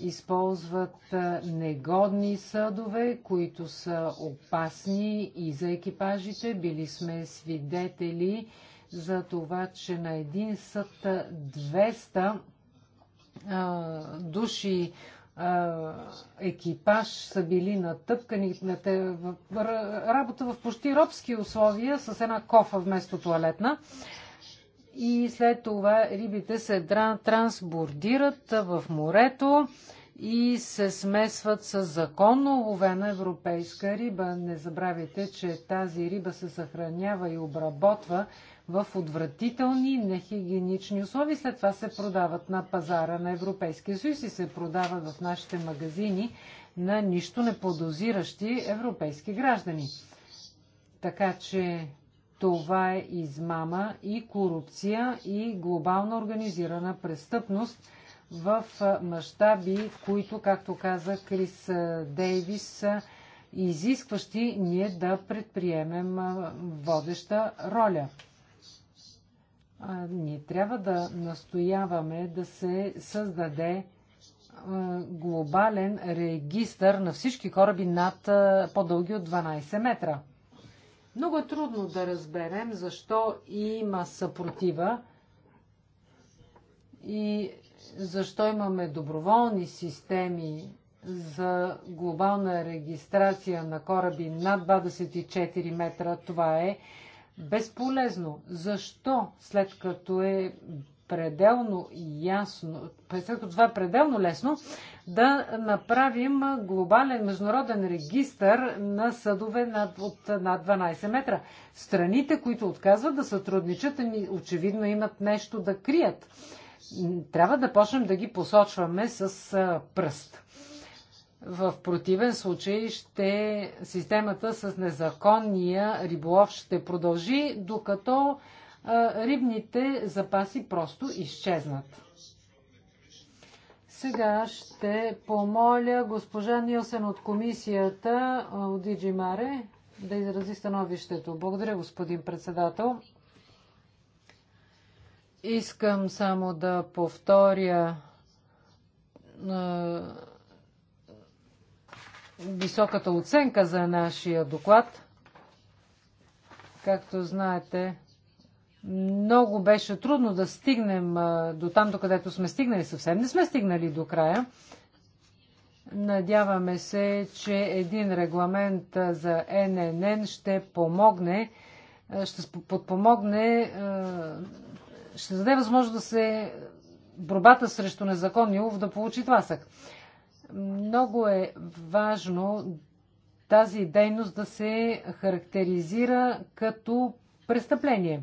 използват негодни съдове, които са опасни и за екипажите. Били сме свидетели за това, че на един съд 200 души екипаж са били натъпкани на те, работа в почти робски условия с една кофа вместо туалетна. И след това рибите се трансбордират в морето и се смесват с законно ловена европейска риба. Не забравяйте, че тази риба се съхранява и обработва в отвратителни нехигиенични условия. След това се продават на пазара на Европейския съюз и се продават в нашите магазини на нищо не подозиращи европейски граждани. Така че това е измама и корупция и глобална организирана престъпност в мащаби, които, както каза Крис Дейвис, са изискващи ние да предприемем водеща роля а, ние трябва да настояваме да се създаде а, глобален регистър на всички кораби над по-дълги от 12 метра. Много е трудно да разберем защо има съпротива и защо имаме доброволни системи за глобална регистрация на кораби над 24 метра. Това е безполезно. Защо след като е пределно ясно, след като това е пределно лесно, да направим глобален международен регистр на съдове над, от над 12 метра. Страните, които отказват да сътрудничат, ами очевидно имат нещо да крият. Трябва да почнем да ги посочваме с пръст. В противен случай ще, системата с незаконния риболов ще продължи, докато рибните запаси просто изчезнат. Сега ще помоля госпожа Нилсен от комисията от Маре да изрази становището. Благодаря, господин председател. Искам само да повторя високата оценка за нашия доклад. Както знаете, много беше трудно да стигнем до там, до където сме стигнали. Съвсем не сме стигнали до края. Надяваме се, че един регламент за ННН ще помогне, ще подпомогне, ще даде възможност да се борбата срещу незаконни улов да получи тласък. Много е важно тази дейност да се характеризира като престъпление.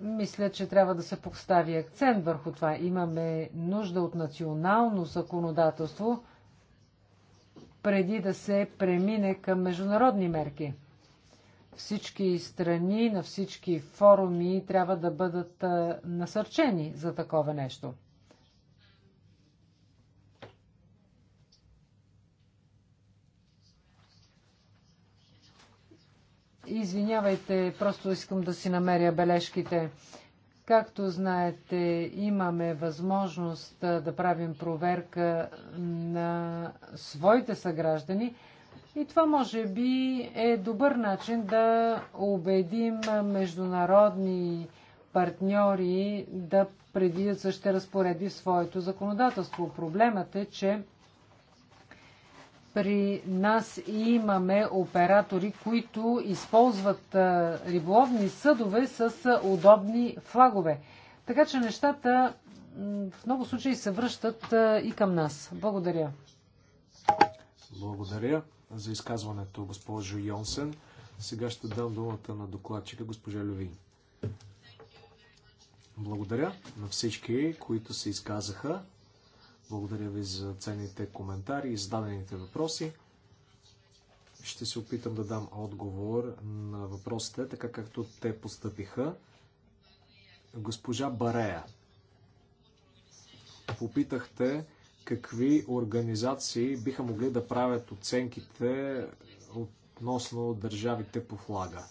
Мисля, че трябва да се постави акцент върху това. Имаме нужда от национално законодателство, преди да се премине към международни мерки. Всички страни на всички форуми трябва да бъдат насърчени за такова нещо. Извинявайте, просто искам да си намеря бележките. Както знаете, имаме възможност да правим проверка на своите съграждани и това може би е добър начин да убедим международни партньори да предвидят същите разпореди в своето законодателство. Проблемът е, че при нас имаме оператори, които използват риболовни съдове с удобни флагове. Така че нещата в много случаи се връщат и към нас. Благодаря. Благодаря за изказването, госпожо Йонсен. Сега ще дам думата на докладчика, госпожа Лювин. Благодаря на всички, които се изказаха. Благодаря ви за ценните коментари и зададените въпроси. Ще се опитам да дам отговор на въпросите, така както те постъпиха. Госпожа Барея, попитахте какви организации биха могли да правят оценките относно държавите по флага.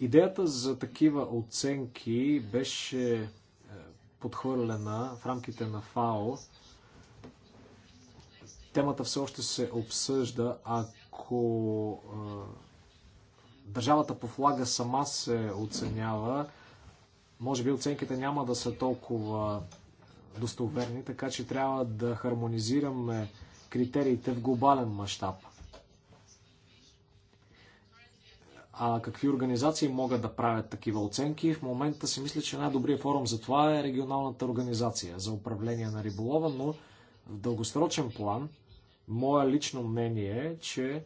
Идеята за такива оценки беше подхвърлена в рамките на ФАО. Темата все още се обсъжда. Ако държавата по флага сама се оценява, може би оценките няма да са толкова достоверни, така че трябва да хармонизираме критериите в глобален мащаб. А какви организации могат да правят такива оценки? В момента си мисля, че най-добрият форум за това е регионалната организация за управление на риболова, но в дългосрочен план, мое лично мнение е, че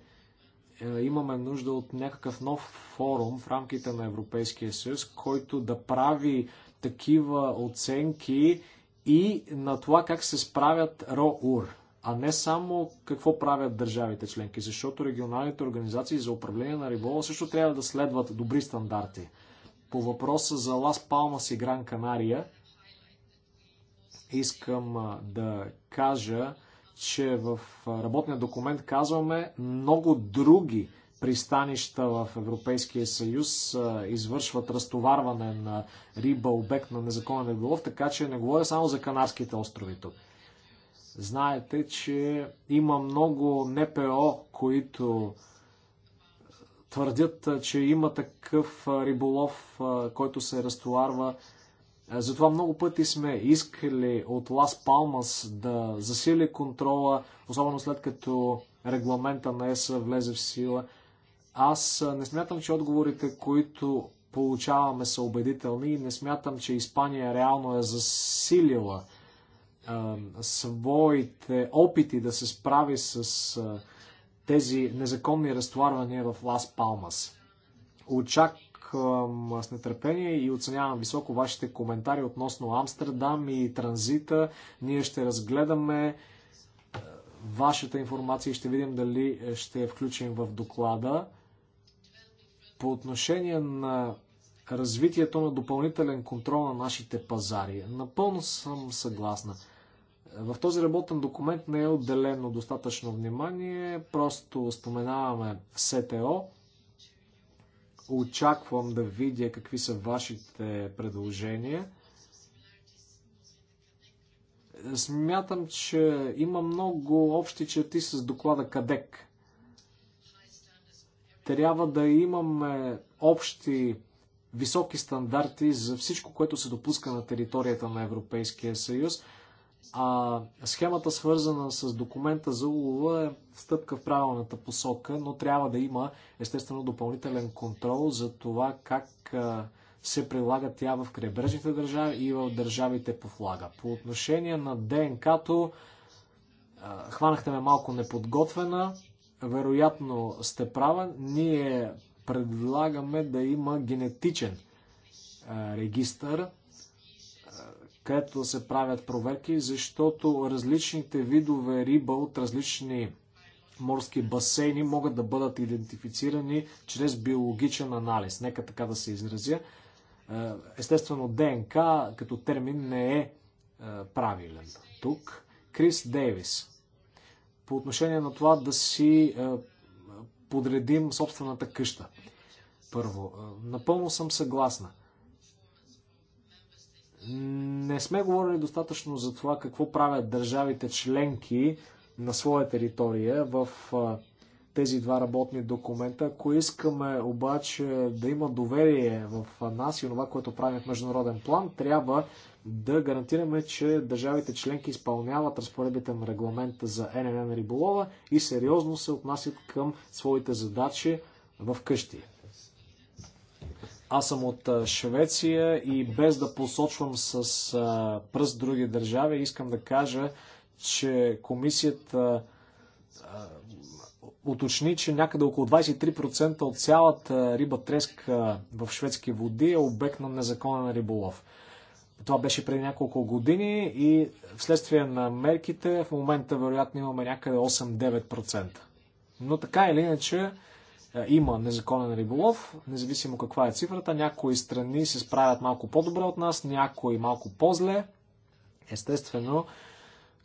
е, имаме нужда от някакъв нов форум в рамките на Европейския съюз, който да прави такива оценки и на това как се справят РОУР, а не само какво правят държавите членки, защото регионалните организации за управление на риболова също трябва да следват добри стандарти. По въпроса за Лас Палмас и Гран Канария, искам да кажа, че в работния документ казваме много други пристанища в Европейския съюз извършват разтоварване на риба, обект на незаконен риболов, така че не говоря само за Канарските острови тук. Знаете, че има много НПО, които твърдят, че има такъв риболов, който се разтоварва. Затова много пъти сме искали от Лас Палмас да засили контрола, особено след като регламента на ЕСА влезе в сила. Аз не смятам, че отговорите, които получаваме са убедителни и не смятам, че Испания реално е засилила своите опити да се справи с тези незаконни разтоварвания в Лас Палмас. Очаквам с нетърпение и оценявам високо вашите коментари относно Амстердам и транзита. Ние ще разгледаме вашата информация и ще видим дали ще я включим в доклада. По отношение на развитието на допълнителен контрол на нашите пазари, напълно съм съгласна. В този работен документ не е отделено достатъчно внимание, просто споменаваме СТО. Очаквам да видя какви са вашите предложения. Смятам, че има много общи черти с доклада КАДЕК. Трябва да имаме общи високи стандарти за всичко, което се допуска на територията на Европейския съюз. А схемата, свързана с документа за улова, е стъпка в правилната посока, но трябва да има естествено допълнителен контрол за това как се прилага тя в крайбрежните държави и в държавите по флага. По отношение на ДНК-то, хванахте ме малко неподготвена. Вероятно сте права. Ние предлагаме да има генетичен регистър където да се правят проверки, защото различните видове риба от различни морски басейни могат да бъдат идентифицирани чрез биологичен анализ. Нека така да се изразя. Е, естествено, ДНК като термин не е, е правилен тук. Крис Дейвис. По отношение на това да си е, подредим собствената къща. Първо, напълно съм съгласна. Не сме говорили достатъчно за това какво правят държавите членки на своя територия в тези два работни документа. Ако искаме обаче да има доверие в нас и това, което правим в международен план, трябва да гарантираме, че държавите членки изпълняват разпоредбите на регламента за ННН риболова и сериозно се отнасят към своите задачи в къщи. Аз съм от Швеция и без да посочвам с а, пръст други държави, искам да кажа, че комисията уточни, че някъде около 23% от цялата риба треска в шведски води е обект на незаконен риболов. Това беше преди няколко години и вследствие на мерките в момента вероятно имаме някъде 8-9%. Но така или иначе, е, има незаконен риболов, независимо каква е цифрата. Някои страни се справят малко по-добре от нас, някои малко по-зле. Естествено,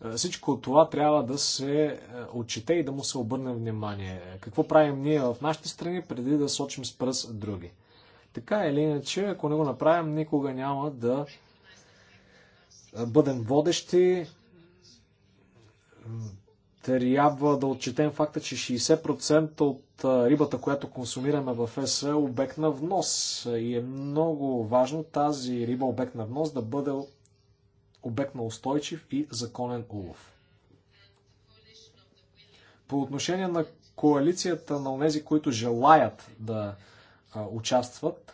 е, всичко това трябва да се е, отчете и да му се обърне внимание. Какво правим ние в нашите страни, преди да сочим с пръст други? Така или иначе, ако не го направим, никога няма да бъдем водещи трябва да отчетем факта, че 60% от рибата, която консумираме в ЕС е обект на внос. И е много важно тази риба обект на внос да бъде обект на устойчив и законен улов. По отношение на коалицията на тези, които желаят да участват,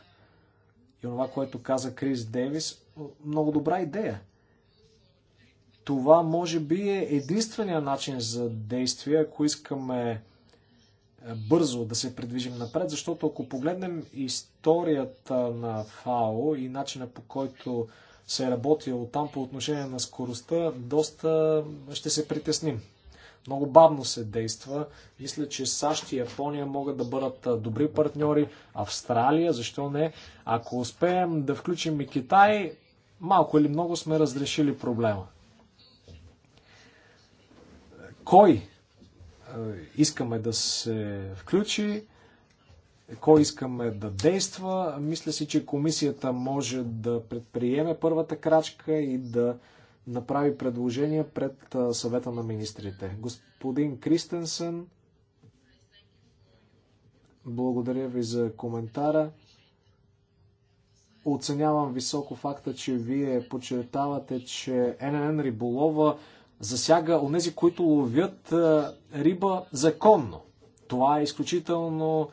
и това, което каза Крис Дейвис, много добра идея – това може би е единствения начин за действие, ако искаме е, бързо да се придвижим напред, защото ако погледнем историята на ФАО и начина по който се е работил там по отношение на скоростта, доста ще се притесним. Много бавно се действа. Мисля, че САЩ и Япония могат да бъдат е, добри партньори. Австралия, защо не? Ако успеем да включим и Китай, малко или много сме разрешили проблема кой е, искаме да се включи, кой искаме да действа. Мисля си, че комисията може да предприеме първата крачка и да направи предложения пред съвета на министрите. Господин Кристенсен, благодаря ви за коментара. Оценявам високо факта, че вие подчертавате, че ННН Риболова засяга онези, които ловят е, риба законно. Това е изключително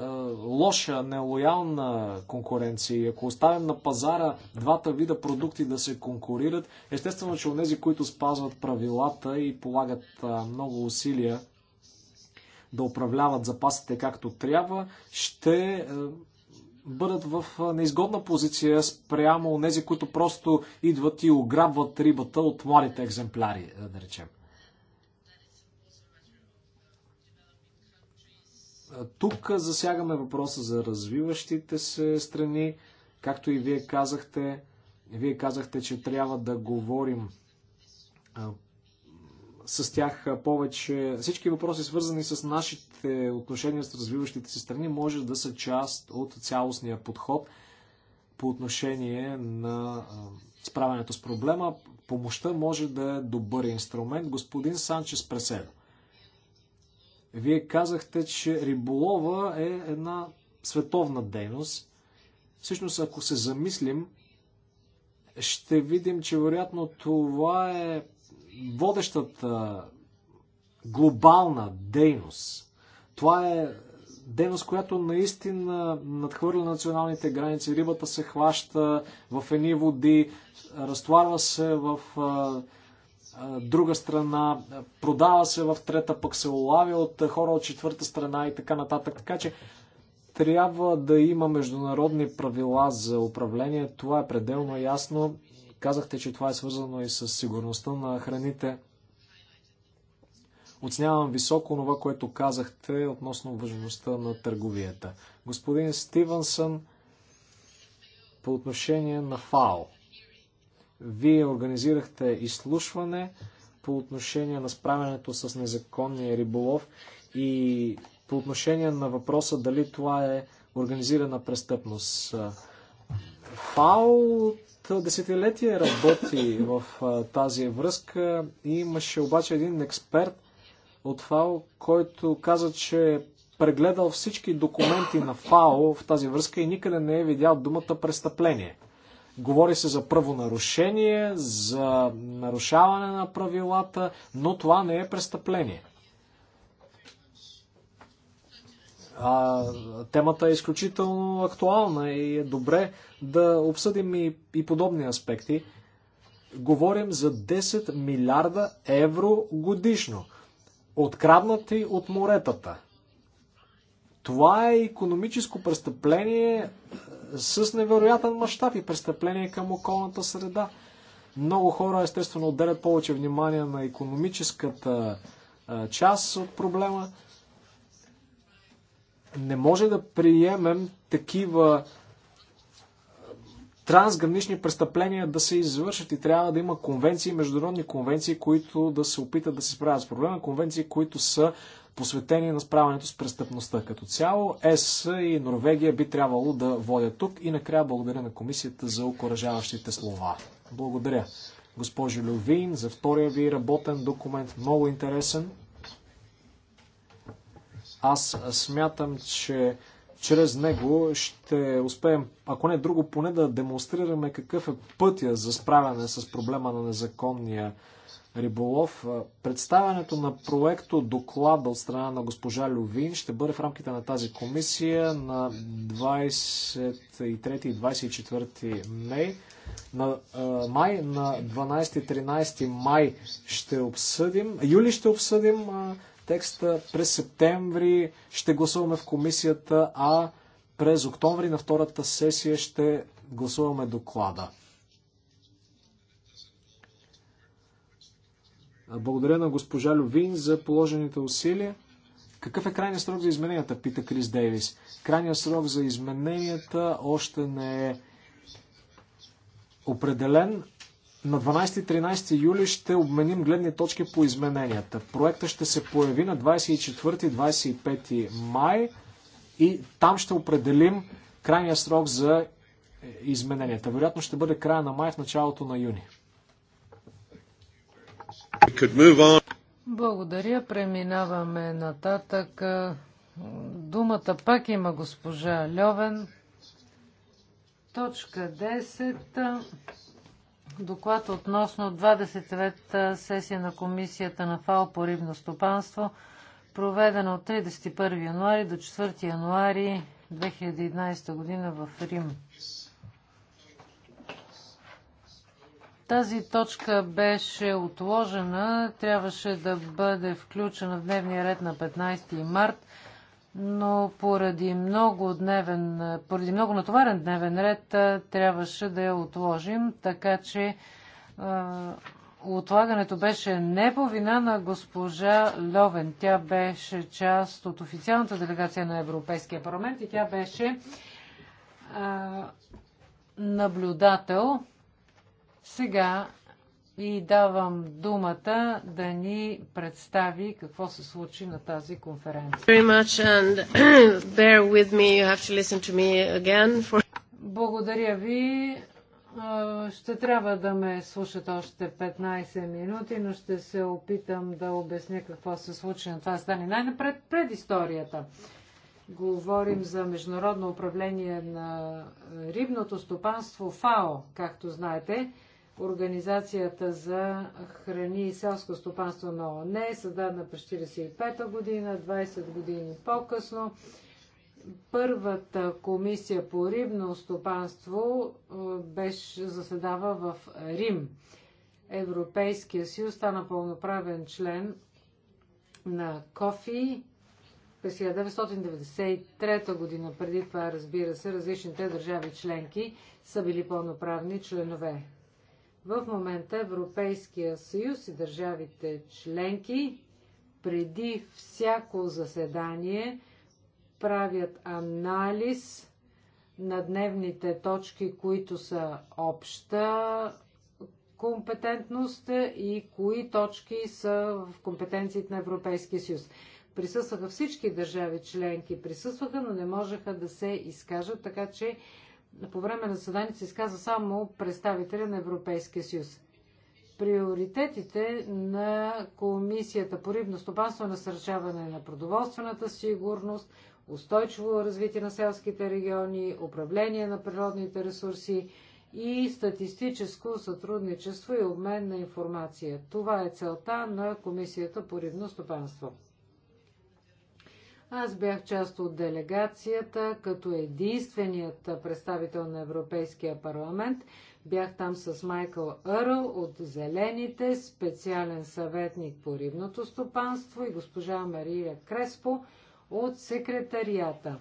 е, лоша, нелоялна конкуренция и ако оставим на пазара двата вида продукти да се конкурират, естествено, че онези, които спазват правилата и полагат е, много усилия да управляват запасите както трябва, ще бъдат в неизгодна позиция спрямо тези, които просто идват и ограбват рибата от младите екземпляри, е, да речем. Е, тук засягаме въпроса за развиващите се страни, както и вие казахте. Вие казахте, че трябва да говорим с тях повече. Всички въпроси, свързани с нашите отношения с развиващите се страни, може да са част от цялостния подход по отношение на справянето с проблема. Помощта може да е добър инструмент. Господин Санчес Преседо, вие казахте, че риболова е една световна дейност. Всъщност, ако се замислим, ще видим, че вероятно това е водещата глобална дейност. Това е дейност, която наистина надхвърля националните граници. Рибата се хваща в едни води, разтварва се в друга страна, продава се в трета, пък се улавя от хора от четвърта страна и така нататък. Така че трябва да има международни правила за управление. Това е пределно ясно Казахте, че това е свързано и с сигурността на храните. Оценявам високо това, което казахте относно важността на търговията. Господин Стивенсън, по отношение на ФАО. Вие организирахте изслушване по отношение на справянето с незаконния риболов и по отношение на въпроса дали това е организирана престъпност. ФАО десетилетия работи в тази връзка. Имаше обаче един експерт от ФАО, който каза, че е прегледал всички документи на ФАО в тази връзка и никъде не е видял думата престъпление. Говори се за правонарушение, за нарушаване на правилата, но това не е престъпление. А, темата е изключително актуална и е добре да обсъдим и, и подобни аспекти. Говорим за 10 милиарда евро годишно, откраднати от моретата. Това е економическо престъпление с невероятен мащаб и престъпление към околната среда. Много хора естествено отделят повече внимание на економическата част от проблема, не може да приемем такива трансгранични престъпления да се извършат и трябва да има конвенции, международни конвенции, които да се опитат да се справят с проблема, конвенции, които са посветени на справянето с престъпността. Като цяло ЕС и Норвегия би трябвало да водят тук и накрая благодаря на комисията за окоръжаващите слова. Благодаря. Госпожо Лювин, за втория ви работен документ, много интересен. Аз смятам, че чрез него ще успеем, ако не друго, поне да демонстрираме какъв е пътя за справяне с проблема на незаконния риболов. Представянето на проекто доклада от страна на госпожа Лювин ще бъде в рамките на тази комисия на 23 24 май. На, а, май, на 12-13 май ще обсъдим, юли ще обсъдим а, текста. През септември ще гласуваме в комисията, а през октомври на втората сесия ще гласуваме доклада. Благодаря на госпожа Лювин за положените усилия. Какъв е крайният срок за измененията, пита Крис Дейвис. Крайният срок за измененията още не е определен на 12-13 юли ще обменим гледни точки по измененията. Проекта ще се появи на 24-25 май и там ще определим крайния срок за измененията. Вероятно ще бъде края на май в началото на юни. Благодаря. Преминаваме нататък. Думата пак има госпожа Льовен. Точка 10. Доклад относно 29-та сесия на комисията на ФАО по рибно стопанство, проведена от 31 януари до 4 януари 2011 година в Рим. Тази точка беше отложена, трябваше да бъде включена в дневния ред на 15 март, но поради много, дневен, поради много натоварен дневен ред трябваше да я отложим, така че отлагането беше не по вина на госпожа Льовен. Тя беше част от официалната делегация на Европейския парламент и тя беше а, наблюдател. Сега и давам думата да ни представи какво се случи на тази конференция. [clears throat] Благодаря ви. Ще трябва да ме слушат още 15 минути, но ще се опитам да обясня какво се случи на това стане. Най-напред предисторията. Говорим за международно управление на рибното стопанство ФАО, както знаете. Организацията за храни и селско стопанство на ООН е създадена през 1945 година, 20 години по-късно. Първата комисия по рибно стопанство е, беше заседава в Рим. Европейския съюз стана пълноправен член на КОФИ през 1993 година. Преди това, разбира се, различните държави членки са били пълноправни членове. В момента Европейския съюз и държавите членки преди всяко заседание правят анализ на дневните точки, които са обща компетентност и кои точки са в компетенциите на Европейския съюз. Присъстваха всички държави членки, присъстваха, но не можеха да се изкажат, така че по време на заседанието се изказа само представителя на Европейския съюз. Приоритетите на Комисията по рибно стопанство е насърчаване на продоволствената сигурност, устойчиво развитие на селските региони, управление на природните ресурси и статистическо сътрудничество и обмен на информация. Това е целта на Комисията по рибно стопанство. Аз бях част от делегацията като единственият представител на Европейския парламент. Бях там с Майкъл Ерл от Зелените, специален съветник по рибното стопанство и госпожа Мария Креспо от секретарията.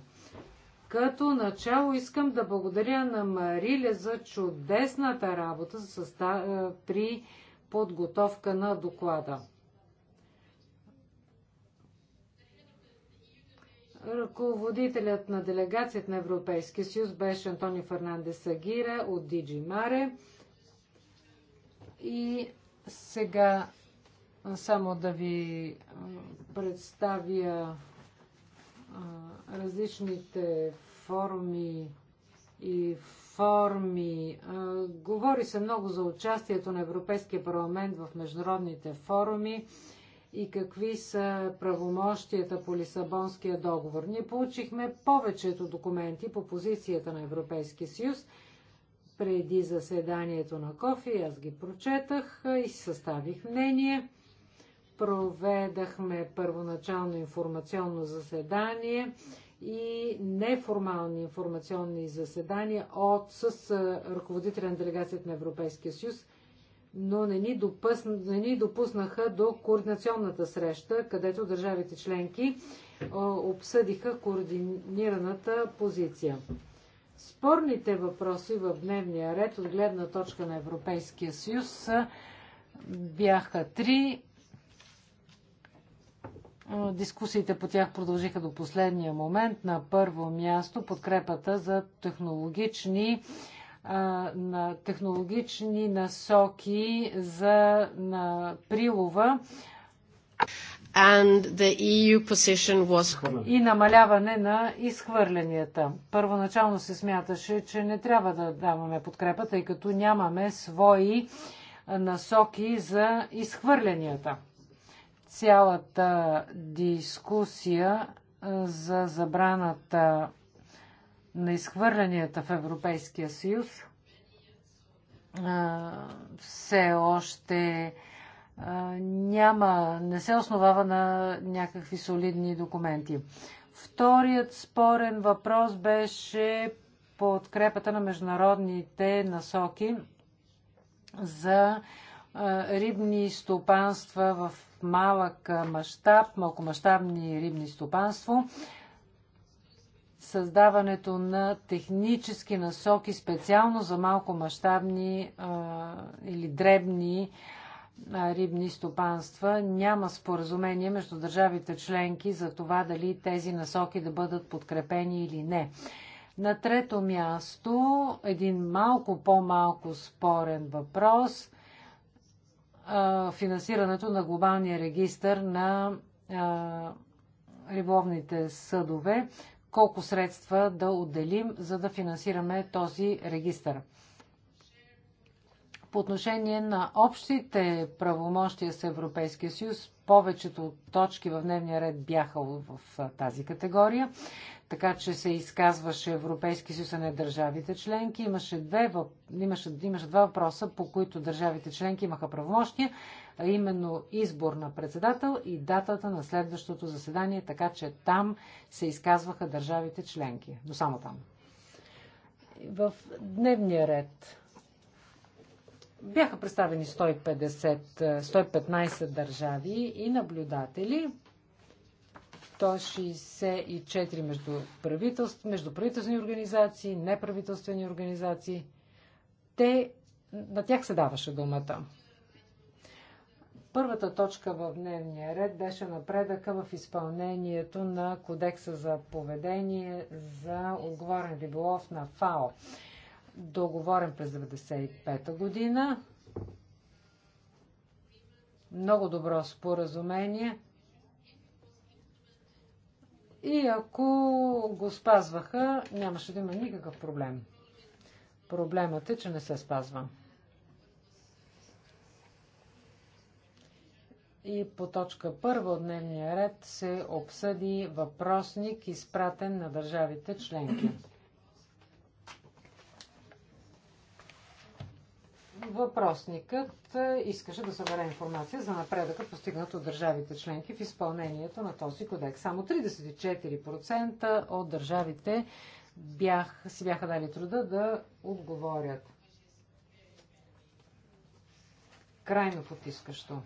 Като начало искам да благодаря на Мариле за чудесната работа е, при подготовка на доклада. Ръководителят на делегацията на Европейския съюз беше Антони Фернандес Агира от Диджи Маре. И сега само да ви представя различните форуми и форми. Говори се много за участието на Европейския парламент в международните форуми и какви са правомощията по Лисабонския договор. Ние получихме повечето документи по позицията на Европейския съюз преди заседанието на Кофи. Аз ги прочетах и съставих мнение. Проведахме първоначално информационно заседание и неформални информационни заседания от, с ръководителя на делегацията на Европейския съюз – но не ни, допъсна, не ни допуснаха до координационната среща, където държавите членки обсъдиха координираната позиция. Спорните въпроси в дневния ред от гледна точка на Европейския съюз бяха три. Дискусиите по тях продължиха до последния момент. На първо място подкрепата за технологични на технологични насоки за на прилова And the EU position was... и намаляване на изхвърленията. Първоначално се смяташе, че не трябва да даваме подкрепа, тъй като нямаме свои насоки за изхвърленията. Цялата дискусия за забраната на изхвърлянията в Европейския съюз все още няма, не се основава на някакви солидни документи. Вторият спорен въпрос беше подкрепата на международните насоки за рибни стопанства в малък мащаб, малкомащабни рибни стопанства създаването на технически насоки специално за малко мащабни или дребни а, рибни стопанства. Няма споразумение между държавите членки за това дали тези насоки да бъдат подкрепени или не. На трето място, един малко по-малко спорен въпрос финансирането на глобалния регистр на а, риболовните съдове колко средства да отделим, за да финансираме този регистър. По отношение на общите правомощия с Европейския съюз, повечето точки в дневния ред бяха в тази категория, така че се изказваше Европейски съюз, а не държавите членки. Имаше, две, имаше, имаше два въпроса, по които държавите членки имаха правомощия а именно избор на председател и датата на следващото заседание, така че там се изказваха държавите членки, но само там. В дневния ред бяха представени 150, 115 държави и наблюдатели, 164 между, правителств, между правителствени организации, неправителствени организации. Те, на тях се даваше думата. Първата точка в дневния ред беше напредъка в изпълнението на Кодекса за поведение за отговорен риболов на ФАО, договорен през 1995 година. Много добро споразумение. И ако го спазваха, нямаше да има никакъв проблем. Проблемът е, че не се спазва. и по точка първа от дневния ред се обсъди въпросник, изпратен на държавите членки. Въпросникът е, искаше да събере информация за напредъка, постигнат от държавите членки в изпълнението на този кодекс. Само 34% от държавите бях, си бяха дали труда да отговорят. Крайно потискащо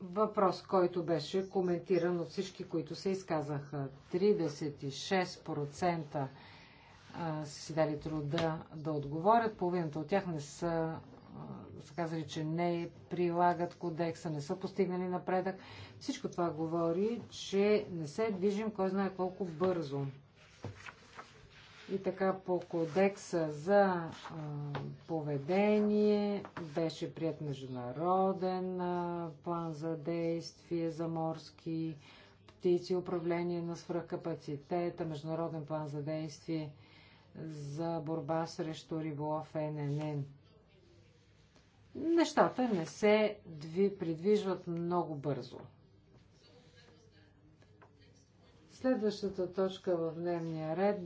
въпрос, който беше коментиран от всички, които се изказаха. 36% са си дали труда да отговорят. Половината от тях не са, са казали, че не прилагат кодекса, не са постигнали напредък. Всичко това говори, че не се движим кой знае колко бързо. И така по кодекса за поведение беше прият международен план за действие за морски птици, управление на свръхкапацитета, международен план за действие за борба срещу риболов ННН. Нещата не се придвижват много бързо. Следващата точка в дневния ред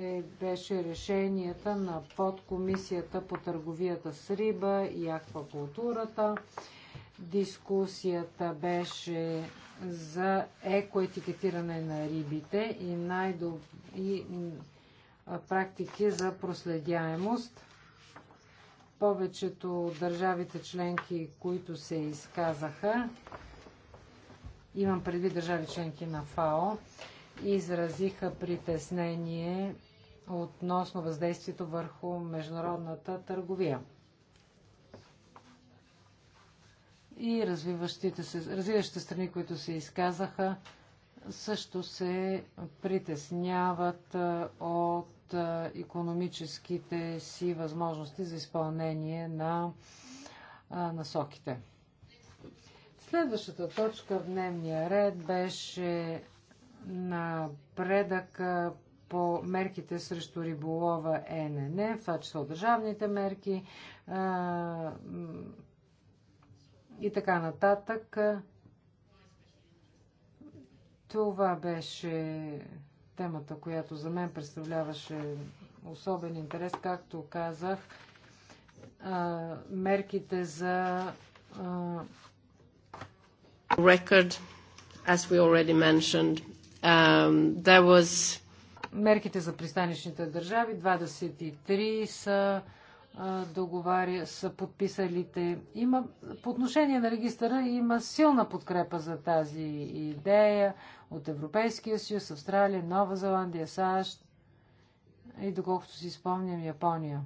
е, беше решенията на подкомисията по търговията с риба и аквакултурата. Дискусията беше за екоетикетиране на рибите и, най добри практики за проследяемост. Повечето от държавите членки, които се изказаха, имам предвид държави членки на ФАО, изразиха притеснение относно въздействието върху международната търговия и развиващите се, развиващите страни, които се изказаха, също се притесняват от економическите си възможности за изпълнение на насоките. Следващата точка в дневния ред беше напредък по мерките срещу риболова ЕНН, в това число държавните мерки а, и така нататък. Това беше темата, която за мен представляваше особен интерес, както казах, а, мерките за а, record, as we already mentioned, Um, Мерките за пристанищните държави, 23 са договаря, са подписалите. Има, по отношение на регистъра има силна подкрепа за тази идея от Европейския съюз, Австралия, Нова Зеландия, САЩ и доколкото си спомням Япония.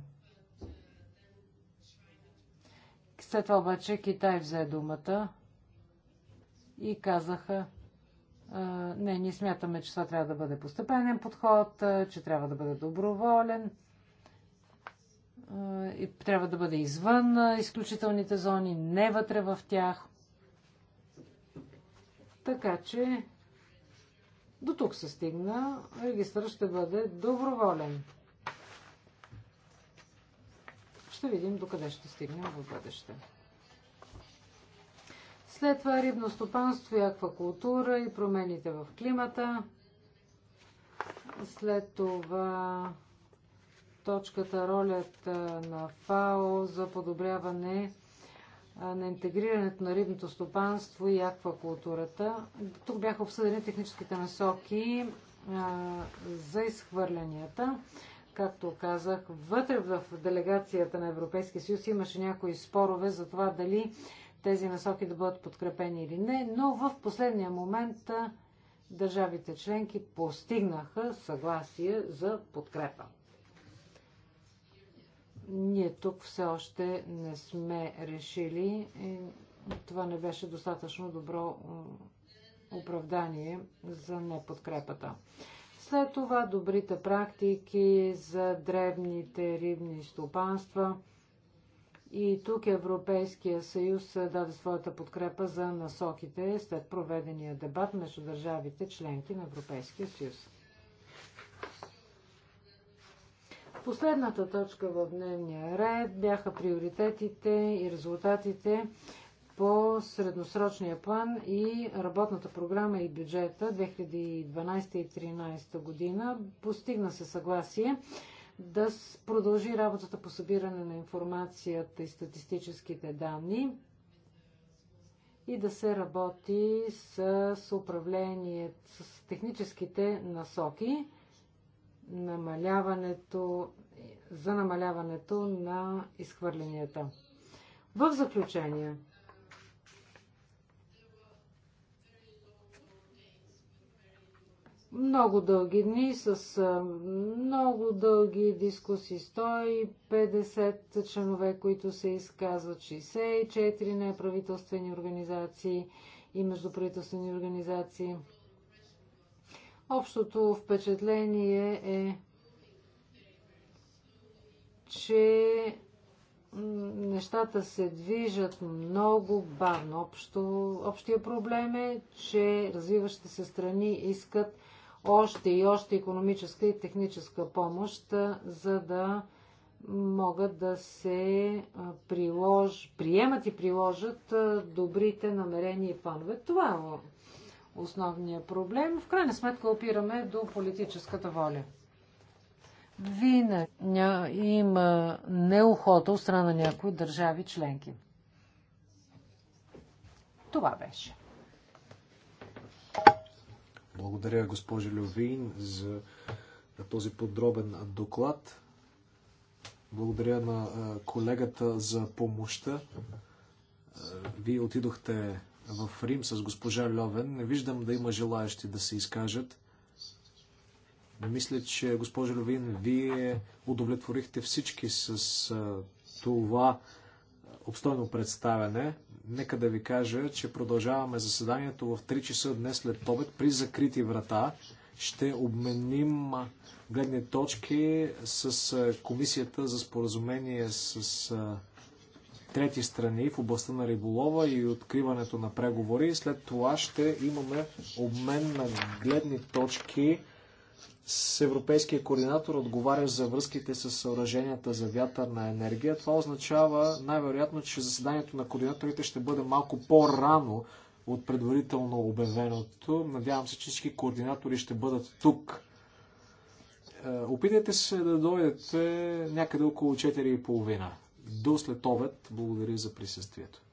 След това обаче Китай взе думата и казаха, не, ние смятаме, че това трябва да бъде постепенен подход, че трябва да бъде доброволен и трябва да бъде извън изключителните зони, не вътре в тях. Така че до тук се стигна. Регистър ще бъде доброволен. Ще видим докъде ще стигнем в бъдеще. След това рибно стопанство и аквакултура и промените в климата. След това точката ролята на ФАО за подобряване на интегрирането на рибното стопанство и аквакултурата. Тук бяха обсъдени техническите насоки за изхвърлянията. Както казах, вътре в делегацията на Европейския съюз имаше някои спорове за това дали тези насоки да бъдат подкрепени или не, но в последния момент държавите членки постигнаха съгласие за подкрепа. Ние тук все още не сме решили. И това не беше достатъчно добро оправдание за неподкрепата. След това добрите практики за дребните рибни стопанства – и тук Европейския съюз е, даде своята подкрепа за насоките след проведения дебат между държавите членки на Европейския съюз. Последната точка в дневния ред бяха приоритетите и резултатите по средносрочния план и работната програма и бюджета 2012-2013 година. Постигна се съгласие да продължи работата по събиране на информацията и статистическите данни и да се работи с управление, с техническите насоки намаляването, за намаляването на изхвърленията. В заключение, много дълги дни с много дълги дискусии. 150 членове, които се изказват, 64 неправителствени организации и междуправителствени организации. Общото впечатление е, че нещата се движат много бавно. Общо, общия проблем е, че развиващите се страни искат още и още економическа и техническа помощ, за да могат да се прилож... приемат и приложат добрите намерения и планове. Това е основният проблем. В крайна сметка опираме до политическата воля. Вина има неохота от страна на някои държави членки. Това беше. Благодаря, госпожо Льовин, за този подробен доклад. Благодаря на колегата за помощта. Вие отидохте в Рим с госпожа Льовен. Не виждам да има желаящи да се изкажат. Мисля, че госпожа Льовин, вие удовлетворихте всички с това, обстойно представяне. Нека да ви кажа, че продължаваме заседанието в 3 часа днес след обед при закрити врата. Ще обменим гледни точки с Комисията за споразумение с трети страни в областта на риболова и откриването на преговори. След това ще имаме обмен на гледни точки с европейския координатор, отговарящ за връзките с съоръженията за вятърна енергия. Това означава най-вероятно, че заседанието на координаторите ще бъде малко по-рано от предварително обявеното. Надявам се, че всички координатори ще бъдат тук. Е, опитайте се да дойдете някъде около 4.30. До след обед. Благодаря за присъствието.